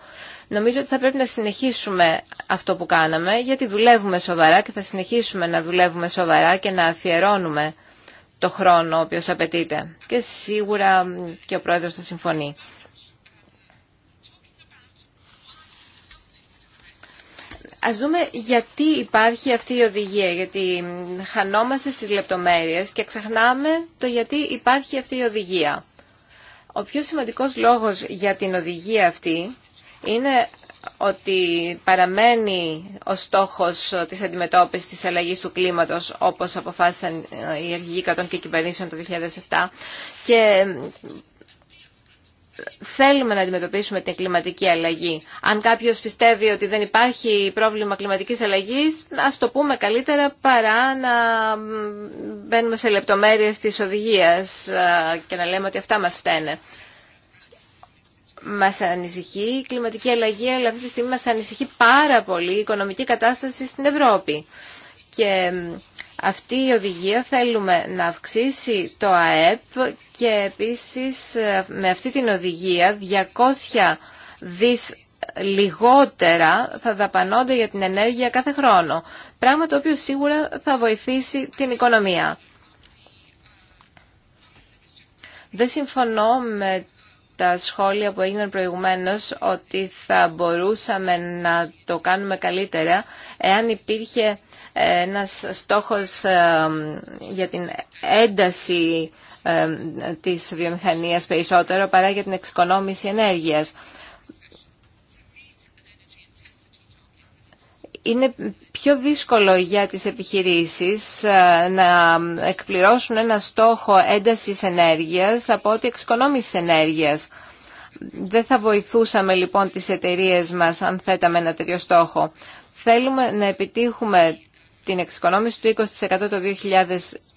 Speaker 2: Νομίζω ότι θα πρέπει να συνεχίσουμε αυτό που κάναμε, γιατί δουλεύουμε σοβαρά και θα συνεχίσουμε να δουλεύουμε σοβαρά και να αφιερώνουμε το χρόνο ο οποίος απαιτείται. Και σίγουρα και ο Πρόεδρος θα συμφωνεί. Ας δούμε γιατί υπάρχει αυτή η οδηγία, γιατί χανόμαστε στις λεπτομέρειες και ξεχνάμε το γιατί υπάρχει αυτή η οδηγία. Ο πιο σημαντικός λόγος για την οδηγία αυτή είναι ότι παραμένει ο στόχος της αντιμετώπισης της αλλαγής του κλίματος όπως αποφάσισαν οι αρχηγοί κρατών και κυβερνήσεων το 2007 και θέλουμε να αντιμετωπίσουμε την κλιματική αλλαγή. Αν κάποιος πιστεύει ότι δεν υπάρχει πρόβλημα κλιματικής αλλαγή, ας το πούμε καλύτερα παρά να μπαίνουμε σε λεπτομέρειες τη οδηγία και να λέμε ότι αυτά μας φταίνε. Μα ανησυχεί η κλιματική αλλαγή, αλλά αυτή τη στιγμή μα ανησυχεί πάρα πολύ η οικονομική κατάσταση στην Ευρώπη. Και αυτή η οδηγία θέλουμε να αυξήσει το ΑΕΠ και επίσης ε, με αυτή την οδηγία 200 δις λιγότερα θα δαπανώνται για την ενέργεια κάθε χρόνο. Πράγμα το οποίο σίγουρα θα βοηθήσει την οικονομία. Δεν συμφωνώ με τα σχόλια που έγιναν προηγουμένως ότι θα μπορούσαμε να το κάνουμε καλύτερα εάν υπήρχε ε, ένας στόχος ε, για την ένταση ε, της βιομηχανίας περισσότερο παρά για την εξοικονόμηση ενέργειας. είναι πιο δύσκολο για τις επιχειρήσεις ε, να εκπληρώσουν ένα στόχο έντασης ενέργειας από ότι εξοικονόμησης ενέργειας. Δεν θα βοηθούσαμε λοιπόν τις εταιρείες μας αν θέταμε ένα τέτοιο στόχο. Θέλουμε να επιτύχουμε την εξοικονόμηση του 20% το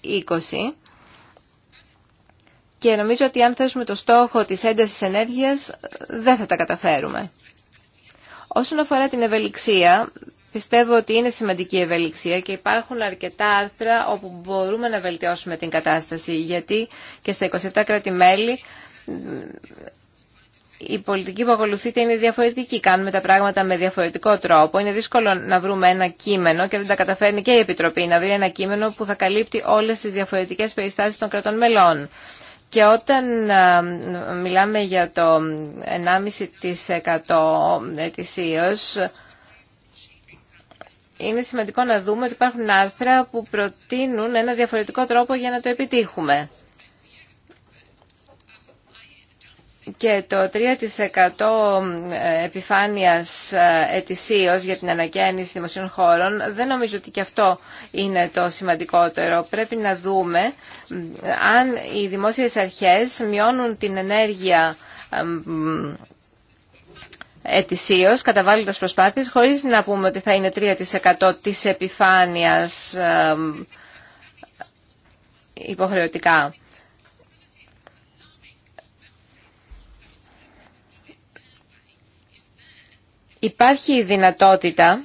Speaker 2: 2020 και νομίζω ότι αν θέσουμε το στόχο της έντασης ενέργειας δεν θα τα καταφέρουμε. Όσον αφορά την ευελιξία, Πιστεύω ότι είναι σημαντική η ευελιξία και υπάρχουν αρκετά άρθρα όπου μπορούμε να βελτιώσουμε την κατάσταση γιατί και στα 27 κράτη-μέλη η πολιτική που ακολουθείται είναι διαφορετική. Κάνουμε τα πράγματα με διαφορετικό τρόπο. Είναι δύσκολο να βρούμε ένα κείμενο και δεν τα καταφέρνει και η Επιτροπή να βρει ένα κείμενο που θα καλύπτει όλες τις διαφορετικές περιστάσεις των κρατών μελών. Και όταν μιλάμε για το 1,5% ετησίως, είναι σημαντικό να δούμε ότι υπάρχουν άρθρα που προτείνουν ένα διαφορετικό τρόπο για να το επιτύχουμε. Και το 3% ε, επιφάνειας ε, ετησίως για την ανακαίνιση δημοσίων χώρων δεν νομίζω ότι και αυτό είναι το σημαντικότερο. Πρέπει να δούμε ε, αν οι δημόσιες αρχές μειώνουν την ενέργεια ετησίως καταβάλλοντας προσπάθειες χωρίς να πούμε ότι θα είναι 3% της επιφάνειας υποχρεωτικά. Υπάρχει η δυνατότητα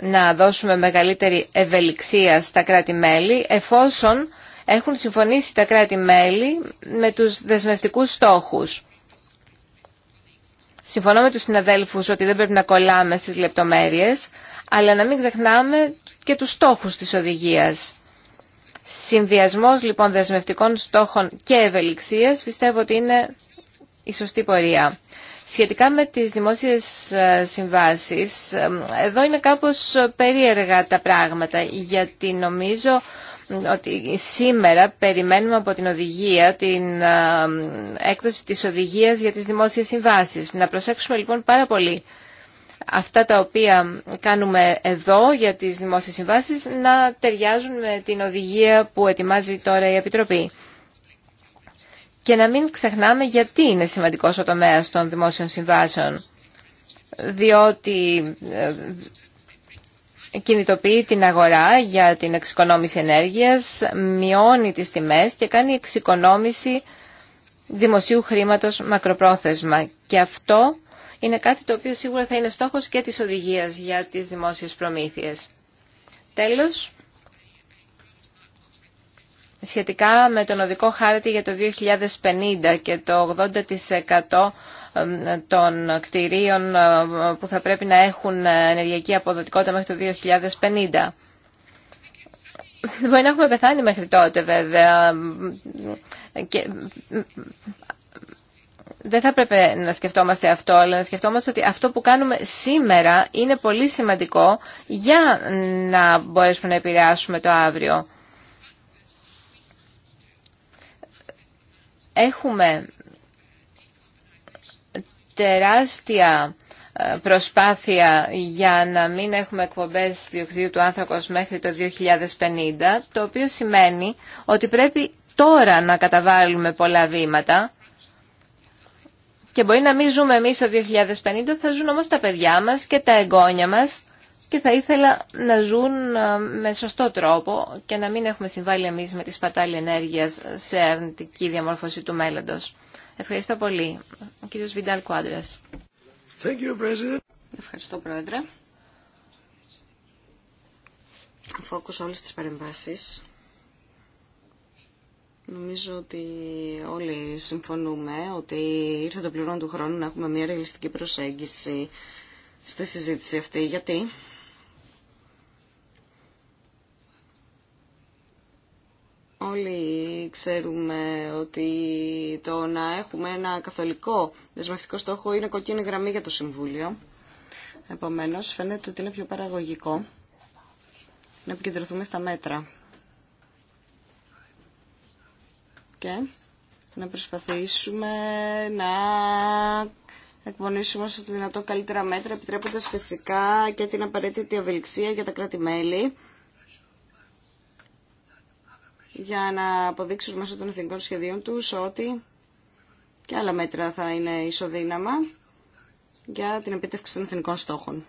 Speaker 2: να δώσουμε μεγαλύτερη ευελιξία στα κράτη-μέλη εφόσον έχουν συμφωνήσει τα κράτη-μέλη με τους δεσμευτικούς στόχους. Συμφωνώ με τους συναδέλφους ότι δεν πρέπει να κολλάμε στις λεπτομέρειες, αλλά να μην ξεχνάμε και τους στόχους της οδηγίας. Συνδυασμός λοιπόν δεσμευτικών στόχων και ευελιξίας πιστεύω ότι είναι η σωστή πορεία. Σχετικά με τις δημόσιες ε, συμβάσεις, ε, εδώ είναι κάπως περίεργα τα πράγματα, γιατί νομίζω ότι σήμερα περιμένουμε από την οδηγία την έκδοση της οδηγίας για τις δημόσιες συμβάσεις. Να προσέξουμε λοιπόν πάρα πολύ αυτά τα οποία κάνουμε εδώ για τις δημόσιες συμβάσεις να ταιριάζουν με την οδηγία που ετοιμάζει τώρα η Επιτροπή. Και να μην ξεχνάμε γιατί είναι σημαντικός ο τομέας των δημόσιων συμβάσεων. Διότι ε, κινητοποιεί την αγορά για την εξοικονόμηση ενέργειας, μειώνει τις τιμές και κάνει εξοικονόμηση δημοσίου χρήματος μακροπρόθεσμα. Και αυτό είναι κάτι το οποίο σίγουρα θα είναι στόχος και της οδηγίας για τις δημόσιες προμήθειες. Τέλος, σχετικά με τον οδικό χάρτη για το 2050 και το 80% των κτηρίων ε, που θα πρέπει να έχουν ενεργειακή αποδοτικότητα μέχρι το 2050. Μπορεί να έχουμε πεθάνει μέχρι τότε βέβαια. δεν θα πρέπει να σκεφτόμαστε αυτό, αλλά να σκεφτόμαστε ότι αυτό που κάνουμε σήμερα είναι πολύ σημαντικό για να μπορέσουμε να επηρεάσουμε το αύριο. Έχουμε τεράστια ε, προσπάθεια για να μην έχουμε εκπομπές διοκτήτου του άνθρακος μέχρι το 2050, το οποίο σημαίνει ότι πρέπει τώρα να καταβάλουμε πολλά βήματα και μπορεί να μην ζούμε εμείς το 2050, θα ζουν όμως τα παιδιά μας και τα εγγόνια μας και θα ήθελα να ζουν ε, με σωστό τρόπο και να μην έχουμε συμβάλει εμείς με τη σπατάλη ενέργειας σε αρνητική διαμόρφωση του μέλλοντος. Ευχαριστώ πολύ. Ο κύριος Βιντάλ Κουάντρας.
Speaker 4: Ευχαριστώ, Πρόεδρε. Αφού άκουσα όλες τις παρεμβάσεις, νομίζω ότι όλοι συμφωνούμε ότι ήρθε το πληρώνο του χρόνου να έχουμε μια ρεαλιστική προσέγγιση στη συζήτηση αυτή. Γιατί Όλοι ξέρουμε ότι το να έχουμε ένα καθολικό δεσμευτικό στόχο είναι κοκκίνη γραμμή για το Συμβούλιο. Επομένως, φαίνεται ότι είναι πιο παραγωγικό να επικεντρωθούμε στα μέτρα. Και να προσπαθήσουμε να εκπονήσουμε όσο το δυνατό καλύτερα μέτρα, επιτρέποντας φυσικά και την απαραίτητη ευελιξία για τα κράτη-μέλη για να αποδείξουν μέσω των εθνικών σχεδίων τους ότι και άλλα μέτρα θα είναι ισοδύναμα για την επίτευξη των εθνικών στόχων.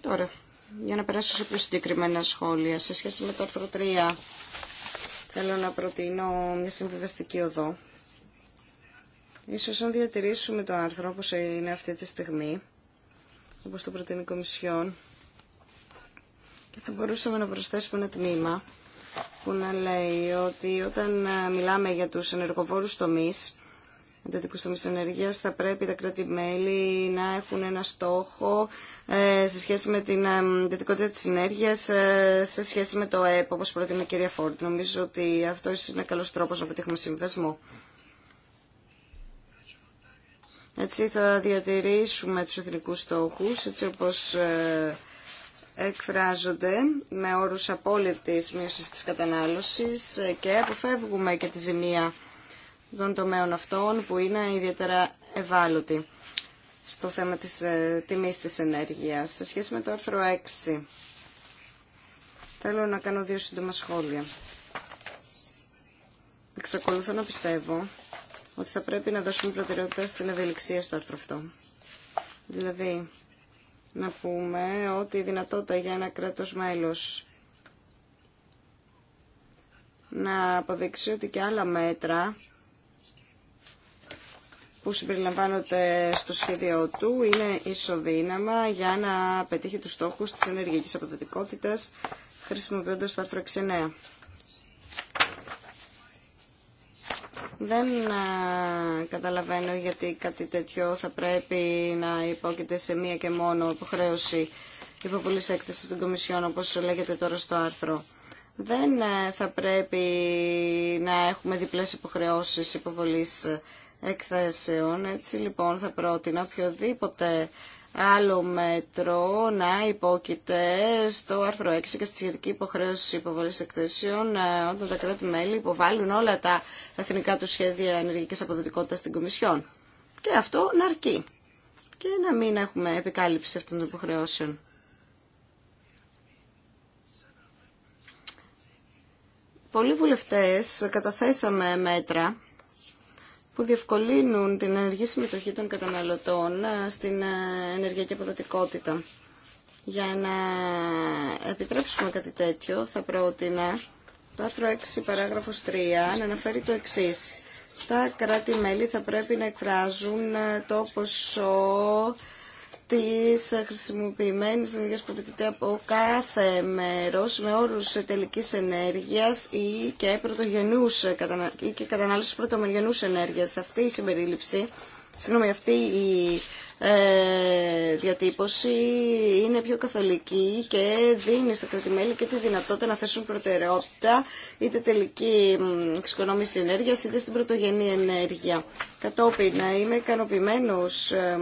Speaker 4: Τώρα, για να περάσω σε πιο συγκεκριμένα σχόλια σε σχέση με το άρθρο 3, θέλω να προτείνω μια συμβιβαστική οδό. Ίσως αν διατηρήσουμε το άρθρο όπως είναι αυτή τη στιγμή, όπως το προτείνει η Κομισιόν, θα μπορούσαμε να προσθέσουμε ένα τμήμα που να λέει ότι όταν ε, μιλάμε για τους ενεργοβόρους τομείς, εντατικούς τομείς ενέργειας, θα πρέπει τα κράτη-μέλη να έχουν ένα στόχο ε, σε σχέση με την εντατικότητα της ενέργειας, ε, σε σχέση με το ΕΠ, όπως πρότεινε η κυρία Φόρντ. Νομίζω ότι αυτό είναι καλός τρόπος να πετύχουμε συμβασμό. Έτσι θα διατηρήσουμε τους εθνικούς στόχους, έτσι όπως εκφράζονται με όρους απόλυτης μείωσης της κατανάλωσης και αποφεύγουμε και τη ζημία των τομέων αυτών που είναι ιδιαίτερα ευάλωτοι στο θέμα της ε, τιμής της ενέργειας. Σε σχέση με το άρθρο 6, θέλω να κάνω δύο σύντομα σχόλια. Εξακολουθώ να πιστεύω ότι θα πρέπει να δώσουμε προτεραιότητα στην ευελιξία στο άρθρο αυτό. Δηλαδή, να πούμε ότι η δυνατότητα για ένα κράτος μέλος να αποδείξει ότι και άλλα μέτρα που συμπεριλαμβάνονται στο σχέδιό του είναι ισοδύναμα για να πετύχει τους στόχους της ενεργειακής αποδοτικότητας χρησιμοποιώντας το άρθρο 69. Δεν καταλαβαίνω γιατί κάτι τέτοιο θα πρέπει να υπόκειται σε μία και μόνο υποχρέωση υποβολή έκθεση των Κομισιόν, όπω λέγεται τώρα στο άρθρο. Δεν θα πρέπει να έχουμε διπλές υποχρεώσει υποβολή ε, εκθέσεων. Έτσι λοιπόν θα πρότεινα οποιοδήποτε άλλο μέτρο να υπόκειται στο άρθρο 6 και στη σχετική υποχρέωση υποβολή εκθέσεων ε, όταν τα κράτη-μέλη υποβάλλουν όλα τα εθνικά του σχέδια ενεργειακή αποδοτικότητα στην Κομισιόν. Και αυτό να αρκεί. Και να μην έχουμε επικάλυψη αυτών των υποχρεώσεων. Πολλοί βουλευτές καταθέσαμε μέτρα που διευκολύνουν την ενεργή συμμετοχή των καταναλωτών ε, στην ε, ενεργειακή αποδοτικότητα. Για να επιτρέψουμε κάτι τέτοιο θα πρότεινα το άρθρο 6 παράγραφος 3 να αναφέρει το εξής. Τα κράτη-μέλη θα πρέπει να εκφράζουν ε, το ποσό της χρησιμοποιημένης ενέργεια που απαιτείται από κάθε μέρος με όρους τελικής ενέργειας ή και, πρωτογενούς, ή και κατανάλωσης πρωτομεριανούς ενέργειας. Αυτή η συμπερίληψη, καταναλωσης ενεργειας αυτη αυτή η ε, διατύπωση είναι πιο καθολική και δίνει στα κρατημέλη και τη δυνατότητα να θέσουν προτεραιότητα είτε τελική εξοικονόμηση ενέργειας είτε στην πρωτογενή ενέργεια. Κατόπιν να είμαι ικανοποιημένο ε,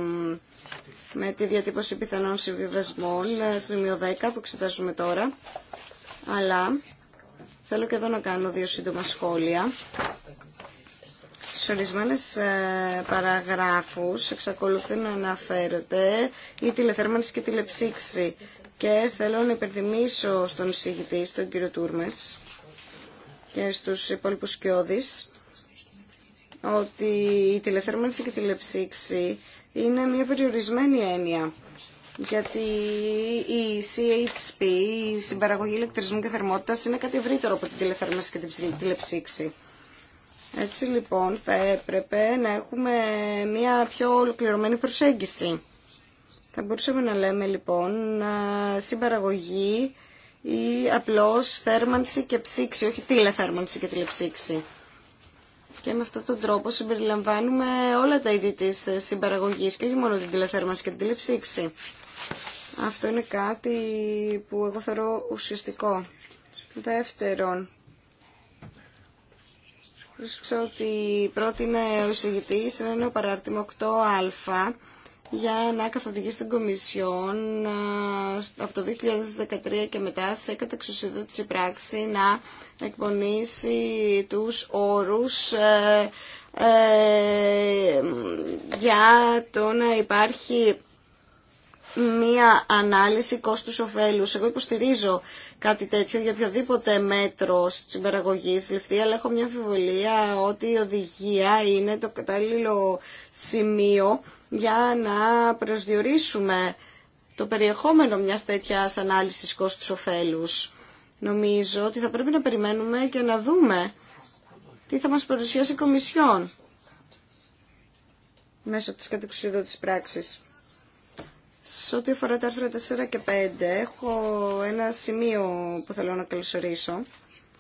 Speaker 4: με τη διατύπωση πιθανών συμβιβασμών ε, στο σημείο 10 που εξετάζουμε τώρα. Αλλά θέλω και εδώ να κάνω δύο σύντομα σχόλια. Σε ορισμένε ε, παραγράφους εξακολουθεί να αναφέρεται η τηλεθέρμανση και η τηλεψήξη. Και θέλω να υπενθυμίσω στον εισηγητή, στον κύριο Τούρμες και στους υπόλοιπους κοιόδης, ότι η τηλεθέρμανση και η τηλεψήξη είναι μια περιορισμένη έννοια. Γιατί η CHP, η συμπαραγωγή ηλεκτρισμού και θερμότητας, είναι κάτι ευρύτερο από την τηλεθέρμανση και την τηλεψήξη. Έτσι λοιπόν θα έπρεπε να έχουμε μια πιο ολοκληρωμένη προσέγγιση. Θα μπορούσαμε να λέμε λοιπόν συμπαραγωγή ή απλώς θέρμανση και ψήξη, όχι τηλεθέρμανση και τηλεψήξη. Και με αυτόν τον τρόπο συμπεριλαμβάνουμε όλα τα είδη της συμπαραγωγής και όχι μόνο την τηλεθέρμανση και την τηλεψήξη. Αυτό είναι κάτι που εγώ θεωρώ ουσιαστικό. Δεύτερον, Ξέρω ότι πρότεινε ο εισηγητης είναι ένα νέο παράρτημα 8α για να καθοδηγήσει την Κομισιόν από το 2013 και μετά σε της πράξη να εκπονήσει τους όρους ε, ε, για το να υπάρχει μία ανάλυση κόστους ωφέλους. Εγώ υποστηρίζω κάτι τέτοιο για οποιοδήποτε μέτρο στην παραγωγή ληφθεί, αλλά έχω μια αμφιβολία ότι η οδηγία είναι το κατάλληλο σημείο για να προσδιορίσουμε το περιεχόμενο μιας τέτοιας ανάλυσης κόστους ωφέλους. Νομίζω ότι θα πρέπει να περιμένουμε και να δούμε τι θα μας παρουσιάσει η Κομισιόν μέσω της κατεξουσιοδότης πράξης. Σε ό,τι αφορά τα άρθρα 4 και 5, έχω ένα σημείο που θέλω να καλωσορίσω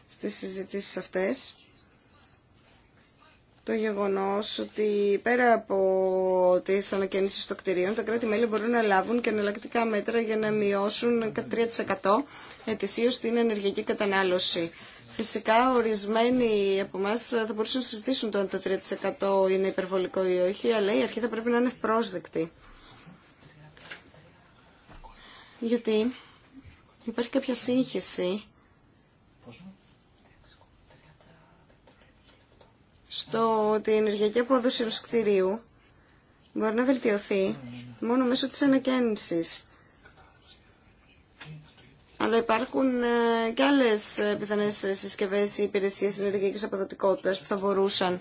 Speaker 4: στις συζητήσεις αυτές το γεγονός ότι πέρα από τις ανακαινήσεις των κτηρίων, τα κράτη-μέλη μπορούν να λάβουν και εναλλακτικά μέτρα για να μειώσουν 3% ετησίως την ενεργειακή κατανάλωση. Φυσικά, ορισμένοι από εμά θα μπορούσαν να συζητήσουν το αν το 3% είναι υπερβολικό ή όχι, αλλά η αρχή θα πρέπει να είναι ευπρόσδεκτη. Γιατί υπάρχει κάποια σύγχυση στο ότι η ενεργειακή απόδοση ενός κτηρίου μπορεί να βελτιωθεί μόνο μέσω της ανακαίνησης. Αλλά υπάρχουν ε, και άλλες ε, πιθανές συσκευές ή υπηρεσίες ενεργειακής αποδοτικότητας που θα μπορούσαν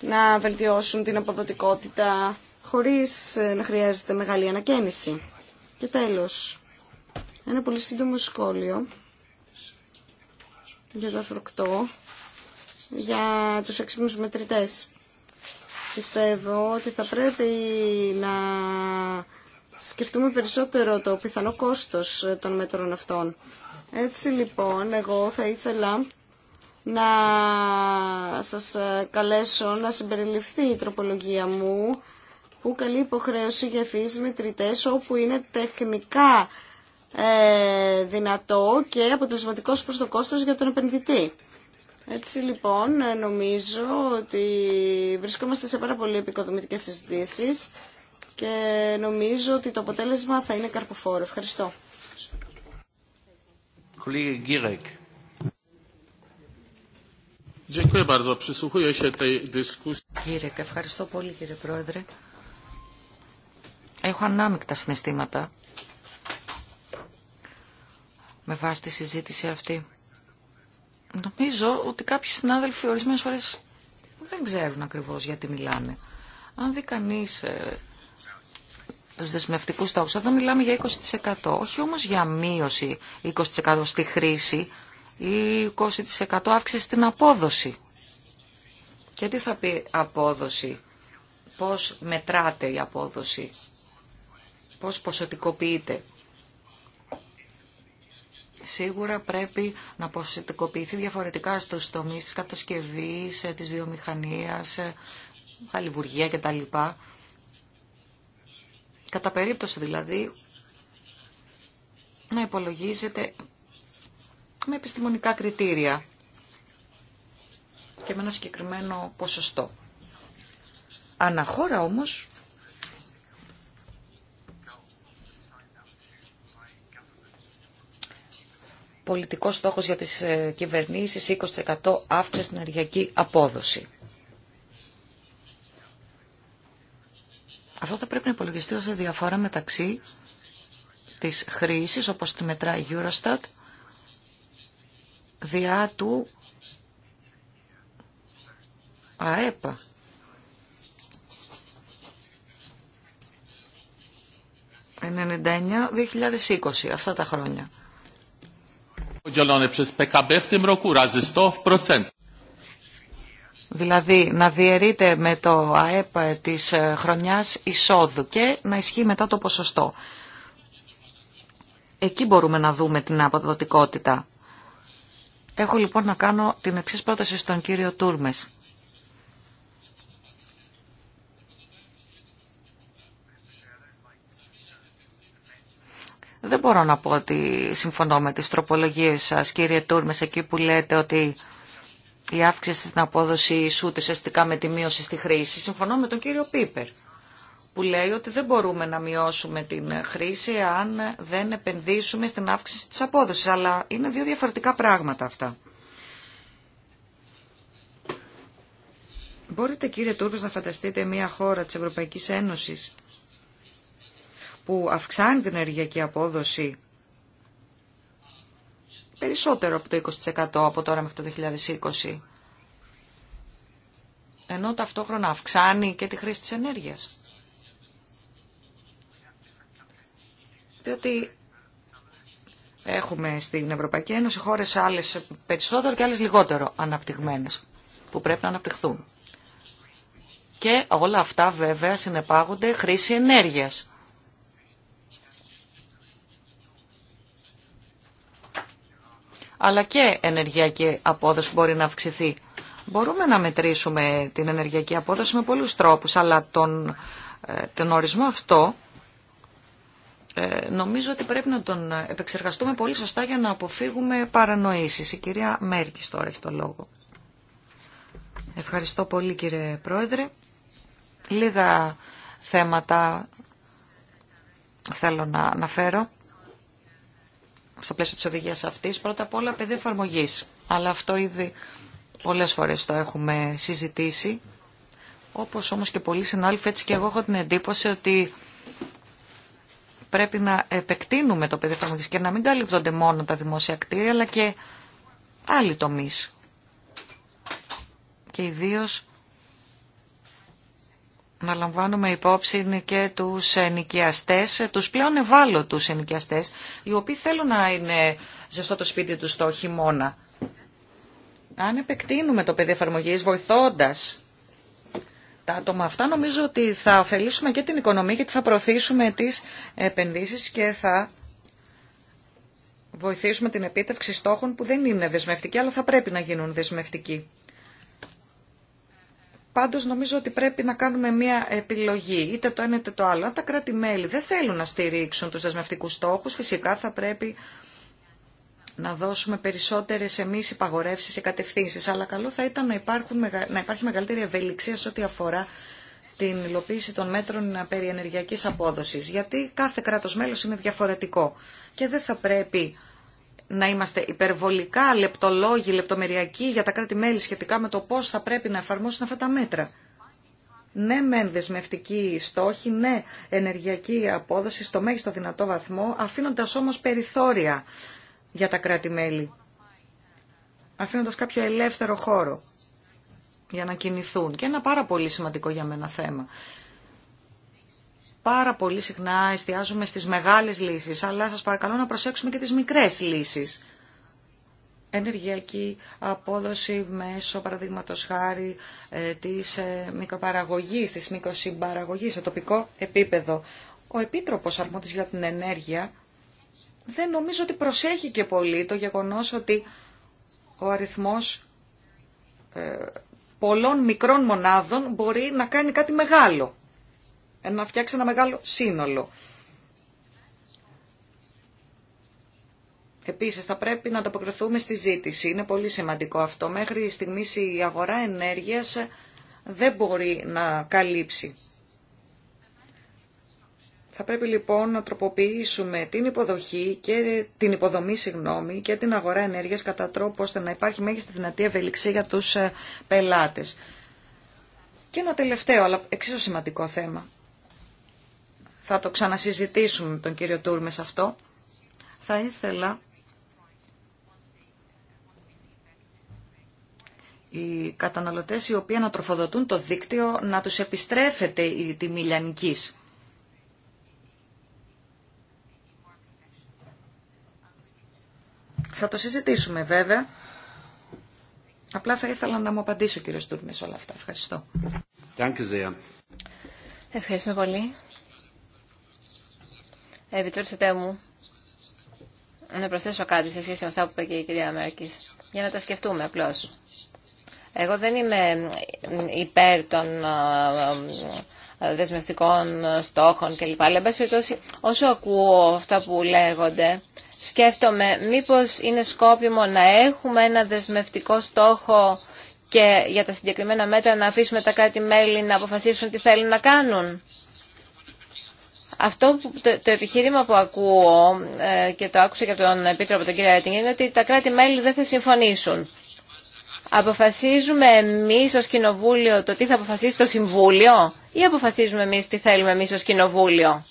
Speaker 4: να βελτιώσουν την αποδοτικότητα χωρίς ε, να χρειάζεται μεγάλη ανακαίνιση. Και τέλος, ένα πολύ σύντομο σχόλιο για το αφροκτό για τους εξύπνους μετρητές. Πιστεύω ότι θα πρέπει να σκεφτούμε περισσότερο το πιθανό κόστος των μέτρων αυτών. Έτσι λοιπόν, εγώ θα ήθελα να σας καλέσω να συμπεριληφθεί η τροπολογία μου που καλεί υποχρέωση για φύσεις μετρητές όπου είναι τεχνικά ε, δυνατό και αποτελεσματικός προς το κόστος για τον επενδυτή. Έτσι λοιπόν νομίζω ότι βρισκόμαστε σε πάρα πολύ επικοδομητικές συζητήσει και νομίζω ότι το αποτέλεσμα θα είναι καρποφόρο. Ευχαριστώ.
Speaker 1: Κύριε,
Speaker 3: ευχαριστώ πολύ κύριε Πρόεδρε. Έχω ανάμεικτα συναισθήματα με βάση τη συζήτηση αυτή. Νομίζω ότι κάποιοι συνάδελφοι ορισμένες φορές δεν ξέρουν ακριβώς γιατί μιλάνε. Αν δει κανεί ε, τους δεσμευτικούς στόχους, εδώ μιλάμε για 20%, όχι όμως για μείωση 20% στη χρήση ή 20% αύξηση στην απόδοση. Και τι θα πει απόδοση, πώς μετράτε η απόδοση, πώς ποσοτικοποιείται σίγουρα πρέπει να ποσοτικοποιηθεί διαφορετικά στους τομείς της κατασκευής, ε, της βιομηχανίας, χαλιβουργία ε, κτλ. Κατά περίπτωση δηλαδή να υπολογίζεται με επιστημονικά κριτήρια και με ένα συγκεκριμένο ποσοστό. Αναχώρα όμως πολιτικός στόχος για τις ε, κυβερνήσεις 20% αύξηση στην ενεργειακή απόδοση. Αυτό θα πρέπει να υπολογιστεί ως διαφορά μεταξύ της χρήσης, όπως τη μετράει η Eurostat, διά του ΑΕΠΑ. ...99-2020, αυτά τα χρόνια. Δηλαδή να διαιρείται με το ΑΕΠ της ε, χρονιάς εισόδου και να ισχύει μετά το ποσοστό. Εκεί μπορούμε να δούμε την αποδοτικότητα. Έχω λοιπόν να κάνω την εξής πρόταση στον κύριο Τούρμες. Δεν μπορώ να πω ότι συμφωνώ με τις τροπολογίες σας, κύριε Τούρμες, εκεί που λέτε ότι η αύξηση στην απόδοση ισούται ουσιαστικά με τη μείωση στη χρήση. Συμφωνώ με τον κύριο Πίπερ, που λέει ότι δεν μπορούμε να μειώσουμε την χρήση αν δεν επενδύσουμε στην αύξηση της απόδοσης. Αλλά είναι δύο διαφορετικά πράγματα αυτά. Μπορείτε κύριε Τούρβες να φανταστείτε μια χώρα της Ευρωπαϊκής Ένωσης που αυξάνει την ενεργειακή απόδοση περισσότερο από το 20% από τώρα μέχρι το 2020 ενώ ταυτόχρονα αυξάνει και τη χρήση της ενέργειας. Διότι έχουμε στην Ευρωπαϊκή Ένωση χώρες άλλες περισσότερο και άλλες λιγότερο αναπτυγμένες που πρέπει να αναπτυχθούν. Και όλα αυτά βέβαια συνεπάγονται χρήση ενέργειας. αλλά και ενεργειακή απόδοση μπορεί να αυξηθεί. Μπορούμε να μετρήσουμε την ενεργειακή απόδοση με πολλούς τρόπους, αλλά τον, ε, ορισμό αυτό ε, νομίζω ότι πρέπει να τον επεξεργαστούμε πολύ σωστά για να αποφύγουμε παρανοήσεις. Η κυρία Μέρκης τώρα έχει το λόγο. Ευχαριστώ πολύ κύριε Πρόεδρε. Λίγα θέματα θέλω να αναφέρω στο πλαίσιο της οδηγίας αυτής, πρώτα απ' όλα πεδίο εφαρμογή. Αλλά αυτό ήδη πολλές φορές το έχουμε συζητήσει. Όπως όμως και πολλοί συνάδελφοι, έτσι και εγώ έχω την εντύπωση ότι πρέπει να επεκτείνουμε το πεδίο εφαρμογή και να μην καλύπτονται μόνο τα δημόσια κτίρια, αλλά και άλλοι τομείς. Και ιδίω να λαμβάνουμε υπόψη και τους ενοικιαστές, τους πλέον ευάλωτους ενοικιαστές, οι οποίοι θέλουν να είναι ζεστό το σπίτι τους το χειμώνα. Αν επεκτείνουμε το πεδίο εφαρμογή βοηθώντας τα άτομα αυτά, νομίζω ότι θα ωφελήσουμε και την οικονομία γιατί θα προωθήσουμε τις επενδύσεις και θα βοηθήσουμε την επίτευξη στόχων που δεν είναι δεσμευτικοί, αλλά θα πρέπει να γίνουν δεσμευτικοί. Πάντως νομίζω ότι πρέπει να κάνουμε μια επιλογή, είτε το ένα είτε το άλλο. Αν τα κράτη-μέλη δεν θέλουν να στηρίξουν τους δεσμευτικούς στόχους, φυσικά θα πρέπει να δώσουμε περισσότερες εμείς υπαγορεύσεις και κατευθύνσεις. Αλλά καλό θα ήταν να, υπάρχουν, να υπάρχει μεγαλύτερη ευελιξία σε ό,τι αφορά την υλοποίηση των μέτρων περί ενεργειακής απόδοσης. Γιατί κάθε κράτος μέλος είναι διαφορετικό και δεν θα πρέπει να είμαστε υπερβολικά λεπτολόγοι, λεπτομεριακοί για τα κράτη-μέλη σχετικά με το πώς θα πρέπει να εφαρμόσουν αυτά τα μέτρα. Ναι, μεν δεσμευτική στόχη, ναι, ενεργειακή απόδοση στο μέγιστο δυνατό βαθμό, αφήνοντας όμως περιθώρια για τα κράτη-μέλη. Αφήνοντας κάποιο ελεύθερο χώρο για να κινηθούν. Και ένα πάρα πολύ σημαντικό για μένα θέμα πάρα πολύ συχνά εστιάζουμε στις μεγάλες λύσεις, αλλά σας παρακαλώ να προσέξουμε και τις μικρές λύσεις. Ενεργειακή απόδοση μέσω, παραδείγματο χάρη, ε, της ε, μικροπαραγωγής, της μικροσυμπαραγωγής σε τοπικό επίπεδο. Ο Επίτροπος Αρμόδης για την Ενέργεια δεν νομίζω ότι προσέχει και πολύ το γεγονός ότι ο αριθμός ε, πολλών μικρών μονάδων μπορεί να κάνει κάτι μεγάλο. Ε, να φτιάξει ένα μεγάλο σύνολο. Επίσης θα πρέπει να ανταποκριθούμε στη ζήτηση. Είναι πολύ σημαντικό αυτό. Μέχρι στιγμή η αγορά ενέργειας δεν μπορεί να καλύψει. Θα πρέπει λοιπόν να τροποποιήσουμε την υποδοχή και την υποδομή συγγνώμη, και την αγορά ενέργειας κατά τρόπο ώστε να υπάρχει μέγιστη δυνατή ευελιξία για τους ε, πελάτες. Και ένα τελευταίο αλλά εξίσου σημαντικό θέμα. Θα το ξανασυζητήσουμε με τον κύριο Τούρμες αυτό. Θα ήθελα οι καταναλωτές οι οποίοι ανατροφοδοτούν το δίκτυο να τους επιστρέφεται η τιμή λιανικής. Θα το συζητήσουμε βέβαια. Απλά θα ήθελα να μου απαντήσει ο κύριος Τούρμες όλα αυτά. Ευχαριστώ.
Speaker 2: Ευχαριστώ πολύ. Επιτρέψτε μου να προσθέσω κάτι σε σχέση με αυτά που είπε και η κυρία Μέρκης, για να τα σκεφτούμε απλώ. Εγώ δεν είμαι υπέρ των δεσμευτικών στόχων κλπ. Αλλά, εν περιπτώσει, όσο ακούω αυτά που λέγονται, σκέφτομαι μήπως είναι σκόπιμο να έχουμε ένα δεσμευτικό στόχο και για τα συγκεκριμένα μέτρα να αφήσουμε τα κράτη-μέλη να αποφασίσουν τι θέλουν να κάνουν. Αυτό το, επιχείρημα που ακούω ε, και το άκουσα και από τον Επίτροπο τον κύριο Έτινγκ είναι ότι τα κράτη-μέλη δεν θα συμφωνήσουν. Αποφασίζουμε εμείς ως Κοινοβούλιο το τι θα αποφασίσει το Συμβούλιο ή αποφασίζουμε εμείς τι θέλουμε εμείς ως Κοινοβούλιο.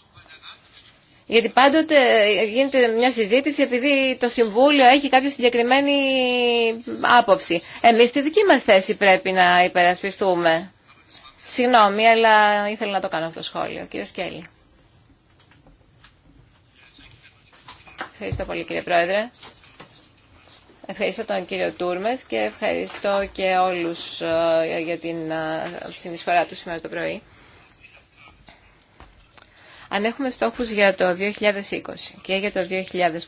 Speaker 2: Γιατί πάντοτε ε, γίνεται μια συζήτηση επειδή το Συμβούλιο έχει κάποια συγκεκριμένη άποψη. Εμείς τη δική μας θέση πρέπει να υπερασπιστούμε. Συγγνώμη, αλλά ήθελα να το κάνω αυτό το σχόλιο. Κύριο Σκέλη. Ευχαριστώ πολύ κύριε Πρόεδρε. Ευχαριστώ τον κύριο Τούρμες και ευχαριστώ και όλους ε, για την ε, συνεισφορά του σήμερα το πρωί. Αν έχουμε στόχους για το 2020 και για το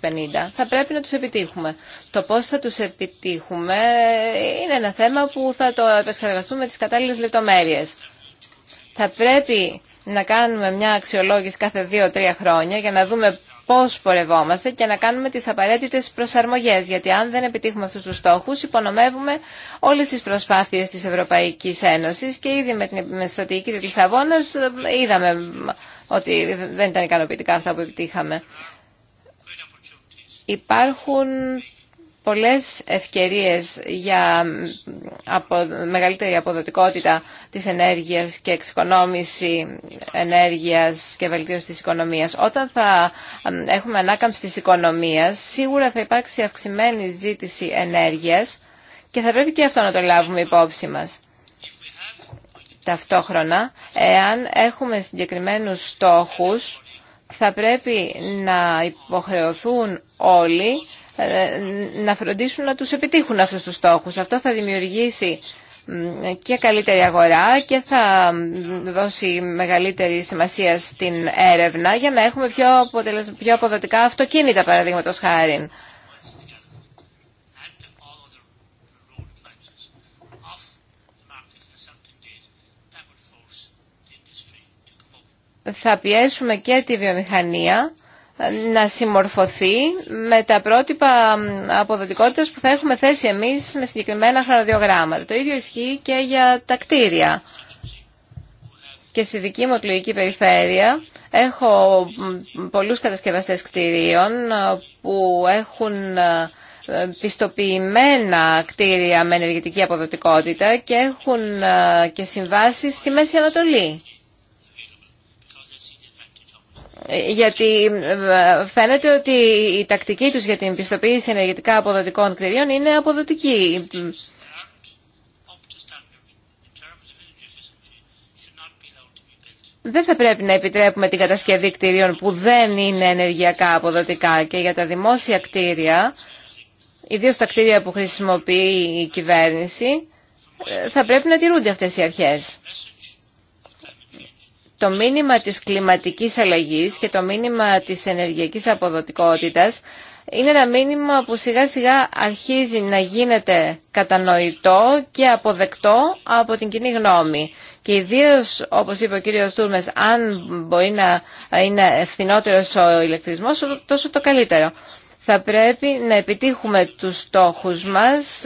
Speaker 2: 2050, θα πρέπει να τους επιτύχουμε. Το πώς θα τους επιτύχουμε είναι ένα θέμα που θα το επεξεργαστούμε τις κατάλληλες λεπτομέρειες. Θα πρέπει να κάνουμε μια αξιολόγηση κάθε δύο-τρία χρόνια για να δούμε πώς πορευόμαστε και να κάνουμε τις απαραίτητες προσαρμογές, γιατί αν δεν επιτύχουμε αυτούς τους στόχους υπονομεύουμε όλες τις προσπάθειες της Ευρωπαϊκής Ένωσης και ήδη με την στρατηγική της Λισαβόνας ε, είδαμε ότι δεν ήταν ικανοποιητικά αυτά που επιτύχαμε. Υπάρχουν πολλές ευκαιρίες για μεγαλύτερη αποδοτικότητα της ενέργειας και εξοικονόμηση ενέργειας και βελτίωση της οικονομίας. Όταν θα έχουμε ανάκαμψη της οικονομίας, σίγουρα θα υπάρξει αυξημένη ζήτηση ενέργειας και θα πρέπει και αυτό να το λάβουμε υπόψη μας. Ταυτόχρονα, εάν έχουμε συγκεκριμένους στόχους, θα πρέπει να υποχρεωθούν όλοι ε, να φροντίσουν να τους επιτύχουν αυτούς τους στόχους. Αυτό θα δημιουργήσει και καλύτερη αγορά και θα δώσει μεγαλύτερη σημασία στην έρευνα για να έχουμε πιο, πιο αποδοτικά αυτοκίνητα παραδείγματος χάρη. θα πιέσουμε και τη βιομηχανία να συμμορφωθεί με τα πρότυπα αποδοτικότητας που θα έχουμε θέσει εμείς με συγκεκριμένα χρονοδιογράμματα. Το ίδιο ισχύει και για τα κτίρια. Και στη δική μου εκλογική περιφέρεια έχω πολλούς κατασκευαστές κτίριων που έχουν ε, πιστοποιημένα κτίρια με ενεργητική αποδοτικότητα και έχουν ε, και συμβάσεις στη Μέση Ανατολή γιατί ε, φαίνεται ότι η τακτική τους για την πιστοποίηση ενεργητικά αποδοτικών κτηρίων είναι αποδοτική. Δεν θα πρέπει να επιτρέπουμε την κατασκευή κτηρίων που δεν είναι ενεργειακά αποδοτικά και για τα δημόσια κτίρια, ιδίως τα κτίρια που χρησιμοποιεί η κυβέρνηση, ε, θα πρέπει να τηρούνται αυτές οι αρχές το μήνυμα της κλιματικής αλλαγής και το μήνυμα της ενεργειακής αποδοτικότητας είναι ένα μήνυμα που σιγά σιγά αρχίζει να γίνεται κατανοητό και αποδεκτό από την κοινή γνώμη. Και ιδίω, όπως είπε ο κύριο Τούρμες, αν μπορεί να είναι ευθυνότερο ο ηλεκτρισμό, τόσο το καλύτερο. Θα πρέπει να επιτύχουμε τους στόχους μας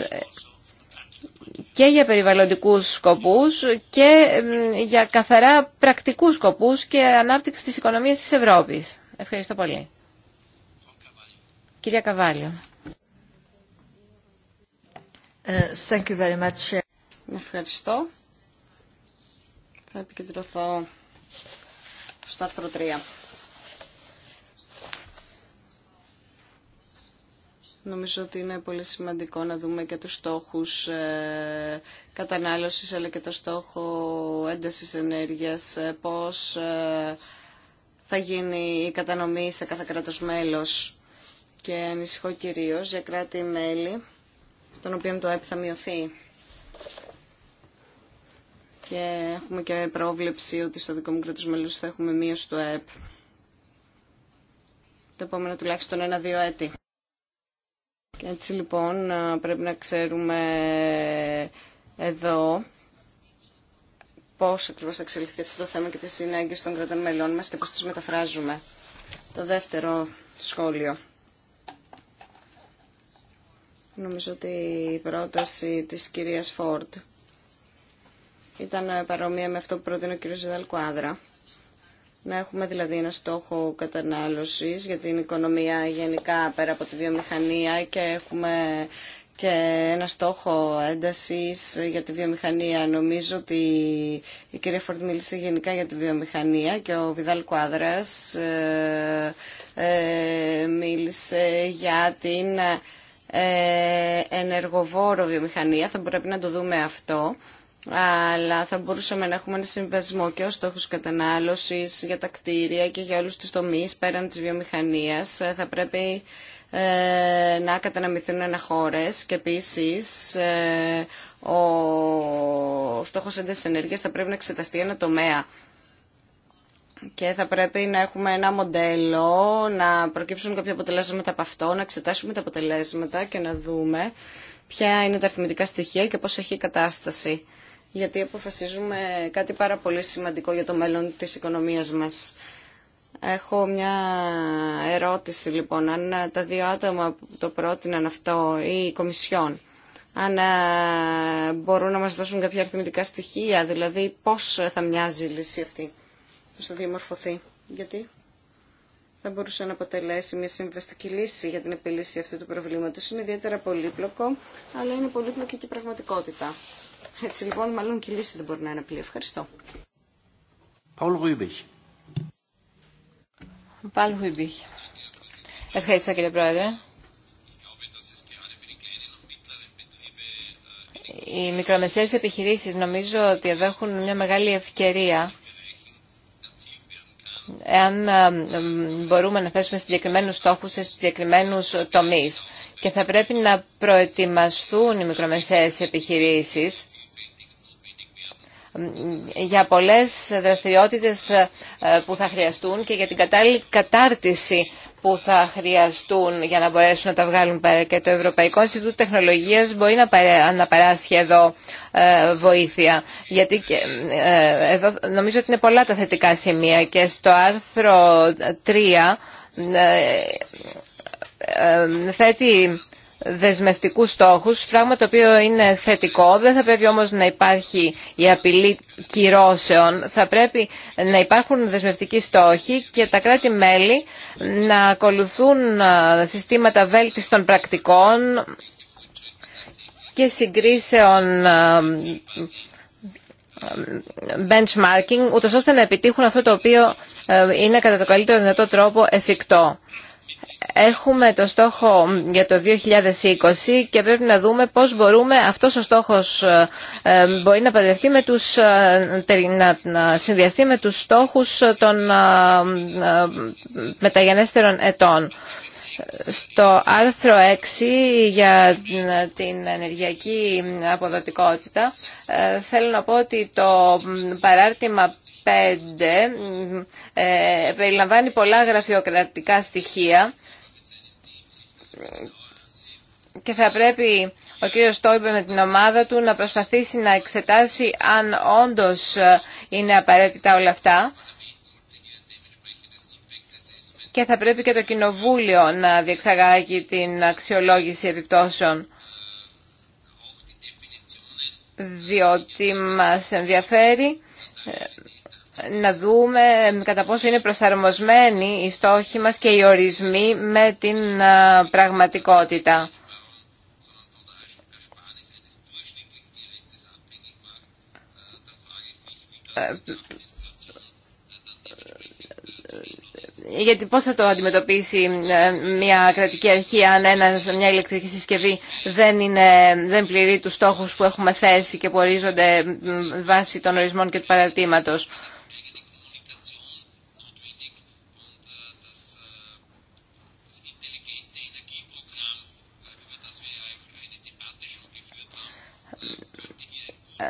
Speaker 2: και για περιβαλλοντικούς σκοπούς και για καθαρά πρακτικούς σκοπούς και ανάπτυξη της οικονομίας της Ευρώπης. Ευχαριστώ πολύ. Κυρία Καβάλιο. Ε, Ευχαριστώ.
Speaker 4: Θα επικεντρωθώ στο άρθρο 3. Νομίζω ότι είναι πολύ σημαντικό να δούμε και τους στόχους ε, κατανάλωσης αλλά και το στόχο έντασης ενέργειας, ε, πώς ε, θα γίνει η κατανομή σε κάθε κράτος μέλος. Και ανησυχώ κυρίως για κράτη-μέλη, στον οποίο το ΕΠ θα μειωθεί. Και έχουμε και πρόβλεψη ότι στο δικό μου κράτος μέλος θα έχουμε μείωση του ΕΠ. Το επόμενο τουλάχιστον ένα-δύο έτη. Και έτσι λοιπόν πρέπει να ξέρουμε εδώ πώς ακριβώς θα εξελιχθεί αυτό το θέμα και τις συνάγκες των κρατών μελών μας και πώς τις μεταφράζουμε. Το δεύτερο σχόλιο. Νομίζω ότι η πρόταση της κυρίας Φόρτ ήταν παρομοία με αυτό που πρότεινε ο κύριος Ζιδαλκουάδρα. Να έχουμε δηλαδή ένα στόχο κατανάλωσης για την οικονομία γενικά πέρα από τη βιομηχανία και έχουμε και ένα στόχο έντασης για τη βιομηχανία. Νομίζω ότι η κυρία Φορτ μίλησε γενικά για τη βιομηχανία και ο Βιδάλ Κουάδρας ε, ε, μίλησε για την ε, ενεργοβόρο βιομηχανία. Θα πρέπει να το δούμε αυτό αλλά θα μπορούσαμε να έχουμε ένα συμβασμό και ως στόχους κατανάλωσης για τα κτίρια και για όλους τους τομείς πέραν της βιομηχανίας. Θα πρέπει ε, να καταναμηθούν χώρες, και επίσης ε, ο στόχος έντες ενέργειας θα πρέπει να εξεταστεί ένα τομέα. Και θα πρέπει να έχουμε ένα μοντέλο, να προκύψουν κάποια αποτελέσματα από αυτό, να εξετάσουμε τα αποτελέσματα και να δούμε ποια είναι τα αριθμητικά στοιχεία και πώς έχει η κατάσταση γιατί αποφασίζουμε κάτι πάρα πολύ σημαντικό για το μέλλον της οικονομίας μας. Έχω μια ερώτηση λοιπόν, αν τα δύο άτομα που το πρότειναν αυτό ή η Κομισιόν, αν ε, μπορούν να μας δώσουν κάποια αριθμητικά στοιχεία, δηλαδή πώς θα μοιάζει η λύση αυτή, πώς θα διαμορφωθεί, γιατί θα μπορούσε να αποτελέσει μια συμβαστική λύση για την επιλύση αυτού του προβλήματος. Είναι ιδιαίτερα πολύπλοκο, αλλά είναι πολύπλοκη και η πραγματικότητα. Έτσι λοιπόν μάλλον και η λύση δεν μπορεί να είναι απλή. Ευχαριστώ.
Speaker 2: Ευχαριστώ κύριε Πρόεδρε. Οι μικρομεσαίες επιχειρήσεις νομίζω ότι εδώ έχουν μια μεγάλη ευκαιρία εάν ε, μπορούμε να θέσουμε συγκεκριμένους στόχους σε συγκεκριμένους τομείς. Και θα πρέπει να προετοιμαστούν οι μικρομεσαίες επιχειρήσεις για πολλές δραστηριότητες ε, που θα χρειαστούν και για την κατάλληλη κατάρτιση που θα χρειαστούν για να μπορέσουν να τα βγάλουν πέρα. Και το Ευρωπαϊκό Ινστιτούτο Τεχνολογίας μπορεί να παράσχει εδώ ε, βοήθεια. Γιατί ε, εδώ νομίζω ότι είναι πολλά τα θετικά σημεία και στο άρθρο 3 θέτει δεσμευτικούς στόχους, πράγμα το οποίο είναι θετικό. Δεν θα πρέπει όμως να υπάρχει η απειλή κυρώσεων. Θα πρέπει να υπάρχουν δεσμευτικοί στόχοι και τα κράτη-μέλη να ακολουθούν συστήματα βέλτιστων πρακτικών και συγκρίσεων benchmarking, ούτως ώστε να επιτύχουν αυτό το οποίο είναι κατά το καλύτερο δυνατό τρόπο εφικτό έχουμε το στόχο για το 2020 και πρέπει να δούμε πώς μπορούμε, αυτός ο στόχος ε, ε, μπορεί να, με τους, ε, να συνδυαστεί με τους στόχους των μεταγενέστερων ετών. Στο άρθρο 6 για την ενεργειακή αποδοτικότητα θέλω να πω ότι το παράρτημα 5 περιλαμβάνει πολλά γραφειοκρατικά στοιχεία και θα πρέπει ο κύριος Στόιμπε με την ομάδα του να προσπαθήσει να εξετάσει αν όντως ε, είναι απαραίτητα όλα αυτά και θα πρέπει και το Κοινοβούλιο να διεξαγάγει την αξιολόγηση επιπτώσεων διότι μας ενδιαφέρει ε, να δούμε ε, κατά πόσο είναι προσαρμοσμένοι οι στόχοι μας και οι ορισμοί με την ε, πραγματικότητα. Ε, γιατί πώς θα το αντιμετωπίσει μια κρατική αρχή αν μια ηλεκτρική συσκευή δεν, είναι, δεν πληρεί τους στόχους που έχουμε θέσει και που ορίζονται βάσει των ορισμών και του παρατήματος.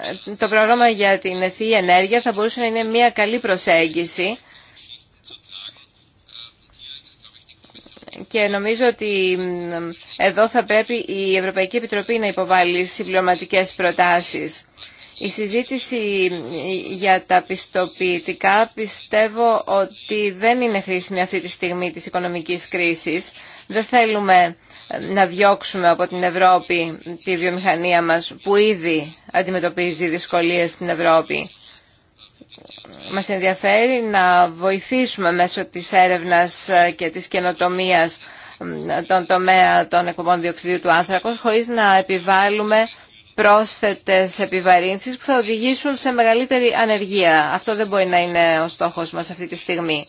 Speaker 2: Ε, το πρόγραμμα για την ευθύη ενέργεια θα μπορούσε να είναι μια καλή προσέγγιση και νομίζω ότι εδώ θα πρέπει η Ευρωπαϊκή Επιτροπή να υποβάλει συμπληρωματικές προτάσεις. Η συζήτηση για τα πιστοποιητικά πιστεύω ότι δεν είναι χρήσιμη αυτή τη στιγμή της οικονομικής κρίσης. Δεν θέλουμε να διώξουμε από την Ευρώπη τη βιομηχανία μας που ήδη αντιμετωπίζει δυσκολίες στην Ευρώπη. Μας ενδιαφέρει να βοηθήσουμε μέσω της έρευνας και της καινοτομίας τον τομέα των εκπομπών διοξιδίου του άνθρακος χωρίς να επιβάλλουμε πρόσθετες επιβαρύνσεις που θα οδηγήσουν σε μεγαλύτερη ανεργία. Αυτό δεν μπορεί να είναι ο στόχος μας αυτή τη στιγμή.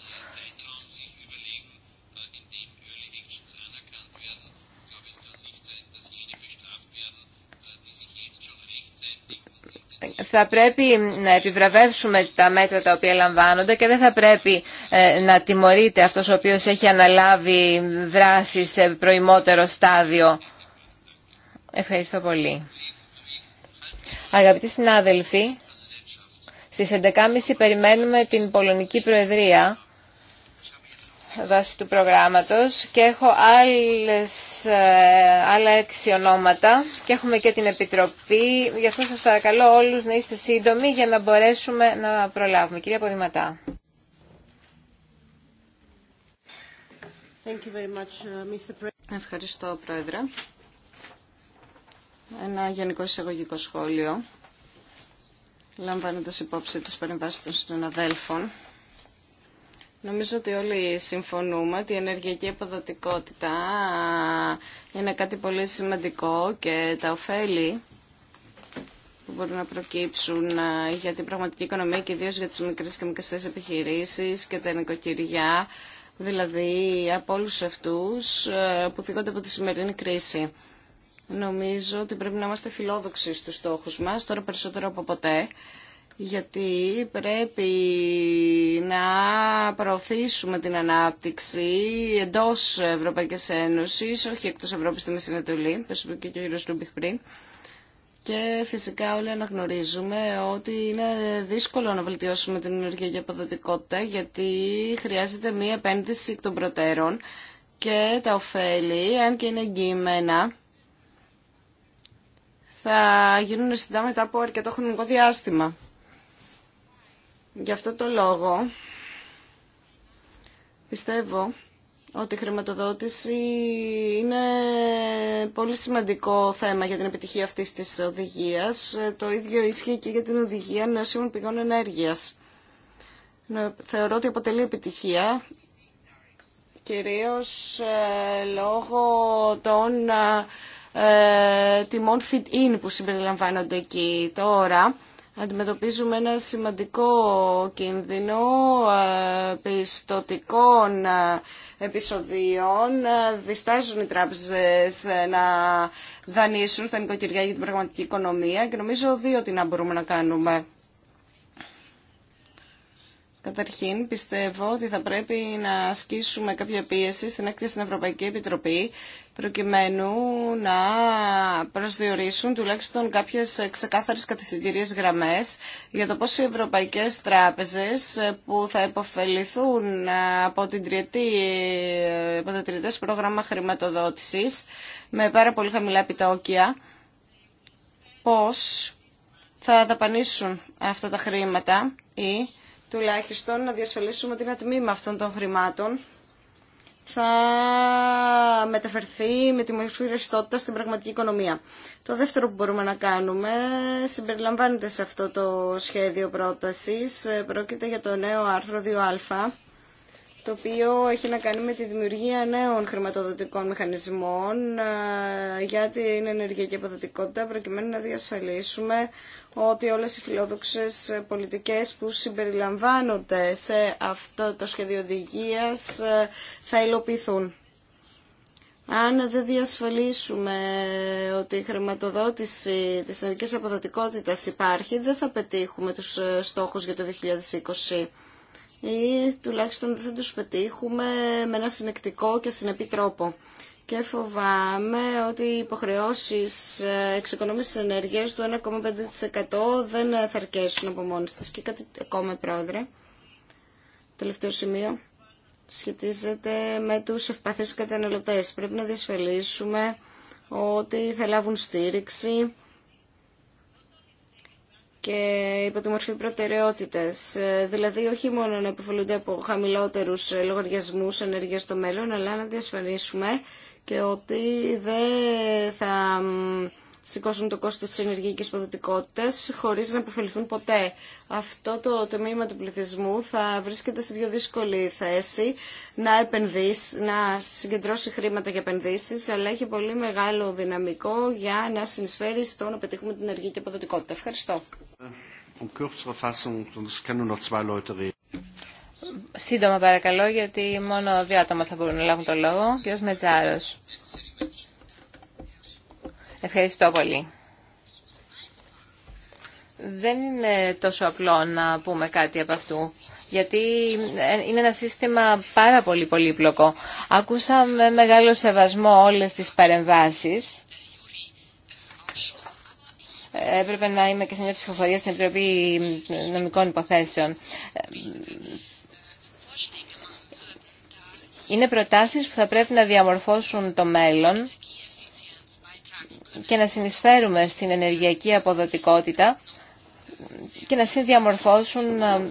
Speaker 2: θα πρέπει να επιβραβεύσουμε τα μέτρα τα οποία λαμβάνονται και δεν θα πρέπει ε, να τιμωρείται αυτός ο οποίος έχει αναλάβει δράση σε προημότερο στάδιο. Ευχαριστώ πολύ. Αγαπητοί συνάδελφοι, στις 11.30 περιμένουμε την Πολωνική Προεδρία βάσει του προγράμματος και έχω άλλες, ε, άλλα έξι ονόματα και έχουμε και την Επιτροπή. Γι' αυτό σας παρακαλώ όλους να είστε σύντομοι για να μπορέσουμε να προλάβουμε. Κυρία Ποδηματά.
Speaker 4: Uh, Ευχαριστώ, Πρόεδρε. Ένα γενικό εισαγωγικό σχόλιο, λαμβάνοντας υπόψη τις παρεμβάσεις των συναδέλφων. Νομίζω ότι όλοι συμφωνούμε ότι η ενεργειακή αποδοτικότητα είναι κάτι πολύ σημαντικό και τα ωφέλη που μπορούν να προκύψουν ε, για την πραγματική οικονομία και ιδίω για τις μικρές και μικρές επιχειρήσεις και τα νοικοκυριά, δηλαδή από όλους αυτούς ε, που θίγονται από τη σημερινή κρίση. Νομίζω ότι πρέπει να είμαστε φιλόδοξοι στους στόχους μας, τώρα περισσότερο από ποτέ, γιατί πρέπει να προωθήσουμε την ανάπτυξη εντός Ευρωπαϊκής Ένωσης, όχι εκτός Ευρώπης στη Μεσσυνατολή, όπω είπε και ο κύριο Ρούμπιχ πριν. Και φυσικά όλοι αναγνωρίζουμε ότι είναι δύσκολο να βελτιώσουμε την ενεργειακή αποδοτικότητα γιατί χρειάζεται μία επένδυση εκ των προτέρων και τα ωφέλη, αν και είναι εγγυημένα, θα γίνουν αισθητά μετά από αρκετό χρονικό διάστημα. Γι' αυτό το λόγο πιστεύω ότι η χρηματοδότηση είναι πολύ σημαντικό θέμα για την επιτυχία αυτής της οδηγίας. Ε, το ίδιο ισχύει και για την οδηγία νεοσύμων πηγών ενέργειας. Θεωρώ ότι αποτελεί επιτυχία κυρίως ε, λόγω των ε, ε, τιμών fit-in που συμπεριλαμβάνονται εκεί. Τώρα αντιμετωπίζουμε ένα σημαντικό κίνδυνο ε, πιστοτικών ε, επεισοδίων. Διστάζουν οι τράπεζες να δανείσουν τα νοικοκυριά για την πραγματική οικονομία και νομίζω δύο τι να μπορούμε να κάνουμε. Καταρχήν, πιστεύω ότι θα πρέπει να ασκήσουμε κάποια πίεση στην έκθεση στην Ευρωπαϊκή Επιτροπή προκειμένου να προσδιορίσουν τουλάχιστον κάποιες ξεκάθαρες κατευθυντηρίες γραμμές για το πώς οι ευρωπαϊκές τράπεζες που θα υποφεληθούν από, την τριετή, από το πρόγραμμα χρηματοδότησης με πάρα πολύ χαμηλά επιτόκια, πώς θα δαπανίσουν αυτά τα χρήματα ή τουλάχιστον να διασφαλίσουμε ότι ένα τμήμα αυτών των χρημάτων θα μεταφερθεί με τη μορφή ρευστότητα στην πραγματική οικονομία. Το δεύτερο που μπορούμε να κάνουμε συμπεριλαμβάνεται σε αυτό το σχέδιο πρότασης. Πρόκειται για το νέο άρθρο 2α το οποίο έχει να κάνει με τη δημιουργία νέων χρηματοδοτικών μηχανισμών ε, για την ενεργειακή αποδοτικότητα προκειμένου να διασφαλίσουμε ότι όλες οι φιλόδοξες πολιτικές που συμπεριλαμβάνονται σε αυτό το σχέδιο οδηγία ε, θα υλοποιηθούν. Αν δεν διασφαλίσουμε ότι η χρηματοδότηση της ενεργειακής αποδοτικότητας υπάρχει, δεν θα πετύχουμε τους ε, στόχους για το 2020 ή τουλάχιστον δεν θα τους πετύχουμε με ένα συνεκτικό και συνεπή τρόπο. Και φοβάμαι ότι οι υποχρεώσεις ε, εξοικονόμησης ενέργειας του 1,5% δεν θα αρκέσουν από μόνες της. Και κάτι ακόμα, Πρόεδρε, τελευταίο σημείο, σχετίζεται με τους ευπαθείς καταναλωτές. Πρέπει να διασφαλίσουμε ότι θα λάβουν στήριξη και υπό τη μορφή προτεραιότητες. Ε, δηλαδή όχι μόνο να επιβολούνται από χαμηλότερους λογαριασμούς ενέργειας στο μέλλον, αλλά να διασφαλίσουμε και ότι δεν θα σηκώσουν το κόστος της ενεργειακής ποδοτικότητας χωρίς να αποφεληθούν ποτέ. Αυτό το τμήμα του πληθυσμού θα βρίσκεται στην πιο δύσκολη θέση να επενδύσει, να συγκεντρώσει χρήματα για επενδύσεις, αλλά έχει πολύ μεγάλο δυναμικό για να συνεισφέρει στο να πετύχουμε την ενεργειακή αποδοτικότητα.
Speaker 2: Ευχαριστώ.
Speaker 1: Äh, um
Speaker 2: Σύντομα παρακαλώ, γιατί μόνο δύο άτομα θα μπορούν να λάβουν το λόγο. Κύριος Μετζάρος. Ευχαριστώ πολύ. Δεν είναι τόσο απλό να πούμε κάτι από αυτού, γιατί είναι ένα σύστημα πάρα πολύ πολύπλοκο. Άκουσα με μεγάλο σεβασμό όλες τις παρεμβάσεις. Έπρεπε να είμαι και σε μια ψηφοφορία στην Επιτροπή Νομικών Υποθέσεων. Είναι προτάσεις που θα πρέπει να διαμορφώσουν το μέλλον και να συνεισφέρουμε στην ενεργειακή αποδοτικότητα και να συνδιαμορφώσουν ε,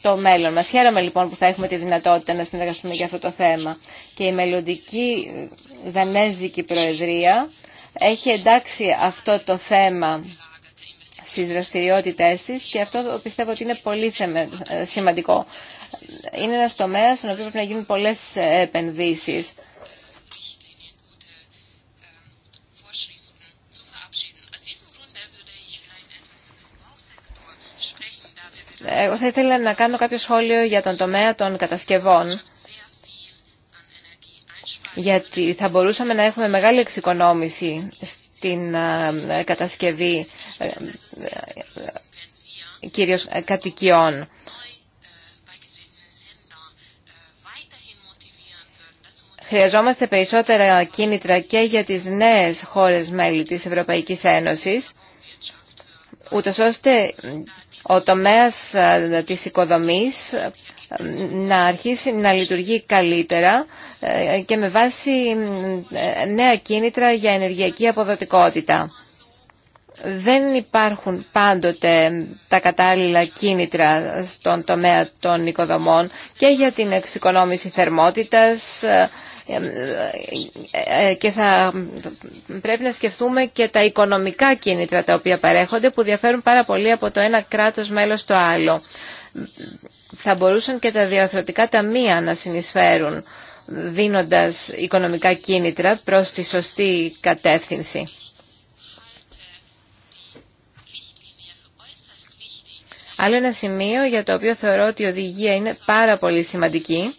Speaker 2: το μέλλον μας. Χαίρομαι λοιπόν που θα έχουμε τη δυνατότητα να συνεργαστούμε για αυτό το θέμα. Και η μελλοντική ε, Δανέζικη Προεδρία έχει εντάξει αυτό το θέμα στις δραστηριότητές της και αυτό πιστεύω ότι είναι πολύ ε, σημαντικό. Είναι ένας τομέας στον οποίο πρέπει να γίνουν πολλές επενδύσεις. Εγώ θα ήθελα να κάνω κάποιο σχόλιο για τον τομέα των κατασκευών. Γιατί θα μπορούσαμε να έχουμε μεγάλη εξοικονόμηση στην ε, ε, κατασκευή ε, κυρίως κατοικιών. Χρειαζόμαστε περισσότερα κίνητρα και για τις νέες χώρες μέλη της Ευρωπαϊκής Ένωσης, ούτως ώστε ο τομέας ε, της οικοδομής ε, να αρχίσει να λειτουργεί καλύτερα ε, και με βάση νέα κίνητρα για ενεργειακή αποδοτικότητα. Δεν υπάρχουν πάντοτε τα κατάλληλα κίνητρα στον τομέα των οικοδομών και για την εξοικονόμηση θερμότητας ε, ε, και θα πρέπει να σκεφτούμε και τα οικονομικά κίνητρα τα οποία παρέχονται που διαφέρουν πάρα πολύ από το ένα κράτος μέλος στο άλλο. Θα μπορούσαν και τα διαρθρωτικά ταμεία να συνεισφέρουν δίνοντας οικονομικά κίνητρα προς τη σωστή κατεύθυνση. Άλλο ένα σημείο για το οποίο θεωρώ ότι η οδηγία είναι πάρα πολύ σημαντική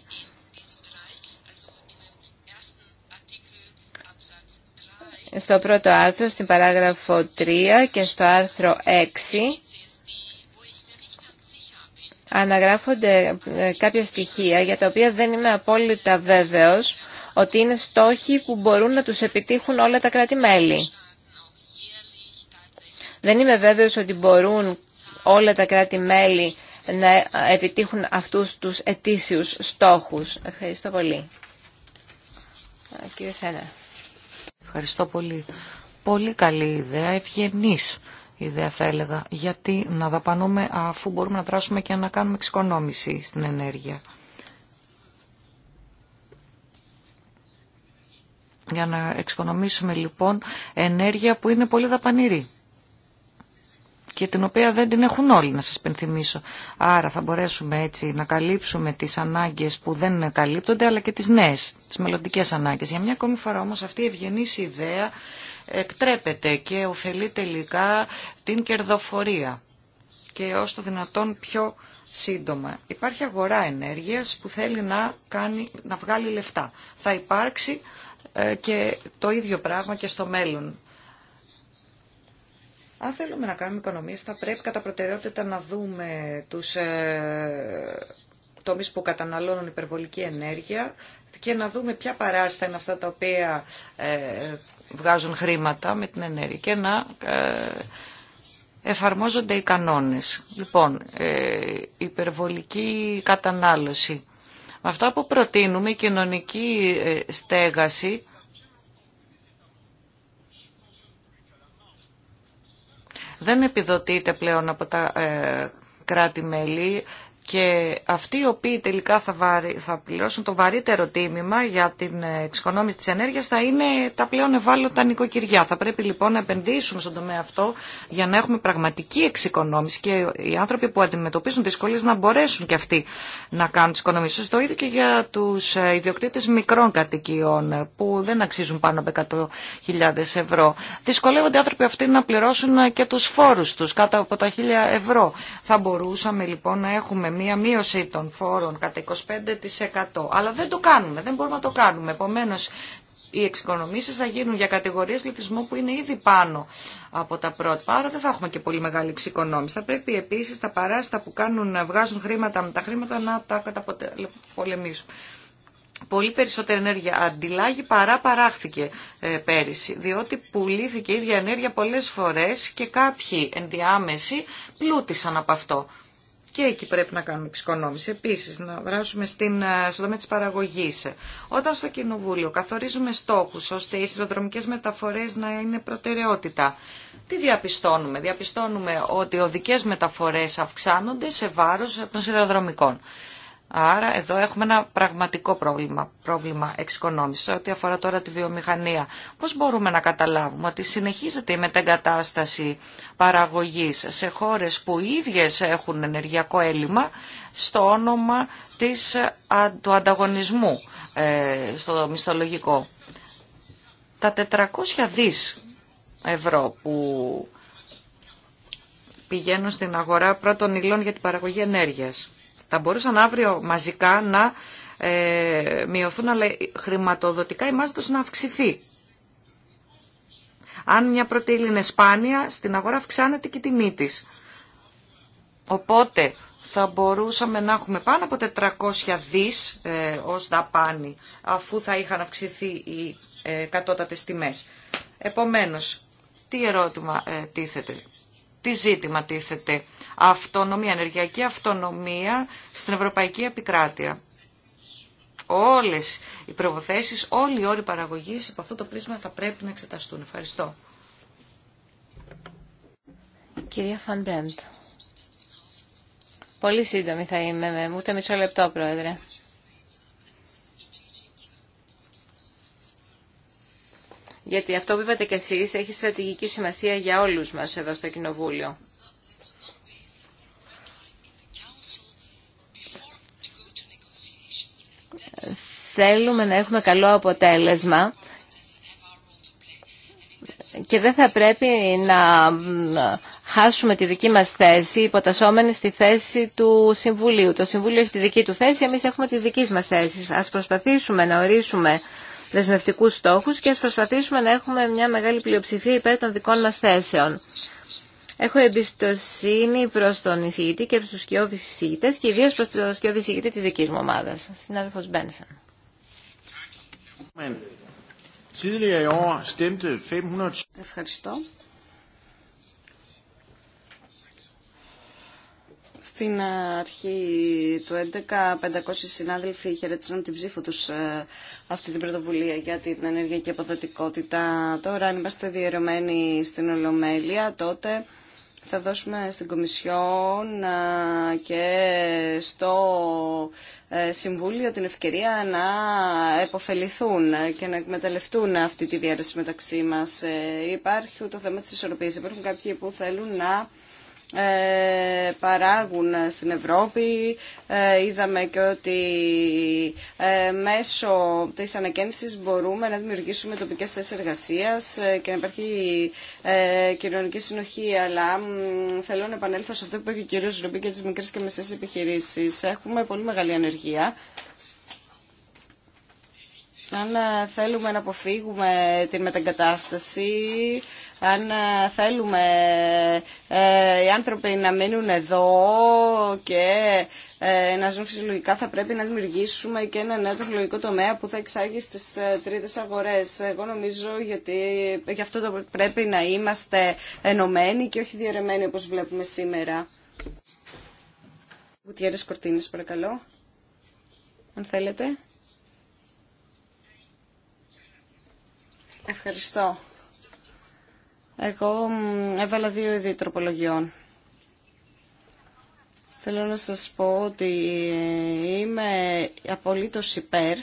Speaker 2: στο πρώτο άρθρο, στην παράγραφο 3 και στο άρθρο 6 αναγράφονται ε, κάποια στοιχεία για τα οποία δεν είμαι απόλυτα βέβαιος ότι είναι στόχοι που μπορούν να τους επιτύχουν όλα τα κράτη-μέλη. Δεν είμαι βέβαιος ότι μπορούν όλα τα κράτη-μέλη να επιτύχουν αυτούς τους ετήσιους στόχους. Ευχαριστώ πολύ. Ε, κύριε Σένα.
Speaker 3: Ευχαριστώ πολύ. Πολύ καλή ιδέα, ευγενής ιδέα θα έλεγα. Γιατί να δαπανούμε αφού μπορούμε να δράσουμε και να κάνουμε εξοικονόμηση στην ενέργεια. Για να εξοικονομήσουμε λοιπόν ενέργεια που είναι πολύ δαπανηρή και την οποία δεν την έχουν όλοι να σας πενθυμίσω. Άρα θα μπορέσουμε έτσι να καλύψουμε τις ανάγκες που δεν καλύπτονται αλλά και τις νέες, τις μελλοντικέ ανάγκες. Για μια ακόμη φορά όμως αυτή η ευγενής ιδέα εκτρέπεται και ωφελεί τελικά την κερδοφορία και ως το δυνατόν πιο σύντομα. Υπάρχει αγορά ενέργειας που θέλει να, κάνει, να βγάλει λεφτά. Θα υπάρξει ε, και το ίδιο πράγμα και στο μέλλον. Αν θέλουμε να κάνουμε οικονομίες θα πρέπει κατά προτεραιότητα να δούμε τους ε, τομείς που καταναλώνουν υπερβολική ενέργεια και να δούμε ποια παράστα είναι αυτά τα οποία ε, βγάζουν χρήματα με την ενέργεια και να ε, εφαρμόζονται οι κανόνες. Λοιπόν, ε, υπερβολική κατανάλωση. Με αυτά που προτείνουμε η κοινωνική στέγαση δεν επιδοτείται πλέον από τα ε, κράτη-μέλη και αυτοί οι οποίοι τελικά θα, θα πληρώσουν το βαρύτερο τίμημα για την εξοικονόμηση της ενέργειας θα είναι τα πλέον ευάλωτα νοικοκυριά. Θα πρέπει λοιπόν να επενδύσουμε στον τομέα αυτό για να έχουμε πραγματική εξοικονόμηση και οι άνθρωποι που αντιμετωπίζουν δυσκολίες να μπορέσουν και αυτοί να κάνουν τις οικονομίες. Το ίδιο και για τους ε, ιδιοκτήτες μικρών κατοικιών που δεν αξίζουν πάνω από 100.000 ευρώ. Δυσκολεύονται οι άνθρωποι αυτοί να πληρώσουν και τους φόρους τους κάτω από τα 1.000 ευρώ. Θα μπορούσαμε λοιπόν να έχουμε μία μείωση των φόρων κατά 25%. Αλλά δεν το κάνουμε, δεν μπορούμε να το κάνουμε. Επομένως, οι εξοικονομήσεις θα γίνουν για κατηγορίες πληθυσμού που είναι ήδη πάνω από τα πρώτα. άρα δεν θα έχουμε και πολύ μεγάλη εξοικονόμηση. Θα πρέπει επίσης τα παράστα που κάνουν, βγάζουν χρήματα με τα χρήματα να τα καταπολεμήσουν. Πολύ περισσότερη ενέργεια αντιλάγει παρά παράχθηκε ε, πέρυσι, διότι πουλήθηκε η ίδια ενέργεια πολλές φορές και κάποιοι ενδιάμεση πλούτησαν από αυτό και εκεί πρέπει να κάνουμε εξοικονόμηση. Επίσης, να δράσουμε στην, ε, στο τομέα της παραγωγής. Όταν στο Κοινοβούλιο καθορίζουμε στόχους ώστε οι σιδηροδρομικές μεταφορές να είναι προτεραιότητα, τι διαπιστώνουμε. Διαπιστώνουμε ότι οι οδικές μεταφορές αυξάνονται σε βάρος των σιδηροδρομικών. Άρα εδώ έχουμε ένα πραγματικό πρόβλημα, πρόβλημα εξοικονόμησης ό,τι αφορά τώρα τη βιομηχανία. Πώς μπορούμε να καταλάβουμε ότι συνεχίζεται η μετεγκατάσταση παραγωγής σε χώρες που οι ίδιες έχουν ενεργειακό έλλειμμα στο όνομα της, του ανταγωνισμού ε, στο μισθολογικό. Τα 400 δις ευρώ που πηγαίνουν στην αγορά πρώτων υλών για την παραγωγή ενέργειας θα μπορούσαν αύριο μαζικά να ε, μειωθούν, αλλά χρηματοδοτικά η μάζα να αυξηθεί. Αν μια πρωτεΐλη είναι σπάνια, στην αγορά αυξάνεται και η τιμή της. Οπότε θα μπορούσαμε να έχουμε πάνω από 400 δις ε, ως δαπάνη, αφού θα είχαν αυξηθεί οι ε, κατώτατες τιμές. Επομένως, τι ερώτημα ε, τίθεται τι ζήτημα τίθεται. Αυτονομία, ενεργειακή αυτονομία στην ευρωπαϊκή επικράτεια. Όλες οι προποθέσει, όλοι οι όροι παραγωγής από αυτό το πρίσμα θα πρέπει να εξεταστούν. Ευχαριστώ.
Speaker 2: Κυρία Φαν Πολύ σύντομη θα είμαι, ούτε μισό λεπτό, Πρόεδρε. γιατί αυτό που είπατε κι εσείς έχει στρατηγική σημασία για όλους μας εδώ στο Κοινοβούλιο. Θέλουμε να έχουμε καλό αποτέλεσμα και δεν θα πρέπει να χάσουμε τη δική μας θέση υποτασσόμενη στη θέση του Συμβουλίου. Το Συμβούλιο έχει τη δική του θέση, εμείς έχουμε τις δικές μας θέσεις. Ας προσπαθήσουμε να ορίσουμε δεσμευτικούς στόχους και ας προσπαθήσουμε να έχουμε μια μεγάλη πλειοψηφία υπέρ των δικών μας θέσεων. Έχω εμπιστοσύνη προς τον εισηγητή και προς τους σκιώδεις εισηγητές και ιδίως προς τον σκιώδη εισηγητή της δικής μου ομάδας, συνάδελφος Μπένσον.
Speaker 3: Ευχαριστώ.
Speaker 4: Στην αρχή του 2011, 500 συνάδελφοι χαιρέτησαν την ψήφο τους ε, αυτή την πρωτοβουλία για την ενεργειακή αποδοτικότητα. Τώρα, αν είμαστε διαιρεμένοι στην Ολομέλεια, τότε θα δώσουμε στην Κομισιόν ε, και στο ε, Συμβούλιο την ευκαιρία να επωφεληθούν και να εκμεταλλευτούν αυτή τη διαίρεση μεταξύ μας. Υπάρχει το θέμα της ισορροπίας. Υπάρχουν κάποιοι που θέλουν να ε, παράγουν στην Ευρώπη. Ε, είδαμε και ότι ε, μέσω της ανακαίνησης μπορούμε να δημιουργήσουμε τοπικές θέσεις εργασίας και να υπάρχει κοινωνική συνοχή. Αλλά θέλω να επανέλθω σε αυτό που είπε ο κύριο Ζουρουμπή και τις μικρές και μεσές επιχειρήσεις. Έχουμε πολύ μεγάλη ανεργία αν ε, θέλουμε να αποφύγουμε την μεταγκατάσταση, αν ε, θέλουμε ε, οι άνθρωποι να μείνουν εδώ και να ζουν φυσιολογικά, θα πρέπει να δημιουργήσουμε και ένα νέο τεχνολογικό τομέα που θα εξάγει στις τρίτες αγορές. Εγώ νομίζω γιατί γι' αυτό το πρέπει να είμαστε ενωμένοι και όχι διαιρεμένοι όπως βλέπουμε σήμερα. Βουτιέρες παρακαλώ. Αν θέλετε. Ευχαριστώ. Εγώ έβαλα δύο είδη τροπολογιών. Θέλω να σας πω ότι είμαι απολύτως υπέρ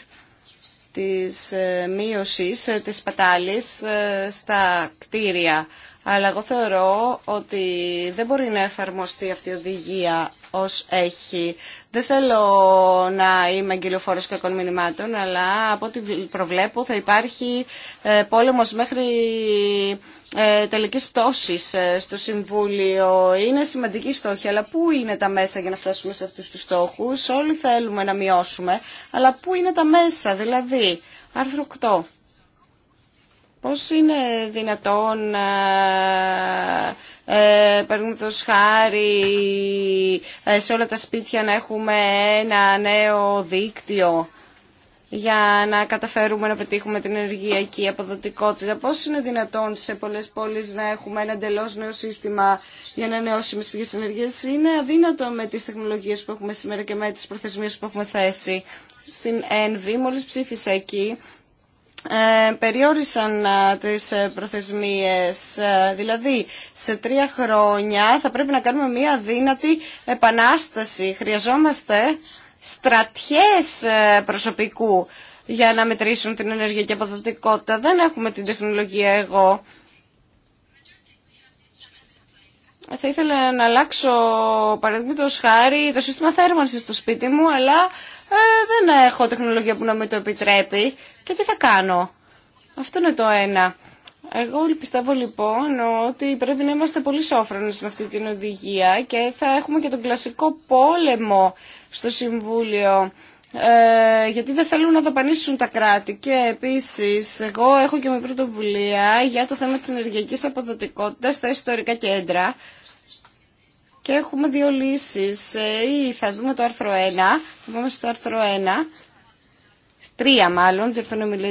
Speaker 4: της ε, μείωσης ε, της πατάλης ε, στα κτίρια αλλά εγώ θεωρώ ότι δεν μπορεί να εφαρμοστεί αυτή η οδηγία ως έχει. Δεν θέλω να είμαι αγγελοφόρος κακών μηνυμάτων, αλλά από ό,τι προβλέπω θα υπάρχει ε, πόλεμος μέχρι ε, τελικής πτώσης ε, στο Συμβούλιο. Είναι σημαντική στόχη, αλλά πού είναι τα μέσα για να φτάσουμε σε αυτούς τους στόχους. Όλοι θέλουμε να μειώσουμε, αλλά πού είναι τα μέσα, δηλαδή άρθρο 8. Πώς είναι δυνατόν ε, ε το χάρη ε, σε όλα τα σπίτια να έχουμε ένα νέο δίκτυο για να καταφέρουμε να πετύχουμε την ενεργειακή αποδοτικότητα. Πώς είναι δυνατόν σε πολλές πόλεις να έχουμε ένα εντελώ νέο σύστημα για να τις πηγές ενεργείας. Είναι αδύνατο με τις τεχνολογίες που έχουμε σήμερα και με τις προθεσμίες που έχουμε θέσει. Στην ΕΝΒΗ μόλις ψήφισα εκεί ε, περιόρισαν τις ε, προθεσμίες. Ε, δηλαδή, σε τρία χρόνια θα πρέπει να κάνουμε μία δύνατη επανάσταση. Χρειαζόμαστε στρατιές προσωπικού για να μετρήσουν την ενεργειακή αποδοτικότητα. Δεν έχουμε την τεχνολογία εγώ θα ήθελα να αλλάξω παραδείγματο χάρη το σύστημα θέρμανσης στο σπίτι μου, αλλά ε, δεν έχω τεχνολογία που να με το επιτρέπει. Και τι θα κάνω. Αυτό είναι το ένα. Εγώ πιστεύω λοιπόν ότι πρέπει να είμαστε πολύ σόφρονες με αυτή την οδηγία και θα έχουμε και τον κλασικό πόλεμο στο Συμβούλιο ε, γιατί δεν θέλουν να δαπανίσουν τα κράτη. Και επίσης, εγώ έχω και με πρωτοβουλία για το θέμα της ενεργειακής αποδοτικότητας στα ιστορικά κέντρα. Και έχουμε δύο λύσεις. Ε, ή θα δούμε το άρθρο 1, θα πάμε στο άρθρο 1, 3 μάλλον,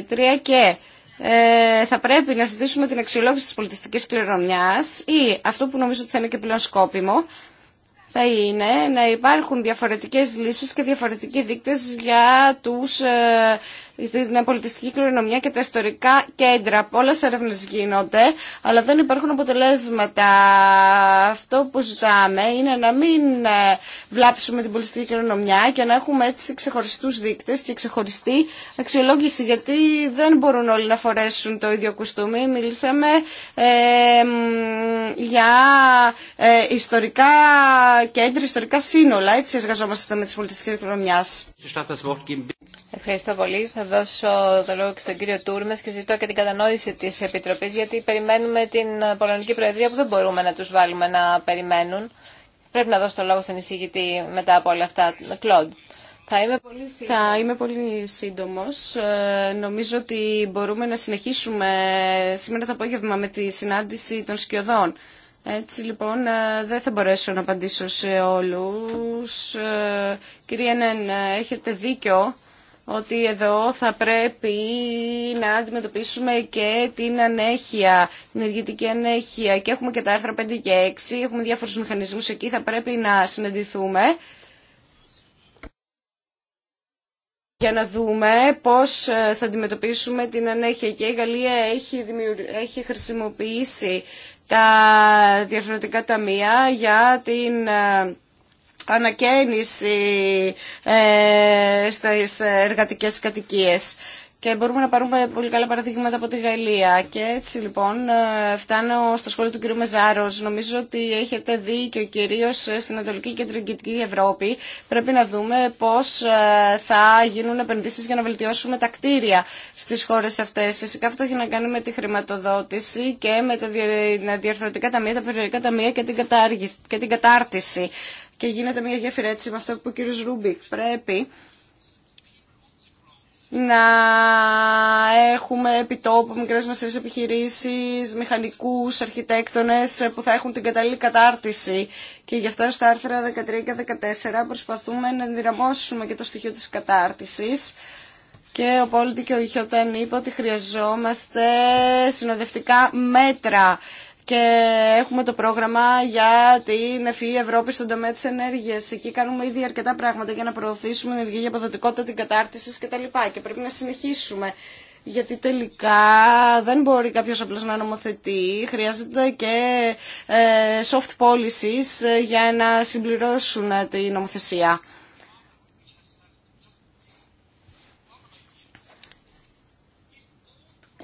Speaker 4: τρία και ε, θα πρέπει να ζητήσουμε την αξιολόγηση της πολιτιστικής κληρονομιάς ή αυτό που νομίζω ότι θα είναι και πλέον σκόπιμο, θα είναι να υπάρχουν διαφορετικές λύσεις και διαφορετικοί δείκτες για τους ε, την πολιτιστική κληρονομιά και τα ιστορικά κέντρα. Πολλέ έρευνε γίνονται, αλλά δεν υπάρχουν αποτελέσματα. Αυτό που ζητάμε είναι να μην ε, βλάψουμε την πολιτιστική κληρονομιά και να έχουμε έτσι ξεχωριστούς δείκτες και ξεχωριστή αξιολόγηση, γιατί δεν μπορούν όλοι να φορέσουν το ίδιο κουστούμι. Μίλησαμε ε, για ε, ιστορικά κέντρα, ιστορικά σύνολα, έτσι εργαζόμαστε με τι πολιτιστικέ κληρονομιά.
Speaker 2: Ευχαριστώ πολύ. Θα δώσω το λόγο και στον κύριο Τούρμες και ζητώ και την κατανόηση της Επιτροπής γιατί περιμένουμε την Πολωνική Προεδρία που δεν μπορούμε να τους βάλουμε να περιμένουν. Πρέπει να δώσω το λόγο στον εισηγητή μετά από όλα αυτά. Κλοντ. Θα είμαι πολύ Θα είμαι πολύ σύντομος. Ε, νομίζω ότι μπορούμε να
Speaker 4: συνεχίσουμε σήμερα το απόγευμα με τη συνάντηση των σκιωδών. Έτσι λοιπόν ε, δεν θα μπορέσω να απαντήσω σε όλους. Ε, κυρία Νέν, έχετε δίκιο ότι εδώ θα πρέπει να αντιμετωπίσουμε και την ανέχεια, την ενεργητική ανέχεια και έχουμε και τα άρθρα 5 και 6, έχουμε διάφορους μηχανισμούς εκεί, θα πρέπει να συναντηθούμε για να δούμε πώς ε, θα αντιμετωπίσουμε την ανέχεια και η Γαλλία έχει, έχει χρησιμοποιήσει τα διαφορετικά ταμεία για την ε, ανακαίνιση ε, στις εργατικές κατοικίες. Και μπορούμε να πάρουμε πολύ καλά παραδείγματα από τη Γαλλία. Και έτσι λοιπόν ε, φτάνω στο σχόλιο του κ. Μεζάρος. Νομίζω ότι έχετε δει και ο κυρίω στην Ανατολική και Κεντρική Ευρώπη. Πρέπει να δούμε πώ ε, θα γίνουν επενδύσεις για να βελτιώσουμε τα κτίρια στις χώρες αυτές. Φυσικά αυτό έχει να κάνει με τη χρηματοδότηση και με τα διαρθρωτικά ταμεία, τα περιορικά ταμεία και την, και την κατάρτιση και γίνεται μια γέφυρα έτσι με αυτό που ο κύριος Ρούμπικ πρέπει να έχουμε επιτόπου μικρές μεσαίες επιχειρήσεις, μηχανικούς, αρχιτέκτονες που θα έχουν την κατάλληλη κατάρτιση. Και γι' αυτό στα άρθρα 13 και 14 προσπαθούμε να ενδυναμώσουμε και το στοιχείο της κατάρτισης. Και ο Πόλτη και ο Ιχιωτέν είπε ότι χρειαζόμαστε συνοδευτικά μέτρα και έχουμε το πρόγραμμα για την ΕΦΗ Ευρώπη στον τομέα τη ενέργεια. Εκεί κάνουμε ήδη αρκετά πράγματα για να προωθήσουμε την ενεργειακή αποδοτικότητα, την κατάρτιση κτλ. Και πρέπει να συνεχίσουμε. Γιατί τελικά δεν μπορεί κάποιος απλώς να νομοθετεί, χρειάζεται και ε, soft policies ε, για να συμπληρώσουν ε, τη νομοθεσία.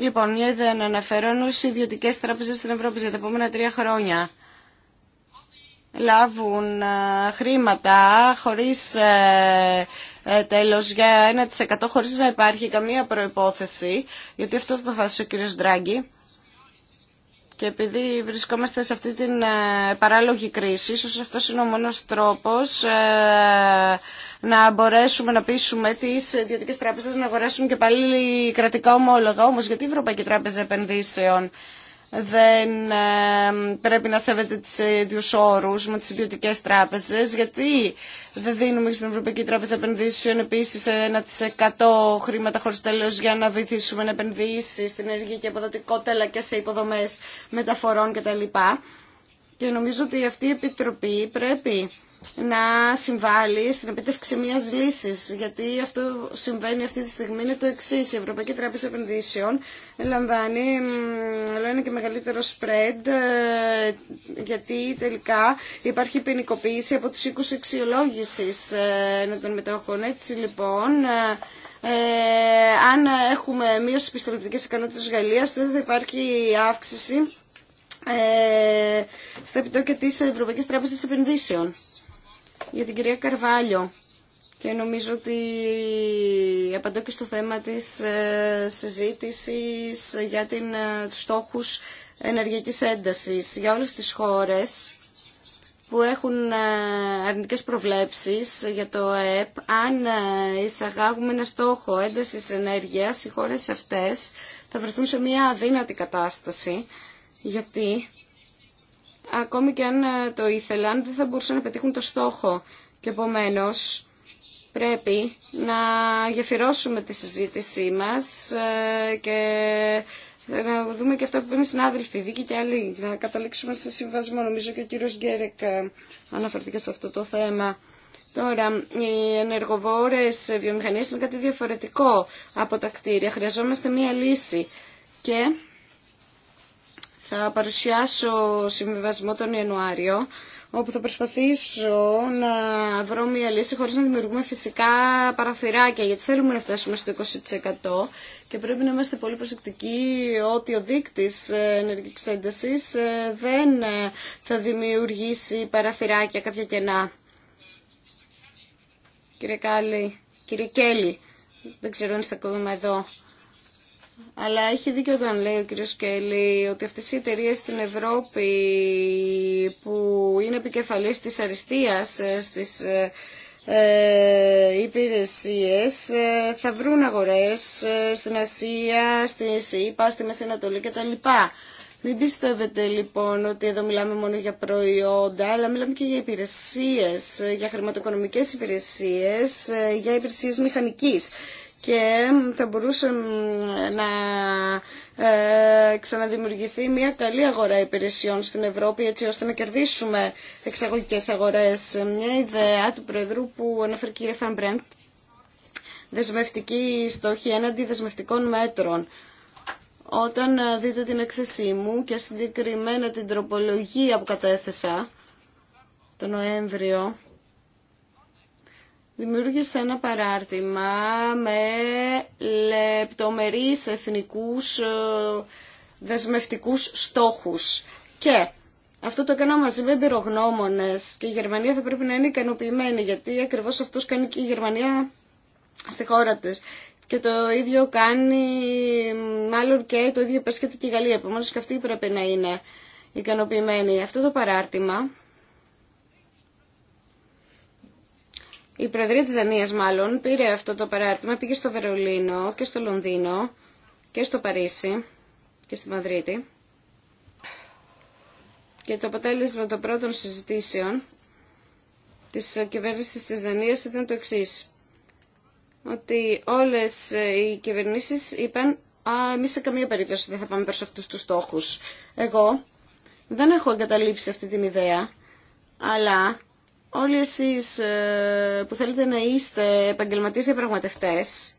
Speaker 4: Λοιπόν, μια ιδέα να αναφέρω οι ιδιωτικές τράπεζες στην Ευρώπη για τα επόμενα τρία χρόνια λάβουν ε, χρήματα χωρίς ε, ε, τέλος για 1% χωρίς να υπάρχει καμία προϋπόθεση, γιατί αυτό το αποφάσισε ο κ. Ντράγκη. Και επειδή βρισκόμαστε σε αυτή την παράλογη κρίση, ίσως αυτός είναι ο μόνος τρόπος να μπορέσουμε να πείσουμε τι ιδιωτικέ τράπεζε να αγοράσουν και πάλι κρατικά ομόλογα. όμω, γιατί η Ευρωπαϊκή Τράπεζα Επενδύσεων δεν ε, πρέπει να σέβεται τις ίδιους όρους με τις ιδιωτικές τράπεζες, γιατί δεν δίνουμε στην Ευρωπαϊκή Τράπεζα Επενδύσεων επίσης 1% χρήματα χωρίς τέλος για να βοηθήσουμε να επενδύσει στην και αποδοτικότητα αλλά και σε υποδομές μεταφορών κτλ. Και νομίζω ότι αυτή η Επιτροπή πρέπει να συμβάλλει στην επίτευξη μια λύση. Γιατί αυτό συμβαίνει αυτή τη στιγμή είναι το εξή. Η Ευρωπαϊκή Τράπεζα Επενδύσεων λαμβάνει όλο ένα και μεγαλύτερο spread, ε, γιατί τελικά υπάρχει ποινικοποίηση από του οίκου αξιολόγηση ε, των μετοχών. Έτσι λοιπόν. Ε, αν έχουμε μείωση τη πιστοληπτική ικανότητα Γαλλία, τότε θα υπάρχει αύξηση ε, στα επιτόκια τη Ευρωπαϊκή Τράπεζα Επενδύσεων για την κυρία Καρβάλιο. Και νομίζω ότι απαντώ και στο θέμα της ε, συζήτησης για την, ε, τους στόχους ενεργειακής έντασης. Για όλες τις χώρες που έχουν ε, αρνητικές προβλέψεις για το ΕΕΠ, αν εισαγάγουμε ένα στόχο έντασης ενέργειας, οι χώρες αυτές θα βρεθούν σε μια αδύνατη κατάσταση, γιατί ακόμη και αν ε, το ήθελαν, δεν θα μπορούσαν να πετύχουν το στόχο. Και επομένω πρέπει να γεφυρώσουμε τη συζήτησή μας ε, και να δούμε και αυτά που είναι συνάδελφοι, Βίκη και άλλοι, να καταλήξουμε σε συμβασμό. Νομίζω και ο κύριος Γκέρεκ ε, αναφερθήκε σε αυτό το θέμα. Τώρα, οι ενεργοβόρες βιομηχανίες είναι κάτι διαφορετικό από τα κτίρια. Χρειαζόμαστε μία λύση και θα παρουσιάσω συμβιβασμό τον Ιανουάριο, όπου θα προσπαθήσω να βρω μια λύση χωρίς να δημιουργούμε φυσικά παραθυράκια, γιατί θέλουμε να φτάσουμε στο 20% και πρέπει να είμαστε πολύ προσεκτικοί ότι ο δείκτης ενεργικής έντασης ε, δεν ε, θα δημιουργήσει παραθυράκια κάποια κενά. Κύριε Κάλλη, κύριε Κέλλη, δεν ξέρω αν είστε ακόμα εδώ. Αλλά έχει δίκιο όταν λέει ο κ. Σκέλη ότι αυτές οι εταιρείε στην Ευρώπη που είναι επικεφαλής της αριστείας ε, στις ε, ε υπηρεσίες ε, θα βρουν αγορές στην Ασία, στη ΣΥΠΑ, στη Μέση Ανατολή κτλ. Μην πιστεύετε λοιπόν ότι εδώ μιλάμε μόνο για προϊόντα, αλλά μιλάμε και για υπηρεσίες, για χρηματοοικονομικές υπηρεσίες, για υπηρεσίες μηχανικής και θα μπορούσε να ε, ξαναδημιουργηθεί μια καλή αγορά υπηρεσιών στην Ευρώπη έτσι ώστε να κερδίσουμε εξαγωγικές αγορές. Μια ιδέα του Προεδρού που αναφέρει κύριε Φαμπρέντ, δεσμευτική στόχη έναντι δεσμευτικών μέτρων. Όταν ε, δείτε την έκθεσή μου και συγκεκριμένα την τροπολογία που κατέθεσα το Νοέμβριο, δημιούργησε ένα παράρτημα με λεπτομερείς εθνικούς ε, δεσμευτικούς στόχους. Και αυτό το έκανα μαζί με εμπειρογνώμονε και η Γερμανία θα πρέπει να είναι ικανοποιημένη γιατί ακριβώς αυτός κάνει και η Γερμανία στη χώρα της. Και το ίδιο κάνει μάλλον και το ίδιο υπέσχεται και η Γαλλία. Επομένω και αυτή πρέπει να είναι ικανοποιημένη. Αυτό το παράρτημα η Προεδρία της Δανίας μάλλον πήρε αυτό το παράρτημα, πήγε στο Βερολίνο και στο Λονδίνο και στο Παρίσι και στη Μαδρίτη. Και το αποτέλεσμα των πρώτων συζητήσεων της κυβέρνησης της Δανίας ήταν το εξή. Ότι όλες οι κυβερνήσεις είπαν «Α, εμείς σε καμία περίπτωση δεν θα πάμε προς αυτούς τους στόχους». Εγώ δεν έχω εγκαταλείψει αυτή την ιδέα, αλλά Όλοι εσείς ε, που θέλετε να είστε επαγγελματίες διαπραγματευτές,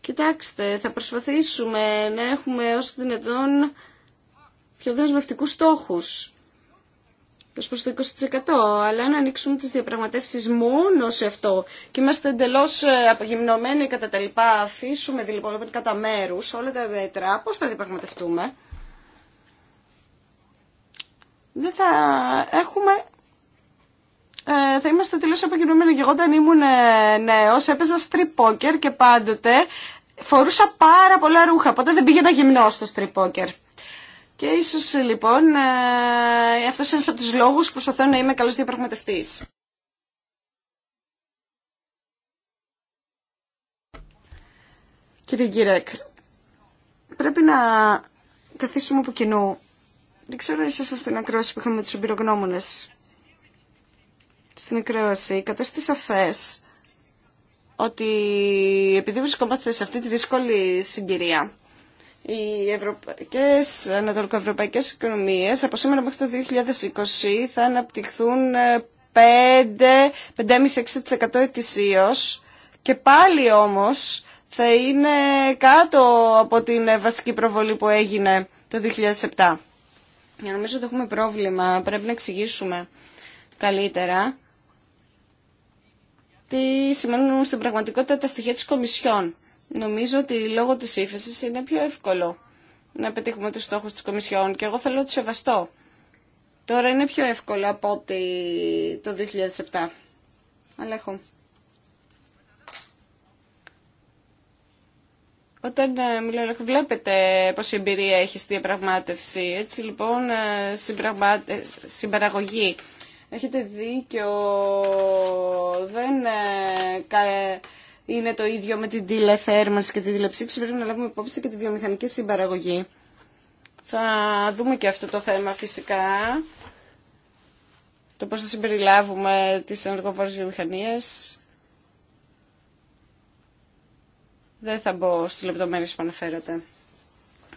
Speaker 4: κοιτάξτε, θα προσπαθήσουμε να έχουμε όσο δυνατόν πιο δεσμευτικούς στόχους ως προς το 20%. Αλλά να ανοίξουμε τις διαπραγματεύσεις μόνο σε αυτό και είμαστε εντελώ ε, απογυμνωμένοι κατά τα λοιπά, αφήσουμε δηλαδή κατά μέρους όλα τα μέτρα, πώς θα διαπραγματευτούμε δεν θα έχουμε ε, θα είμαστε τελείω αποκοινωμένοι. Και εγώ όταν ήμουν ε, νέο, έπαιζα strip poker και πάντοτε φορούσα πάρα πολλά ρούχα. Ποτέ δεν πήγαινα γυμνό στο strip poker. Και ίσω ε, λοιπόν αυτό είναι ένα από του λόγου που προσπαθώ να είμαι καλό διαπραγματευτή. Κύριε Γκίρεκ, πρέπει να καθίσουμε από κοινού δεν ξέρω αν στην ακρόαση που είχαμε τους εμπειρογνώμονες. Στην ακρόαση κατέστησα φές ότι επειδή βρισκόμαστε σε αυτή τη δύσκολη συγκυρία, οι ευρωπαϊκές, ανατολικοευρωπαϊκές οικονομίες από σήμερα μέχρι το 2020 θα αναπτυχθούν 5-5,5-6% ε, ετησίως και πάλι όμως θα είναι κάτω από την βασική προβολή που έγινε το 2007. Νομίζω ότι έχουμε πρόβλημα. Πρέπει να εξηγήσουμε καλύτερα τι σημαίνουν στην πραγματικότητα τα στοιχεία της Κομισιόν. Νομίζω ότι λόγω της ύφεση είναι πιο εύκολο να πετύχουμε τους στόχους της Κομισιόν και εγώ θέλω ότι σεβαστώ. Τώρα είναι πιο εύκολο από το 2007. Αλλά έχω Όταν ε, μιλάω, βλέπετε πόση εμπειρία έχει στη διαπραγμάτευση. Έτσι λοιπόν, ε, ε, συμπαραγωγή. Έχετε δίκιο, δεν είναι το ίδιο με την τηλεθέρμανση και τη τηλεψήξη. Πρέπει να λάβουμε υπόψη και τη βιομηχανική συμπαραγωγή. Θα δούμε και αυτό το θέμα φυσικά, το πώς θα συμπεριλάβουμε τις ενεργοφόρες βιομηχανίες Δεν θα μπω στις λεπτομέρειες που αναφέρατε.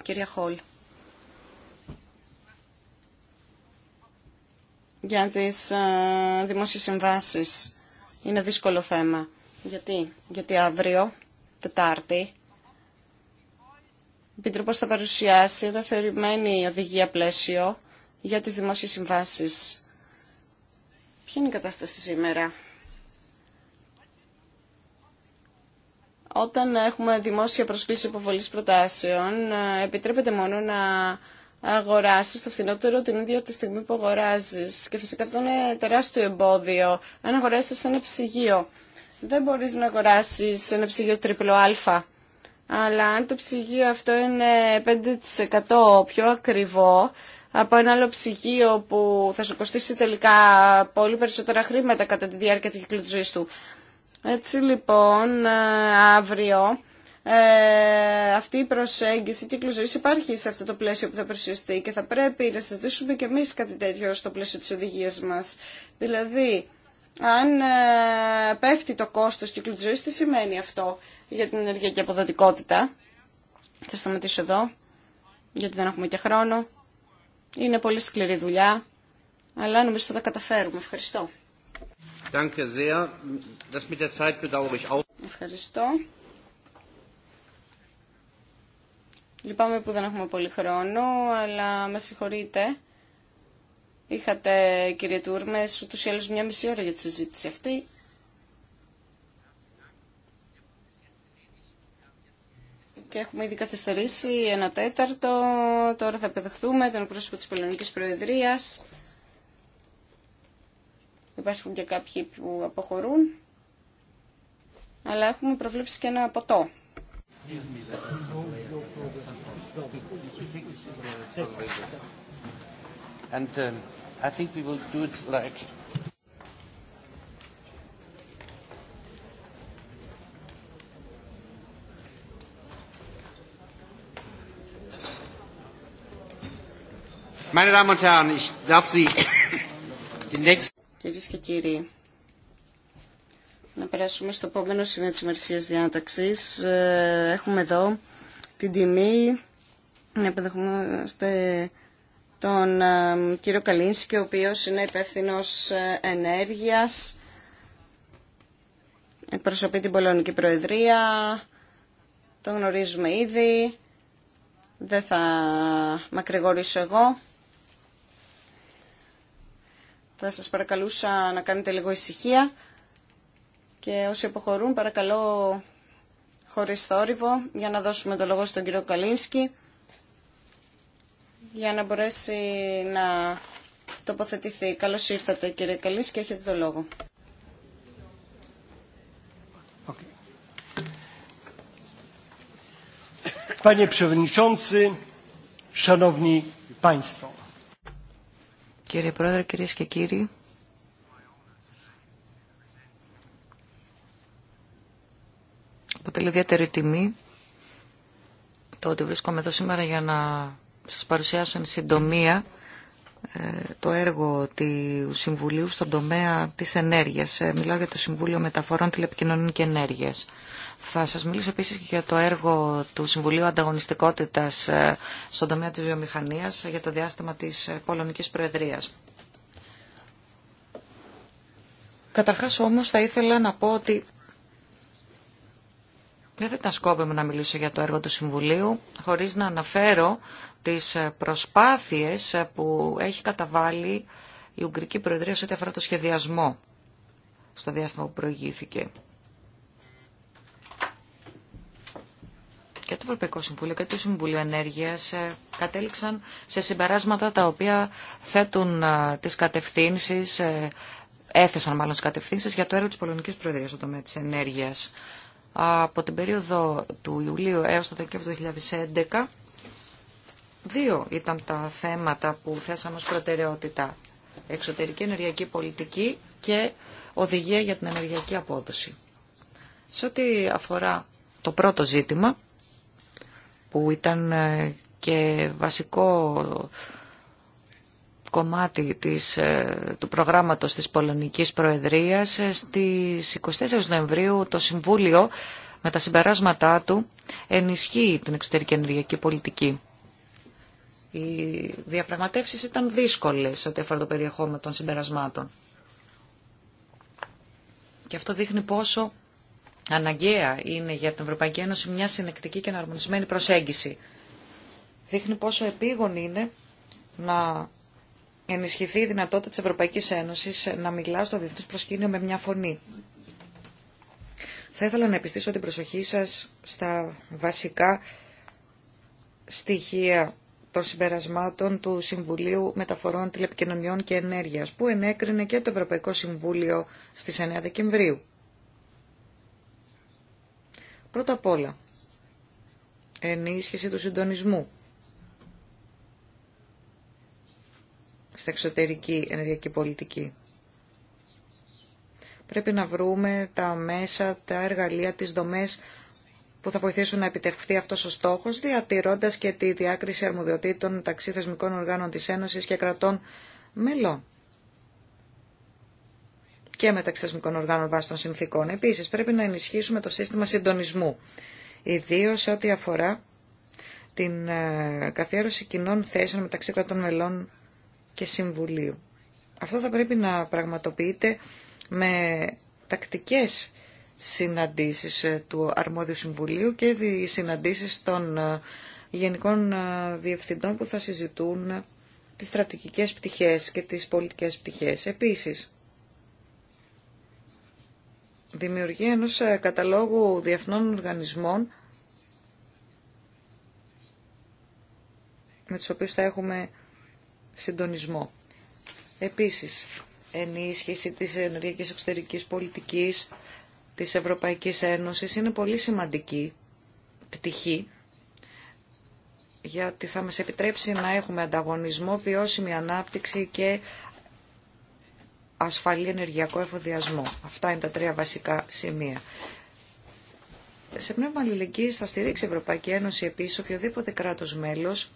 Speaker 4: Κυρία Χόλ. Για τις ε, δημόσιες συμβάσεις. Είναι δύσκολο θέμα. Γιατί, Γιατί αύριο, Τετάρτη, ο Επιτροπός θα παρουσιάσει ένα θεωρημένη οδηγία πλαίσιο για τις δημόσιες συμβάσεις. Ποια είναι η κατάσταση σήμερα. Όταν έχουμε δημόσια προσκλήση υποβολής προτάσεων, ε, επιτρέπεται μόνο να αγοράσει το φθηνότερο την ίδια τη στιγμή που αγοράζει. Και φυσικά αυτό είναι τεράστιο εμπόδιο. Αν αγοράσει ένα ψυγείο, δεν μπορεί να αγοράσει ένα ψυγείο τριπλό Α. Αλλά αν το ψυγείο αυτό είναι 5% πιο ακριβό από ένα άλλο ψυγείο που θα σου κοστίσει τελικά πολύ περισσότερα χρήματα κατά τη διάρκεια του κύκλου της ζωής του. Έτσι λοιπόν ε, αύριο ε, αυτή η προσέγγιση κύκλου ζωή υπάρχει σε αυτό το πλαίσιο που θα προσυστεί και θα πρέπει να συζητήσουμε και εμεί κάτι τέτοιο στο πλαίσιο τη οδηγία μα. Δηλαδή, αν ε, πέφτει το κόστο κύκλου ζωή, τι σημαίνει αυτό για την ενεργειακή αποδοτικότητα. Θα σταματήσω εδώ, γιατί δεν έχουμε και χρόνο. Είναι πολύ σκληρή δουλειά, αλλά νομίζω θα τα καταφέρουμε. Ευχαριστώ.
Speaker 1: Ευχαριστώ.
Speaker 4: Λυπάμαι που δεν έχουμε πολύ χρόνο, αλλά με συγχωρείτε. Είχατε, κύριε Τούρμε, ούτω ή άλλω μια μισή ώρα για τη συζήτηση αυτή. και έχουμε ήδη καθυστερήσει ένα τέταρτο. Τώρα θα επιδεχτούμε τον πρόσωπο τη Πολωνική Προεδρία. Υπάρχουν και κάποιοι που αποχωρούν αλλά έχουμε προβλέψει και ένα ποτό.
Speaker 1: And uh, I think we will do it like Meine Damen und
Speaker 4: Herren, ich darf Sie den και κύριοι, να περάσουμε στο επόμενο σημείο της ημερησίας διάταξης. Ε, έχουμε εδώ την τιμή να επιδεχόμαστε τον ε, κύριο Καλίνσκι, ο οποίος είναι υπεύθυνο ε, ενέργειας, εκπροσωπεί την Πολωνική Προεδρία, το γνωρίζουμε ήδη, δεν θα μακρηγορήσω εγώ. Θα σας παρακαλούσα να κάνετε λίγο ησυχία και όσοι αποχωρούν παρακαλώ χωρίς θόρυβο για να δώσουμε το λόγο στον κύριο Καλίνσκι για να μπορέσει να τοποθετηθεί. Καλώς ήρθατε κύριε Καλίνσκι, έχετε το λόγο.
Speaker 1: Panie Przewodniczący, Szanowni Państwo.
Speaker 3: Κύριε Πρόεδρε, κυρίες και κύριοι, αποτελεί ιδιαίτερη τιμή το ότι βρίσκομαι εδώ σήμερα για να σας παρουσιάσω εν συντομία ε, το έργο του Συμβουλίου στον τομέα της ενέργειας. Ε, μιλάω για το Συμβούλιο Μεταφορών Τηλεπικοινωνίων και Ενέργειας. Θα σας μιλήσω επίσης και για το έργο του Συμβουλίου Ανταγωνιστικότητας ε, στον τομέα της βιομηχανίας για το διάστημα της Πολωνικής Προεδρίας. Καταρχάς όμως θα ήθελα να πω ότι δεν θα ήταν να μιλήσω για το έργο του Συμβουλίου χωρίς να αναφέρω τις προσπάθειες που έχει καταβάλει η Ουγγρική Προεδρία σε ό,τι αφορά το σχεδιασμό στο διάστημα που προηγήθηκε. Και το Ευρωπαϊκό Συμβούλιο και το Συμβούλιο Ενέργειας ε, κατέληξαν σε συμπεράσματα τα οποία θέτουν ε, τις κατευθύνσεις ε, έθεσαν μάλλον τι κατευθύνσει για το έργο τη Πολωνική Προεδρία στο τομέα τη ενέργεια από την περίοδο του Ιουλίου έως το Δεκέμβριο 2011 δύο ήταν τα θέματα που θέσαμε ως προτεραιότητα. Εξωτερική ενεργειακή πολιτική και οδηγία για την ενεργειακή απόδοση. Σε ό,τι αφορά το πρώτο ζήτημα, που ήταν ε, και βασικό κομμάτι της, ε, του προγράμματος της Πολωνικής Προεδρίας. Ε, στις 24 Νοεμβρίου το Συμβούλιο με τα συμπεράσματά του ενισχύει την εξωτερική ενεργειακή πολιτική. Οι διαπραγματεύσεις ήταν δύσκολες ό,τι αφορά το περιεχόμενο των συμπερασμάτων. Και αυτό δείχνει πόσο αναγκαία είναι για την Ευρωπαϊκή Ένωση μια συνεκτική και αναρμονισμένη προσέγγιση. Δείχνει πόσο επίγον είναι να ενισχυθεί η δυνατότητα της Ευρωπαϊκής Ένωσης να μιλά στο διεθνές προσκήνιο με μια φωνή. Θα ήθελα να επιστήσω την προσοχή σας στα βασικά στοιχεία των συμπερασμάτων του Συμβουλίου Μεταφορών Τηλεπικοινωνιών και Ενέργειας, που ενέκρινε και το Ευρωπαϊκό Συμβούλιο στις 9 Δεκεμβρίου. Πρώτα απ' όλα, ενίσχυση του συντονισμού στην εξωτερική ενεργειακή πολιτική. Πρέπει να βρούμε τα μέσα, τα εργαλεία, τις δομές που θα βοηθήσουν να επιτευχθεί αυτός ο στόχος, διατηρώντας και τη διάκριση αρμοδιοτήτων μεταξύ θεσμικών οργάνων της Ένωσης και κρατών μελών και μεταξύ θεσμικών οργάνων βάσει των συνθήκων. Επίσης, πρέπει να ενισχύσουμε το σύστημα συντονισμού, ιδίως σε ό,τι αφορά την ε, καθιέρωση κοινών θέσεων μεταξύ κρατών μελών και Συμβουλίου. Αυτό θα πρέπει να πραγματοποιείται με τακτικές συναντήσεις ε, του Αρμόδιου Συμβουλίου και οι συναντήσεις των ε, γενικών ε, διευθυντών που θα συζητούν τις στρατηγικές πτυχές και τις πολιτικές πτυχές. Επίσης, δημιουργία ενός καταλόγου διεθνών οργανισμών με τους οποίους θα έχουμε συντονισμό. Επίσης, ενίσχυση της ενεργειακής εξωτερικής πολιτικής της Ευρωπαϊκής Ένωσης είναι πολύ σημαντική πτυχή γιατί θα μας επιτρέψει να έχουμε ανταγωνισμό, βιώσιμη ανάπτυξη και ασφαλή ενεργειακό εφοδιασμό. Αυτά είναι τα τρία βασικά σημεία. Σε πνεύμα αλληλεγγύης θα στηρίξει η Ευρωπαϊκή Ένωση επίσης οποιοδήποτε κράτος μέλος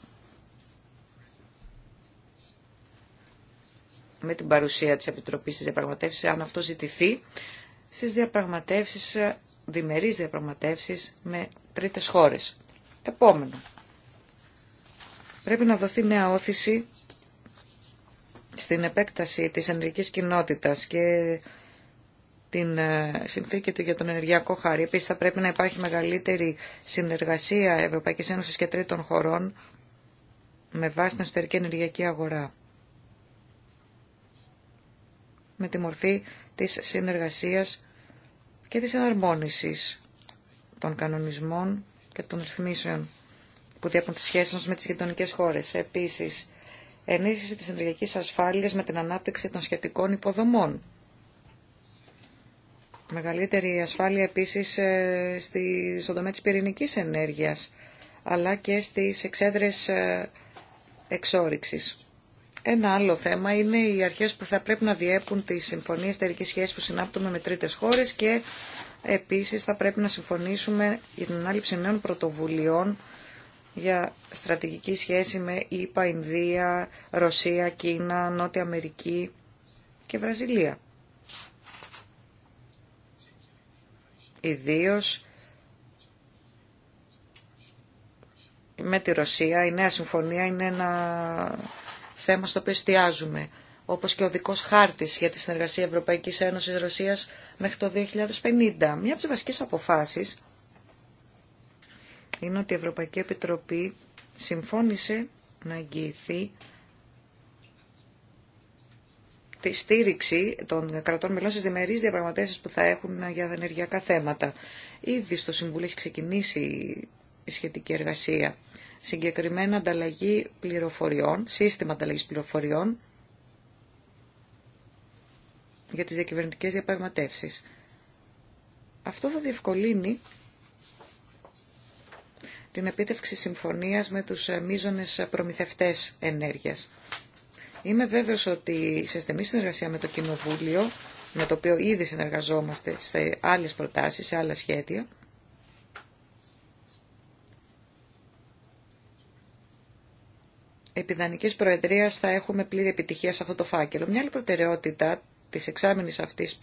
Speaker 3: με την παρουσία της Επιτροπής στις διαπραγματεύσεις, αν αυτό ζητηθεί, στις διαπραγματεύσεις, διμερείς διαπραγματεύσεις με τρίτες χώρες. Επόμενο. Πρέπει να δοθεί νέα όθηση στην επέκταση της ενεργικής κοινότητας και την ε, συνθήκη του για τον ενεργειακό χάρη. Επίσης θα πρέπει να υπάρχει μεγαλύτερη συνεργασία Ευρωπαϊκής Ένωσης και τρίτων χωρών με βάση την εσωτερική ενεργειακή αγορά με τη μορφή της συνεργασίας και της εναρμόνισης των κανονισμών και των ρυθμίσεων που διέπουν τις σχέσεις με τις γειτονικέ χώρες. Επίσης, ενίσχυση της ενεργειακής ασφάλειας με την ανάπτυξη των σχετικών υποδομών. Μεγαλύτερη ασφάλεια επίσης ε, στη, στον τομέα της πυρηνικής ενέργειας, αλλά και στις εξέδρες ε, εξόριξης. Ένα άλλο θέμα είναι οι αρχές που θα πρέπει να διέπουν τι συμφωνίες εταιρική σχέση που συνάπτουμε με τρίτες χώρες και επίσης θα πρέπει να συμφωνήσουμε για την ανάληψη νέων πρωτοβουλειών για στρατηγική σχέση με ΙΠΑ, Ινδία, Ρωσία, Κίνα, Νότια Αμερική και Βραζιλία. Ιδίω, με τη Ρωσία η νέα συμφωνία είναι ένα θέμα στο οποίο εστιάζουμε, όπως και ο δικός χάρτης για τη συνεργασία Ευρωπαϊκής Ένωσης Ρωσίας μέχρι το 2050. Μία από τις βασικές αποφάσεις είναι ότι η Ευρωπαϊκή Επιτροπή συμφώνησε να εγγυηθεί τη στήριξη των κρατών μελών στις διμερείς διαπραγματεύσεις που θα έχουν για ενεργειακά θέματα. Ήδη στο Συμβούλιο έχει ξεκινήσει η σχετική εργασία συγκεκριμένα ανταλλαγή πληροφοριών, σύστημα ανταλλαγής πληροφοριών για τις διακυβερνητικές διαπραγματεύσεις. Αυτό θα διευκολύνει την επίτευξη συμφωνίας με τους ε, μείζονες ε, προμηθευτές ενέργειας. Είμαι βέβαιος ότι σε στενή συνεργασία με το Κοινοβούλιο, με το οποίο ήδη συνεργαζόμαστε σε άλλες προτάσεις, σε άλλα σχέδια, επιδανικής προεδρίας θα έχουμε πλήρη επιτυχία σε αυτό το φάκελο. Μια άλλη προτεραιότητα της εξάμηνης αυτής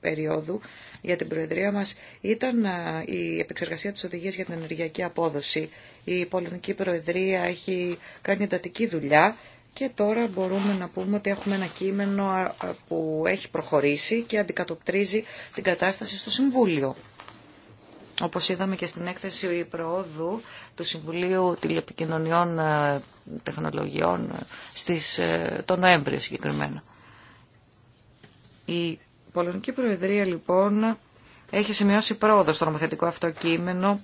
Speaker 3: περίοδου για την Προεδρία μας ήταν η επεξεργασία της οδηγίας για την ενεργειακή απόδοση. Η Πολωνική Προεδρία έχει κάνει εντατική δουλειά και τώρα μπορούμε να πούμε ότι έχουμε ένα κείμενο που έχει προχωρήσει και αντικατοπτρίζει την κατάσταση στο Συμβούλιο. Όπως είδαμε και στην έκθεση προόδου του Συμβουλίου Τηλεπικοινωνιών ε, Τεχνολογιών ε, στις, ε, το Νοέμβριο συγκεκριμένα. Η Πολωνική Προεδρία λοιπόν έχει σημειώσει πρόοδο στο νομοθετικό αυτό κείμενο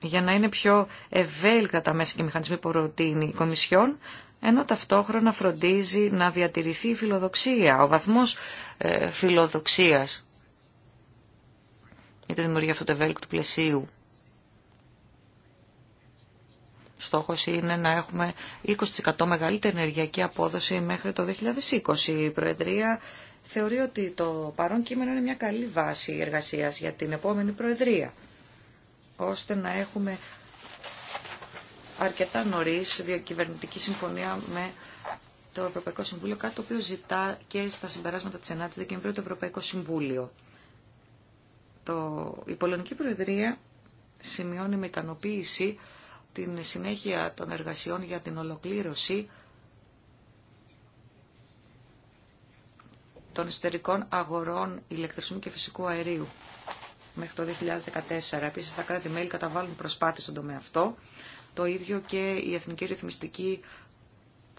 Speaker 3: για να είναι πιο ευέλικτα τα μέσα και οι μηχανισμοί που προτείνει η Κομισιόν, ενώ ταυτόχρονα φροντίζει να διατηρηθεί η φιλοδοξία, ο βαθμός φιλοδοξίας για τη δημιουργία αυτού του ευέλικτου πλαισίου. Στόχος είναι να έχουμε 20% μεγαλύτερη ενεργειακή απόδοση μέχρι το 2020. Η Προεδρία θεωρεί ότι το παρόν κείμενο είναι μια καλή βάση εργασίας για την επόμενη Προεδρία, ώστε να έχουμε αρκετά νωρίς διακυβερνητική συμφωνία με το Ευρωπαϊκό Συμβούλιο, κάτι το οποίο ζητά και στα συμπεράσματα της 9ης Δεκεμβρίου το Ευρωπαϊκό Συμβούλιο. Το, η Πολωνική Προεδρία σημειώνει με ικανοποίηση την συνέχεια των εργασιών για την ολοκλήρωση των εσωτερικών αγορών ηλεκτρισμού και φυσικού αερίου μέχρι το 2014. Επίσης, τα κράτη-μέλη καταβάλουν προσπάθειες στον τομέα αυτό. Το ίδιο και η Εθνική Ρυθμιστική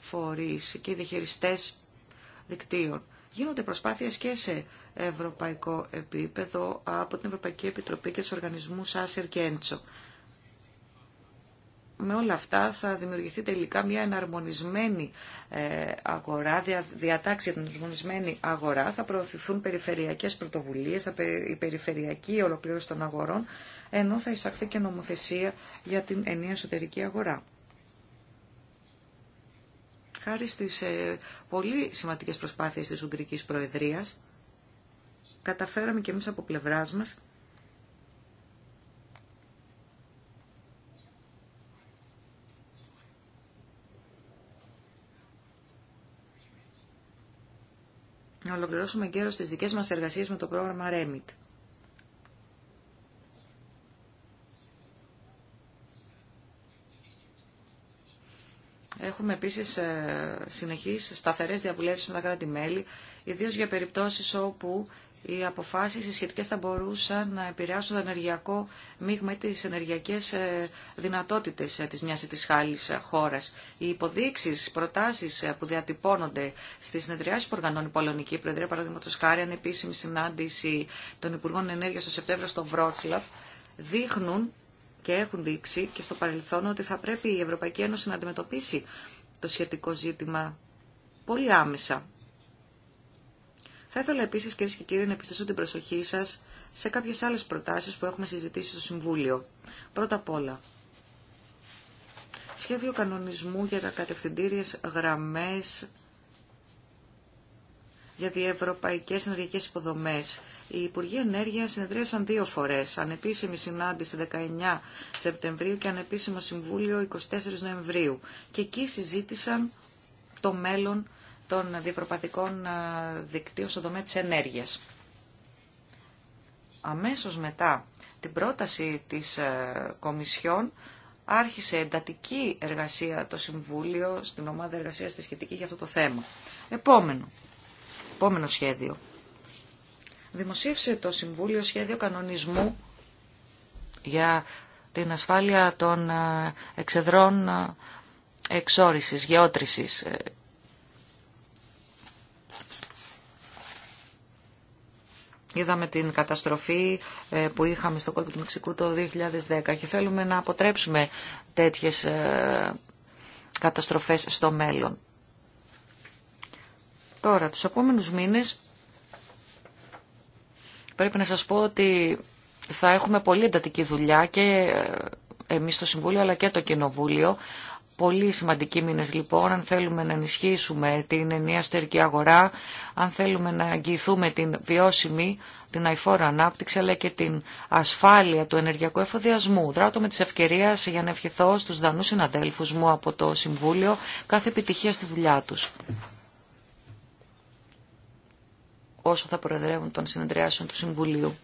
Speaker 3: Φορείς και οι διαχειριστές δικτύων. Γίνονται προσπάθειες και σε ευρωπαϊκό επίπεδο από την Ευρωπαϊκή Επιτροπή και τους οργανισμούς Άσερ και Έντσο. Με όλα αυτά θα δημιουργηθεί τελικά μια εναρμονισμένη ε, αγορά, διατάξει την εναρμονισμένη αγορά. Θα προωθηθούν περιφερειακές πρωτοβουλίες, η περιφερειακή ολοκλήρωση των αγορών, ενώ θα εισαχθεί και νομοθεσία για την ενιαία εσωτερική αγορά χάρη στις ε, πολύ σημαντικές προσπάθειες της Ουγγρικής Προεδρίας, καταφέραμε και εμείς από πλευράς μας να ολοκληρώσουμε γέρο τις δικές μας εργασίες με το πρόγραμμα REMIT. Έχουμε επίση ε, συνεχεί σταθερέ διαβουλεύσεις με τα κράτη-μέλη, ιδίω για περιπτώσει όπου οι αποφάσει οι θα μπορούσαν να επηρεάσουν το ενεργειακό μείγμα ή τι ενεργειακέ ε, δυνατότητε ε, τη μιας ή της χάλης χώρας. Οι υποδείξεις, προτάσεις που διατυπώνονται στις συνεδριάσεις που οργανώνει η τη αλλη χωρα οι υποδειξεις προτάσει που διατυπωνονται στις συνεδριάσει χάρη πολωνικη προεδρια παραδειγματο συνάντηση των Υπουργών ενέργεια το Σεπτέμβριο στο Βρότσλαφ, δείχνουν και έχουν δείξει και στο παρελθόν ότι θα πρέπει η Ευρωπαϊκή Ένωση να αντιμετωπίσει το σχετικό ζήτημα πολύ άμεσα. Θα ήθελα επίσης κύριε και κύριοι να επιστήσω την προσοχή σας σε κάποιες άλλες προτάσεις που έχουμε συζητήσει στο Συμβούλιο. Πρώτα απ' όλα, σχέδιο κανονισμού για τα κατευθυντήριες γραμμές για τι Ευρωπαϊκέ Ενεργειακέ υποδομές. Οι Υπουργοί Ενέργεια συνεδρίασαν δύο φορές, ανεπίσημη συνάντηση 19 Σεπτεμβρίου και ανεπίσημο συμβούλιο 24 Νοεμβρίου. Και εκεί συζήτησαν το μέλλον των διευρωπαϊκών δικτύων στον τομέα τη ενέργειας. Αμέσως μετά την πρόταση της Κομισιόν άρχισε εντατική εργασία το Συμβούλιο στην ομάδα εργασίας της σχετική για αυτό το θέμα. Επόμενο, Επόμενο σχέδιο. Δημοσίευσε το Συμβούλιο σχέδιο κανονισμού για την ασφάλεια των ε, εξεδρών ε, εξόρισης, γεώτρησης. Ε, είδαμε την καταστροφή που είχαμε στο κόλπο του Μεξικού το 2010 και θέλουμε να αποτρέψουμε τέτοιες καταστροφές στο μέλλον. Τώρα, τους επόμενους μήνες πρέπει να σας πω ότι θα έχουμε πολύ εντατική δουλειά και ε, εμείς στο Συμβούλιο αλλά και το Κοινοβούλιο. Πολύ σημαντικοί μήνες λοιπόν, αν θέλουμε να ενισχύσουμε την ενιαία στερική αγορά, αν θέλουμε να αγγιηθούμε την βιώσιμη, την αηφόρα ανάπτυξη, αλλά και την ασφάλεια του ενεργειακού εφοδιασμού. Δράτω με τις ευκαιρίες για να ευχηθώ στους δανούς συναδέλφους μου από το Συμβούλιο κάθε επιτυχία στη δουλειά τους όσο θα προεδρεύουν των συνεδριάσεων του Συμβουλίου.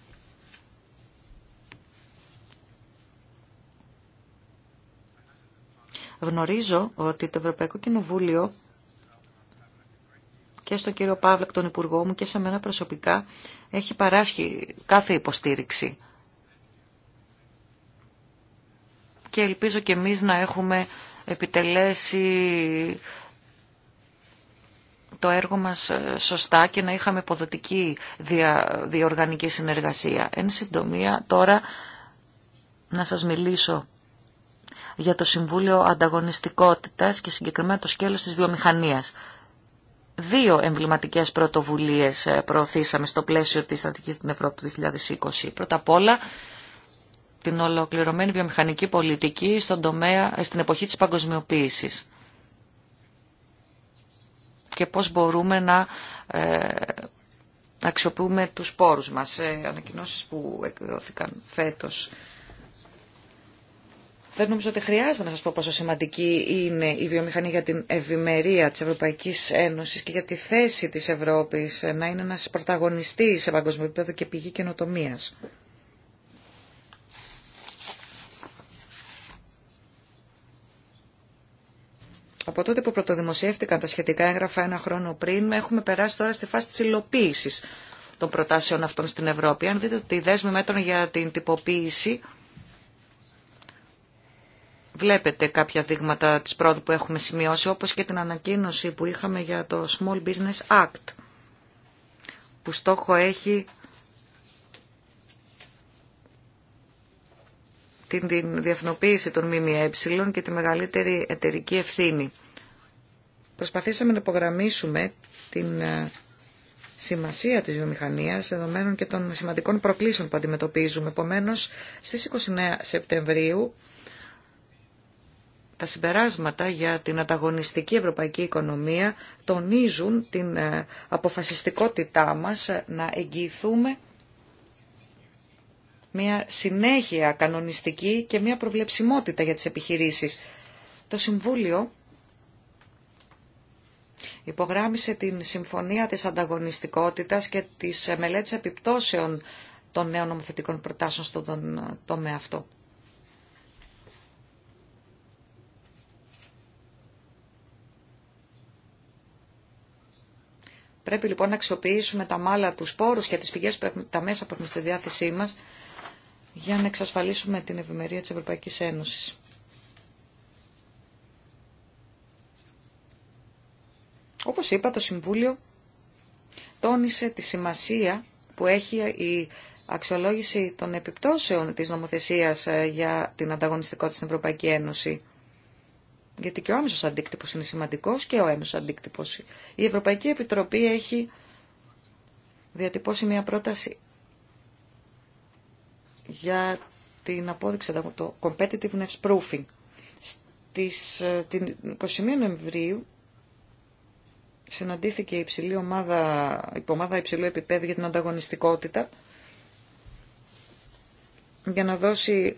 Speaker 3: Γνωρίζω ότι το Ευρωπαϊκό Κοινοβούλιο και στον κύριο Παύλακ, τον Υπουργό μου και σε μένα προσωπικά έχει παράσχει κάθε υποστήριξη. Και ελπίζω και εμείς να έχουμε επιτελέσει το έργο μας ε, σωστά και να είχαμε ποδοτική διοργανική συνεργασία. Εν συντομία τώρα να σας μιλήσω για το Συμβούλιο Ανταγωνιστικότητας και συγκεκριμένα το σκέλος της βιομηχανίας. Δύο εμβληματικές πρωτοβουλίες ε, προωθήσαμε στο πλαίσιο της στρατηγικής στην Ευρώπη του 2020. Πρώτα απ' όλα την ολοκληρωμένη βιομηχανική πολιτική στον τομέα, ε, στην εποχή της παγκοσμιοποίησης και πώς μπορούμε ε, να αξιοποιούμε τους πόρους μας. σε ανακοινώσεις που εκδόθηκαν φέτος. Δεν νομίζω ότι χρειάζεται να σας πω πόσο σημαντική είναι η βιομηχανία για την ευημερία της Ευρωπαϊκής Ένωσης και για τη θέση της Ευρώπης να είναι ένας πρωταγωνιστής σε παγκόσμιο επίπεδο και πηγή καινοτομίας. Από τότε που πρωτοδημοσιεύτηκαν τα σχετικά έγγραφα ένα χρόνο πριν, έχουμε περάσει τώρα στη φάση της υλοποίηση των προτάσεων αυτών στην Ευρώπη. Αν δείτε τη δέσμη μέτρων για την τυποποίηση, βλέπετε κάποια δείγματα της πρόοδου που έχουμε σημειώσει, όπως και την ανακοίνωση που είχαμε για το Small Business Act, που στόχο έχει την διεθνοποίηση των ΜΜΕ και τη μεγαλύτερη εταιρική ευθύνη. Προσπαθήσαμε να υπογραμμίσουμε την ε, σημασία της βιομηχανίας δεδομένων και των σημαντικών προκλήσεων που αντιμετωπίζουμε. Επομένω, στις 29 Σεπτεμβρίου τα συμπεράσματα για την ανταγωνιστική ευρωπαϊκή οικονομία τονίζουν την ε, αποφασιστικότητά μας ε, να εγγυηθούμε μια συνέχεια κανονιστική και μια προβλεψιμότητα για τις επιχειρήσεις. Το Συμβούλιο υπογράμμισε την Συμφωνία της Ανταγωνιστικότητας και της Μελέτης Επιπτώσεων των νέων νομοθετικών προτάσεων στον ε, τομέα αυτό. Πρέπει λοιπόν να αξιοποιήσουμε τα μάλα του σπόρους και τις πηγές, τα μέσα που έχουμε στη διάθεσή μας για να εξασφαλίσουμε την ευημερία της Ευρωπαϊκής Ένωσης. Όπως είπα, το Συμβούλιο τόνισε τη σημασία που έχει η αξιολόγηση των επιπτώσεων της νομοθεσίας ε, για την ανταγωνιστικότητα στην Ευρωπαϊκή Ένωση. Γιατί και ο άμεσος αντίκτυπος είναι σημαντικός και ο έμεσος αντίκτυπος. Η Ευρωπαϊκή Επιτροπή έχει διατυπώσει μια πρόταση για την απόδειξη το competitiveness proofing. Στις, ε, την 21 Νοεμβρίου συναντήθηκε η υψηλή ομάδα, υπομάδα υψηλού επίπεδου για την ανταγωνιστικότητα για να δώσει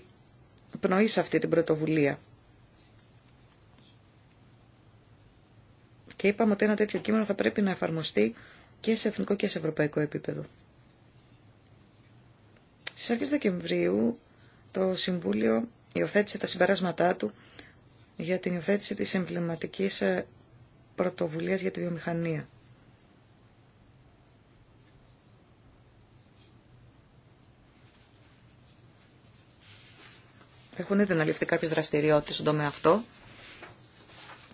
Speaker 3: πνοή σε αυτή την πρωτοβουλία. Και είπαμε ότι ένα τέτοιο κείμενο θα πρέπει να εφαρμοστεί και σε εθνικό και σε ευρωπαϊκό επίπεδο. Στις αρχές Δεκεμβρίου το Συμβούλιο υιοθέτησε τα συμπεράσματά του για την υιοθέτηση της εμβληματικής ε, πρωτοβουλίας για τη βιομηχανία. Έχουν ήδη αναλυφθεί κάποιες δραστηριότητες στον τομέα αυτό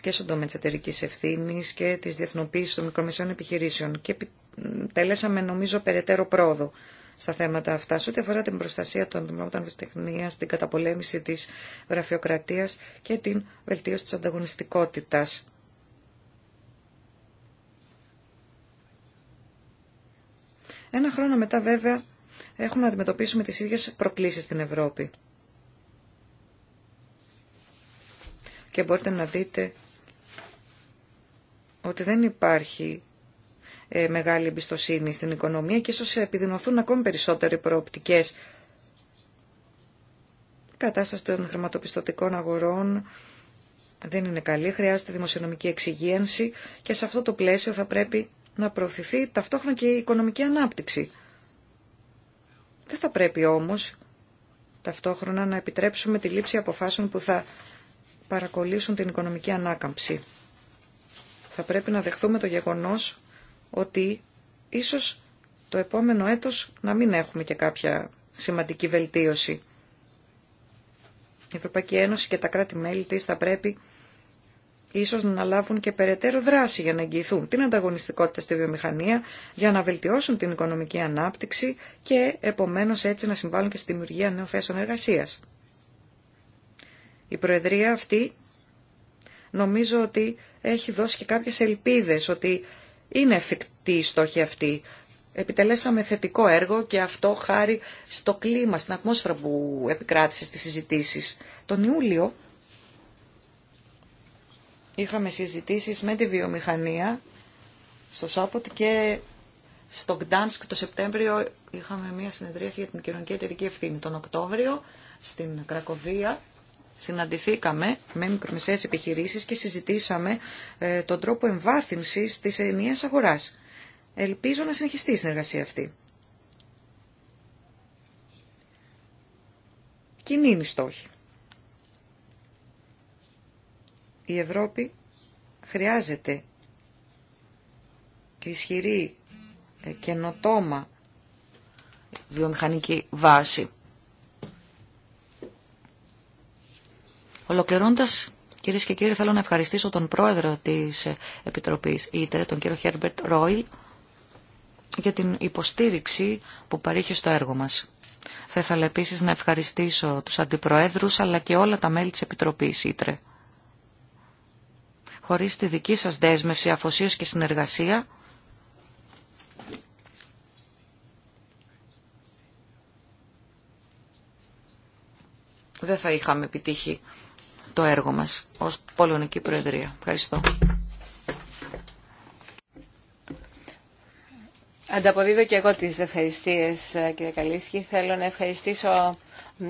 Speaker 3: και στον τομέα της εταιρική ευθύνη και της διεθνοποίησης των μικρομεσαίων επιχειρήσεων και τελέσαμε νομίζω περαιτέρω πρόοδο στα θέματα αυτά. Σε ό,τι αφορά την προστασία των δημιουργών βιστεχνία, την καταπολέμηση τη γραφειοκρατία και την βελτίωση τη ανταγωνιστικότητα. Ένα χρόνο μετά βέβαια έχουμε να αντιμετωπίσουμε τις ίδιες προκλήσεις στην Ευρώπη. Και μπορείτε να δείτε ότι δεν υπάρχει ε, μεγάλη εμπιστοσύνη στην οικονομία και ίσως επιδεινωθούν ακόμη περισσότερο οι προοπτικές η κατάσταση των χρηματοπιστωτικών αγορών δεν είναι καλή, χρειάζεται δημοσιονομική εξυγίανση και σε αυτό το πλαίσιο θα πρέπει να προωθηθεί ταυτόχρονα και η οικονομική ανάπτυξη. Δεν θα πρέπει όμως ταυτόχρονα να επιτρέψουμε τη λήψη αποφάσεων που θα παρακολύσουν την οικονομική ανάκαμψη. Θα πρέπει να δεχθούμε το γεγονός ότι ίσως το επόμενο έτος να μην έχουμε και κάποια σημαντική βελτίωση. Η Ευρωπαϊκή Ένωση και τα κράτη-μέλη της θα πρέπει ίσως να λάβουν και περαιτέρω δράση για να εγγυηθούν την ανταγωνιστικότητα στη βιομηχανία, για να βελτιώσουν την οικονομική ανάπτυξη και επομένως έτσι να συμβάλλουν και στη δημιουργία νέων θέσεων εργασίας. Η Προεδρία αυτή νομίζω ότι έχει δώσει και κάποιες ελπίδες ότι είναι εφικτή η στόχη αυτή. Επιτελέσαμε θετικό έργο και αυτό χάρη στο κλίμα, στην ατμόσφαιρα που επικράτησε στις συζητήσεις. Τον Ιούλιο είχαμε συζητήσεις με τη βιομηχανία στο Σόποτ και στο Γκτάνσκ το Σεπτέμβριο είχαμε μια συνεδρίαση για την κοινωνική εταιρική ευθύνη. Τον Οκτώβριο στην Κρακοβία συναντηθήκαμε με μικρομεσαίες επιχειρήσεις και συζητήσαμε ε, τον τρόπο εμβάθυνσης της ενιαίας αγοράς. Ελπίζω να συνεχιστεί η συνεργασία αυτή. Κοινή είναι η στόχη. Η Ευρώπη χρειάζεται ισχυρή ε, καινοτόμα βιομηχανική βάση Ολοκληρώντα, κύριε και κύριοι, θέλω να ευχαριστήσω τον πρόεδρο της Επιτροπής ΙΤΡΕ, τον κύριο Χέρμπερτ Ρόιλ, για την υποστήριξη που παρήχε στο έργο μας. Θα ήθελα επίση να ευχαριστήσω τους αντιπροέδρους αλλά και όλα τα μέλη της Επιτροπής ΙΤΡΕ. Χωρίς τη δική σας δέσμευση, αφοσίωση και συνεργασία, δεν θα είχαμε επιτύχει το έργο μας ως Πολωνική Προεδρία. Ευχαριστώ.
Speaker 2: Ανταποδίδω και εγώ τις ευχαριστίες ε, κύριε Καλίσκη. Θέλω να ευχαριστήσω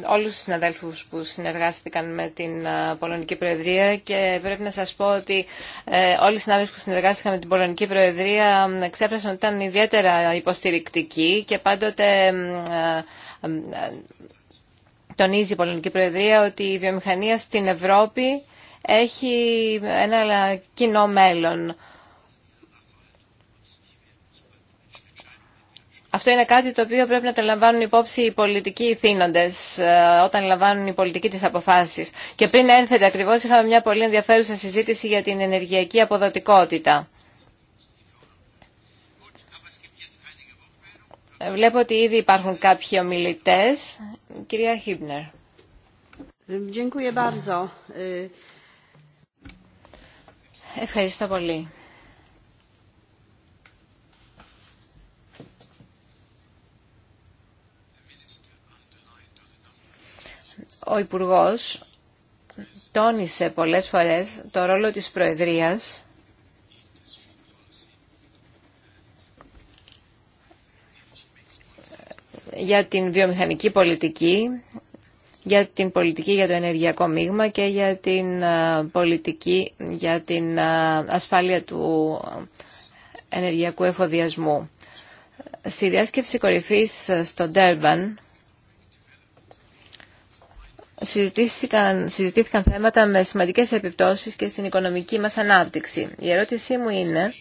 Speaker 2: όλους τους συναδέλφους που συνεργάστηκαν με την ε, Πολωνική Προεδρία και πρέπει να σας πω ότι ε, όλοι οι συνάδελφοι που συνεργάστηκαν με την Πολωνική Προεδρία ξέφρασαν ότι ήταν ιδιαίτερα υποστηρικτικοί και πάντοτε τονίζει η Πολωνική Προεδρία ότι η βιομηχανία στην Ευρώπη έχει ένα κοινό μέλλον. Αυτό είναι κάτι το οποίο πρέπει να το λαμβάνουν υπόψη οι πολιτικοί θύνοντες ε, όταν λαμβάνουν οι πολιτικοί τις αποφάσεις. Και πριν έρθετε ακριβώς είχαμε μια πολύ ενδιαφέρουσα συζήτηση για την ενεργειακή αποδοτικότητα. Βλέπω ότι ήδη υπάρχουν κάποιοι ομιλητέ, Κυρία Χίμπνερ. Ευχαριστώ πολύ. Ο Υπουργός τόνισε πολλές φορές το ρόλο της Προεδρίας για την βιομηχανική πολιτική, για την πολιτική για το ενεργειακό μείγμα και για την ε, πολιτική για την ε, ασφάλεια του ενεργειακού εφοδιασμού. Στη διάσκεψη κορυφής ε, στο Ντέρμπαν συζητήθηκαν, συζητήθηκαν θέματα με σημαντικές επιπτώσεις και στην οικονομική μας ανάπτυξη. Η ερώτησή μου είναι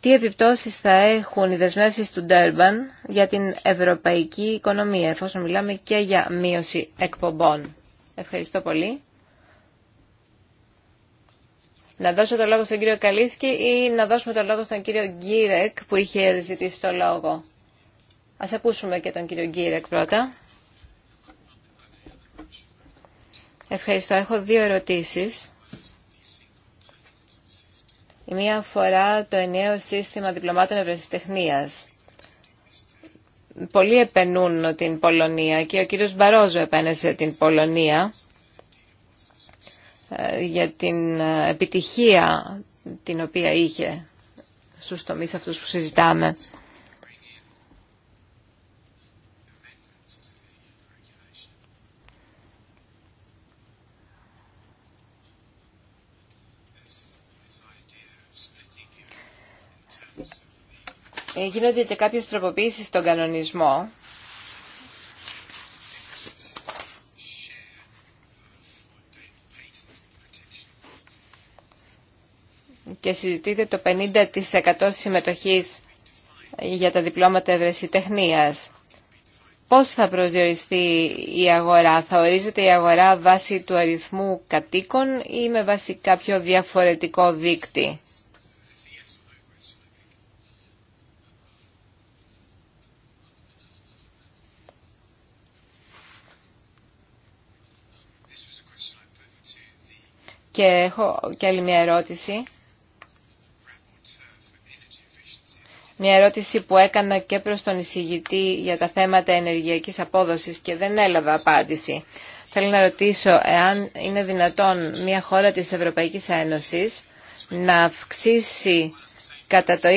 Speaker 2: τι επιπτώσεις θα έχουν οι δεσμεύσεις του Ντέρμπαν για την ευρωπαϊκή οικονομία, εφόσον μιλάμε και για μείωση εκπομπών. Ευχαριστώ πολύ. Να δώσω το λόγο στον κύριο Καλίσκη ή να δώσουμε το λόγο στον κύριο Γκίρεκ που είχε ζητήσει το λόγο. Ας ακούσουμε και τον κύριο Γκίρεκ πρώτα. Ευχαριστώ. Έχω δύο ερωτήσεις. Η μία αφορά το ενιαίο σύστημα διπλωμάτων ευρεσιτεχνίας. Πολλοί επενούν την Πολωνία και ο κύριος Μπαρόζο επένεσε την Πολωνία ε, για την ε, επιτυχία την οποία είχε στους τομείς αυτούς που συζητάμε. γίνονται και κάποιες τροποποίησεις στον κανονισμό και συζητείται το 50% συμμετοχής για τα διπλώματα ευρεσιτεχνίας. Πώς θα προσδιοριστεί η αγορά, θα ορίζεται η αγορά βάσει του αριθμού κατοίκων ή με βάση κάποιο διαφορετικό δίκτυο. Και έχω και άλλη μια ερώτηση. Μια ερώτηση που έκανα και προς τον εισηγητή για τα θέματα ενεργειακής απόδοσης και δεν έλαβα απάντηση. Θέλω να ρωτήσω εάν είναι δυνατόν μια χώρα της Ευρωπαϊκής Ένωσης να αυξήσει κατά το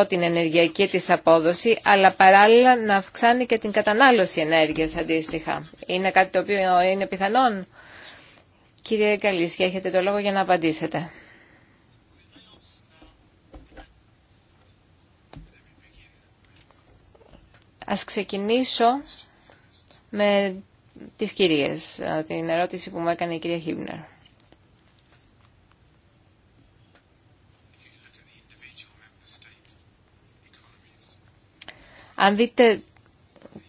Speaker 2: 20-30% την ενεργειακή της απόδοση, αλλά παράλληλα να αυξάνει και την κατανάλωση ενέργειας αντίστοιχα. Είναι κάτι το οποίο είναι πιθανόν. Κύριε Καλίσια, έχετε το λόγο για να απαντήσετε. Ας ξεκινήσω με τις κυρίες, ε, την ερώτηση που μου έκανε η κυρία Χίμπνερ. Αν δείτε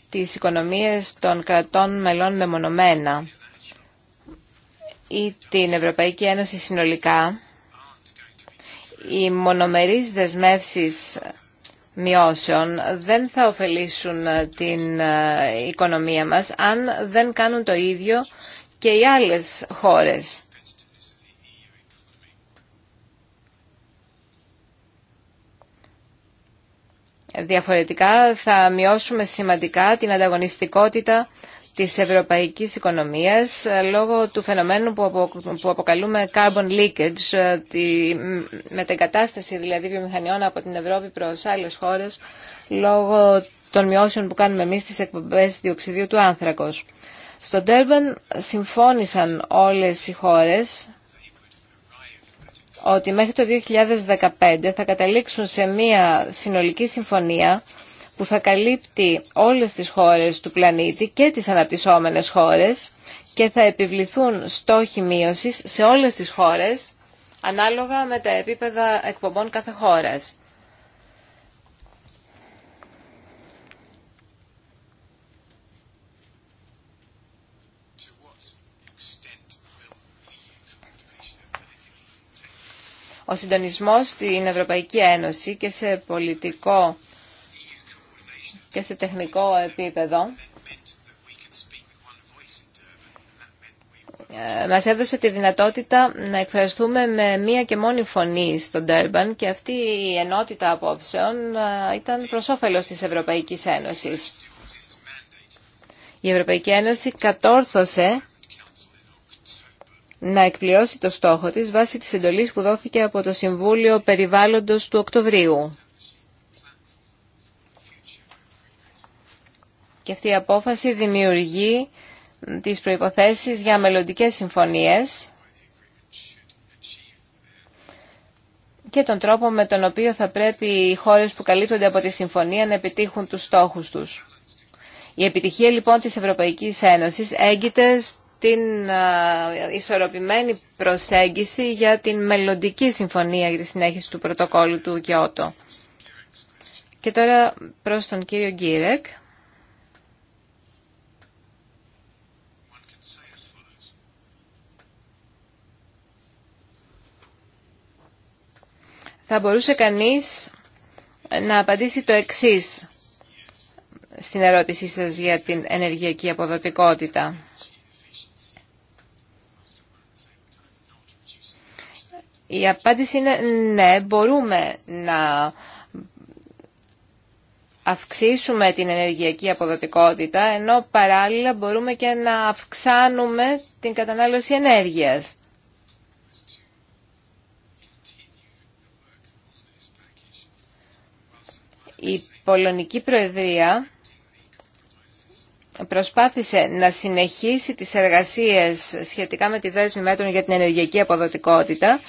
Speaker 2: τις οικονομίες των κρατών μελών μεμονωμένα, ή την Ευρωπαϊκή Ένωση συνολικά, οι μονομερείς δεσμεύσεις μειώσεων δεν θα ωφελήσουν την ε, οικονομία μας αν δεν κάνουν το ίδιο και οι άλλες χώρες. Διαφορετικά θα μειώσουμε σημαντικά την ανταγωνιστικότητα της ευρωπαϊκής οικονομίας ε, λόγω του φαινομένου που αποκαλούμε carbon leakage, ε, τη μετεγκατάσταση δηλαδή βιομηχανιών από την Ευρώπη προς άλλες χώρες λόγω των μειώσεων που κάνουμε εμείς στις εκπομπές διοξιδίου του άνθρακος. Στο Durban συμφώνησαν όλες οι χώρες ότι μέχρι το 2015 θα καταλήξουν σε μία συνολική συμφωνία που θα καλύπτει όλες τις χώρες του πλανήτη και τις αναπτυσσόμενες χώρες και θα επιβληθούν στόχοι μείωσης σε όλες τις χώρες ανάλογα με τα επίπεδα εκπομπών κάθε χώρας. Ο συντονισμός στην Ευρωπαϊκή Ένωση και σε πολιτικό και σε τεχνικό επίπεδο ε, Μα έδωσε τη δυνατότητα να εκφραστούμε με μία και μόνη φωνή στον Τέρμπαν και αυτή η ενότητα απόψεων ε, ήταν προ όφελο της Ευρωπαϊκή Ένωσης. Η Ευρωπαϊκή Ένωση κατόρθωσε να εκπληρώσει το στόχο της βάσει της εντολής που δόθηκε από το Συμβούλιο Περιβάλλοντος του Οκτωβρίου. Και αυτή η απόφαση δημιουργεί τις προϋποθέσεις για μελλοντικές συμφωνίες και τον τρόπο με τον οποίο θα πρέπει οι χώρες που καλύπτονται από τη συμφωνία να επιτύχουν τους στόχους τους. Η επιτυχία λοιπόν της Ευρωπαϊκής Ένωσης έγκυται στην ισορροπημένη προσέγγιση για την μελλοντική συμφωνία για τη συνέχιση του πρωτοκόλλου του Κιώτο. Και τώρα προς τον κύριο Γκίρεκ. θα μπορούσε κανείς να απαντήσει το εξής στην ερώτησή σας για την ενεργειακή αποδοτικότητα.
Speaker 1: Η απάντηση είναι
Speaker 2: ναι, μπορούμε να αυξήσουμε την ενεργειακή αποδοτικότητα, ενώ παράλληλα μπορούμε και να αυξάνουμε την κατανάλωση ενέργειας. Η Πολωνική Προεδρία προσπάθησε να συνεχίσει τις εργασίες σχετικά με τη δέσμη μέτρων για την ενεργειακή αποδοτικότητα,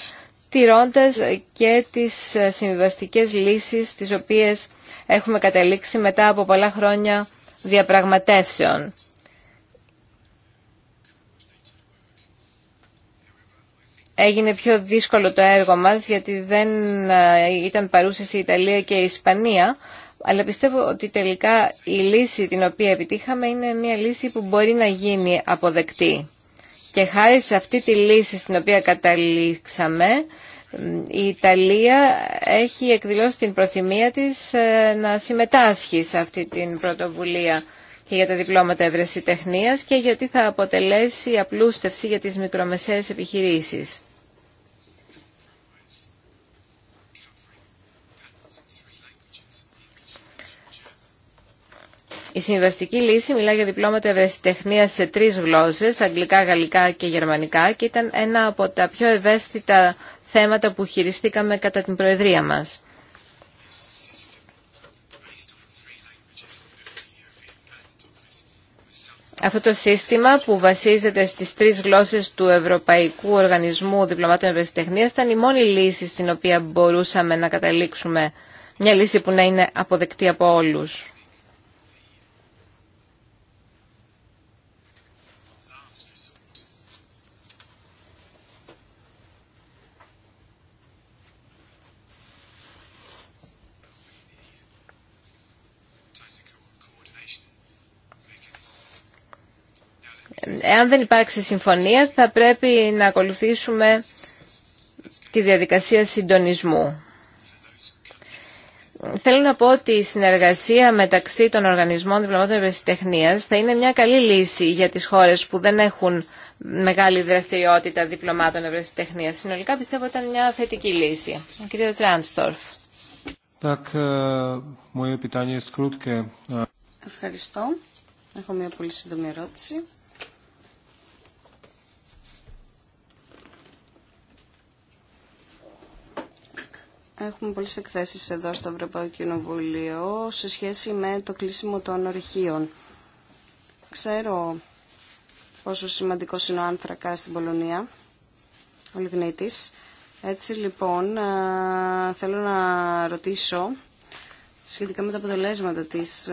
Speaker 2: τηρώντας και τις συμβιβαστικές λύσεις τις οποίες έχουμε καταλήξει μετά από πολλά χρόνια διαπραγματεύσεων. έγινε πιο δύσκολο το έργο μας γιατί δεν ε, ήταν παρούσες η Ιταλία και η Ισπανία αλλά πιστεύω ότι τελικά η λύση την οποία επιτύχαμε είναι μια λύση που μπορεί να γίνει αποδεκτή. Και χάρη σε αυτή τη λύση στην οποία καταλήξαμε, η Ιταλία έχει εκδηλώσει την προθυμία της ε, να συμμετάσχει σε αυτή την πρωτοβουλία και για τα διπλώματα ευρεσιτεχνίας και γιατί θα αποτελέσει απλούστευση για τις μικρομεσαίες επιχειρήσεις. Η συμβαστική λύση μιλά για διπλώματα ευαισθητεχνία σε τρει γλώσσες, αγγλικά, γαλλικά και γερμανικά και ήταν ένα από τα πιο ευαίσθητα θέματα που χειριστήκαμε κατά την Προεδρία μας. Αυτό το σύστημα που βασίζεται στις τρεις γλώσσες του Ευρωπαϊκού Οργανισμού Διπλωμάτων Ευρεσιτεχνίας ήταν η μόνη λύση στην οποία μπορούσαμε να καταλήξουμε μια λύση που να είναι αποδεκτή από όλους. εάν δεν υπάρξει συμφωνία θα πρέπει να ακολουθήσουμε τη διαδικασία συντονισμού. Θέλω να πω ότι η συνεργασία μεταξύ των οργανισμών διπλωμάτων ευρεσιτεχνίας θα είναι μια καλή λύση για τις χώρες που δεν έχουν μεγάλη δραστηριότητα διπλωμάτων ευρεσιτεχνίας. Συνολικά πιστεύω ήταν μια θετική λύση. Ο κύριος
Speaker 1: э,
Speaker 2: Ευχαριστώ. Έχω μια
Speaker 4: πολύ σύντομη ερώτηση. Έχουμε πολλές εκθέσεις εδώ στο Ευρωπαϊκό Κοινοβούλιο σε σχέση με το κλείσιμο των αρχείων. Ξέρω πόσο σημαντικό είναι ο άνθρακάς στην Πολωνία, ο Λιγνίτης. Έτσι λοιπόν θέλω να ρωτήσω σχετικά με τα αποτελέσματα της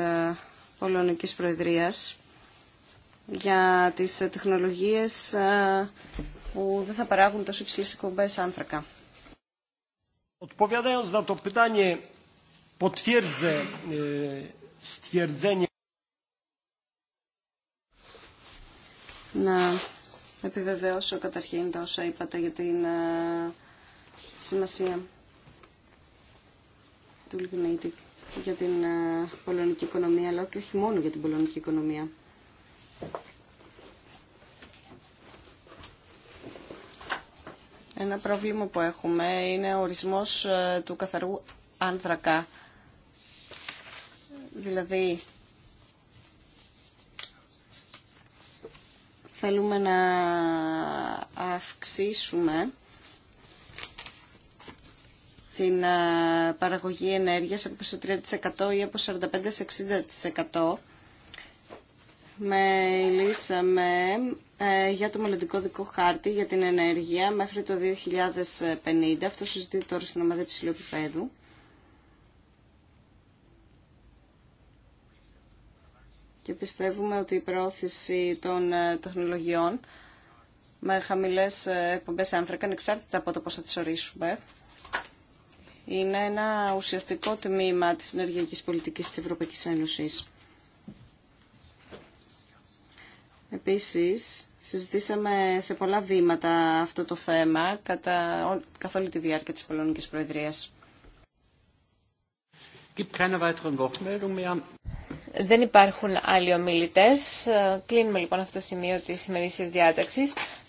Speaker 4: Πολωνικής Προεδρίας για τις τεχνολογίες που δεν θα παράγουν τόσο υψηλές εκπομπές άνθρακα.
Speaker 1: Odpowiadając na to pytanie, potwierdzę e, stwierdzenie.
Speaker 4: Να επιβεβαιώσω καταρχήν τα όσα είπατε για την σημασία του Λιγνίτη για την πολωνική οικονομία, αλλά και όχι μόνο για την πολωνική οικονομία. Ένα πρόβλημα που έχουμε είναι ο ορισμός ε, του καθαρού άνθρακα. Δηλαδή, θέλουμε να αυξήσουμε την ε, παραγωγή ενέργειας από 23% ή από 45% σε 60%. Με, λύσαμε. Ε, για το μελλοντικό δικό χάρτη για την ενέργεια μέχρι το 2050. Αυτό συζητείται τώρα στην ομάδα υψηλού επίπεδου. Και πιστεύουμε ότι η προώθηση των ε, τεχνολογιών με χαμηλές ε, εκπομπές άνθρακα, ανεξάρτητα από το πώς θα τις ορίσουμε, είναι ένα ουσιαστικό τμήμα της ενεργειακής πολιτικής της Ευρωπαϊκής Ένωσης. Επίσης, συζητήσαμε σε πολλά βήματα αυτό το θέμα κατά καθ' όλη τη διάρκεια της Πολωνικής Προεδρίας.
Speaker 2: Δεν υπάρχουν άλλοι ομιλητέ. Κλείνουμε λοιπόν αυτό το σημείο τη σημερινή διάταξη.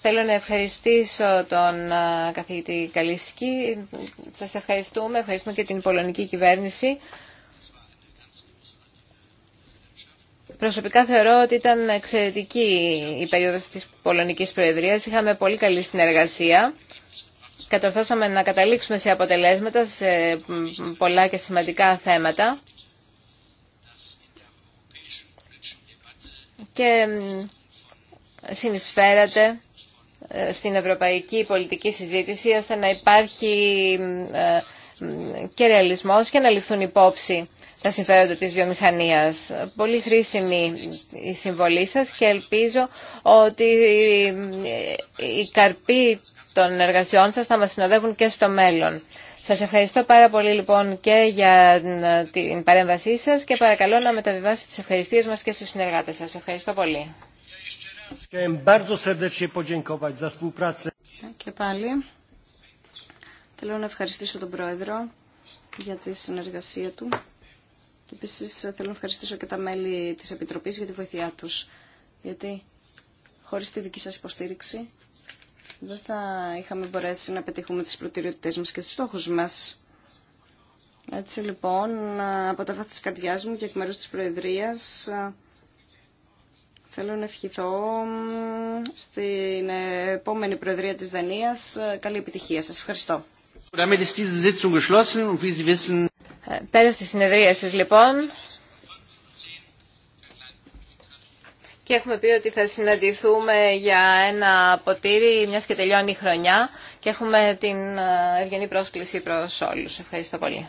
Speaker 2: Θέλω να ευχαριστήσω τον καθηγητή Καλίσκη. Σα ευχαριστούμε. Ευχαριστούμε και την πολωνική κυβέρνηση Προσωπικά θεωρώ ότι ήταν εξαιρετική η περίοδος της Πολωνικής Προεδρίας. Είχαμε πολύ καλή συνεργασία. Κατορθώσαμε να καταλήξουμε σε αποτελέσματα, σε πολλά και σημαντικά θέματα. Και συνεισφέρατε ε, στην ευρωπαϊκή πολιτική συζήτηση ώστε να υπάρχει ε, και ρεαλισμός και να ληφθούν υπόψη τα συμφέροντα της βιομηχανίας. Πολύ χρήσιμη η συμβολή σας και ελπίζω ότι οι καρποί των εργασιών σας θα μας συνοδεύουν και στο μέλλον. Σας ευχαριστώ πάρα πολύ λοιπόν και για την παρέμβασή σας και παρακαλώ να μεταβιβάσετε τις ευχαριστίες μας και στους συνεργάτες σας. Ευχαριστώ πολύ.
Speaker 1: Και πάλι
Speaker 4: θέλω να ευχαριστήσω τον Πρόεδρο για τη συνεργασία του. Και επίση θέλω να ευχαριστήσω και τα μέλη τη Επιτροπή για τη βοήθειά του. Γιατί χωρί τη δική σα υποστήριξη δεν θα είχαμε μπορέσει να πετύχουμε τι προτεραιότητέ μα και του στόχου μα. Έτσι λοιπόν, από τα βάθη τη καρδιά μου και εκ μέρου της Προεδρίας, θέλω να ευχηθώ στην επόμενη Προεδρία της Δανίας καλή επιτυχία. Σας ευχαριστώ.
Speaker 2: Ε, πέρα στη συνεδρίαση λοιπόν και έχουμε πει ότι θα συναντηθούμε για ένα ποτήρι μιας και τελειώνει η χρονιά και έχουμε την ε, ευγενή πρόσκληση προς όλους. Ευχαριστώ πολύ.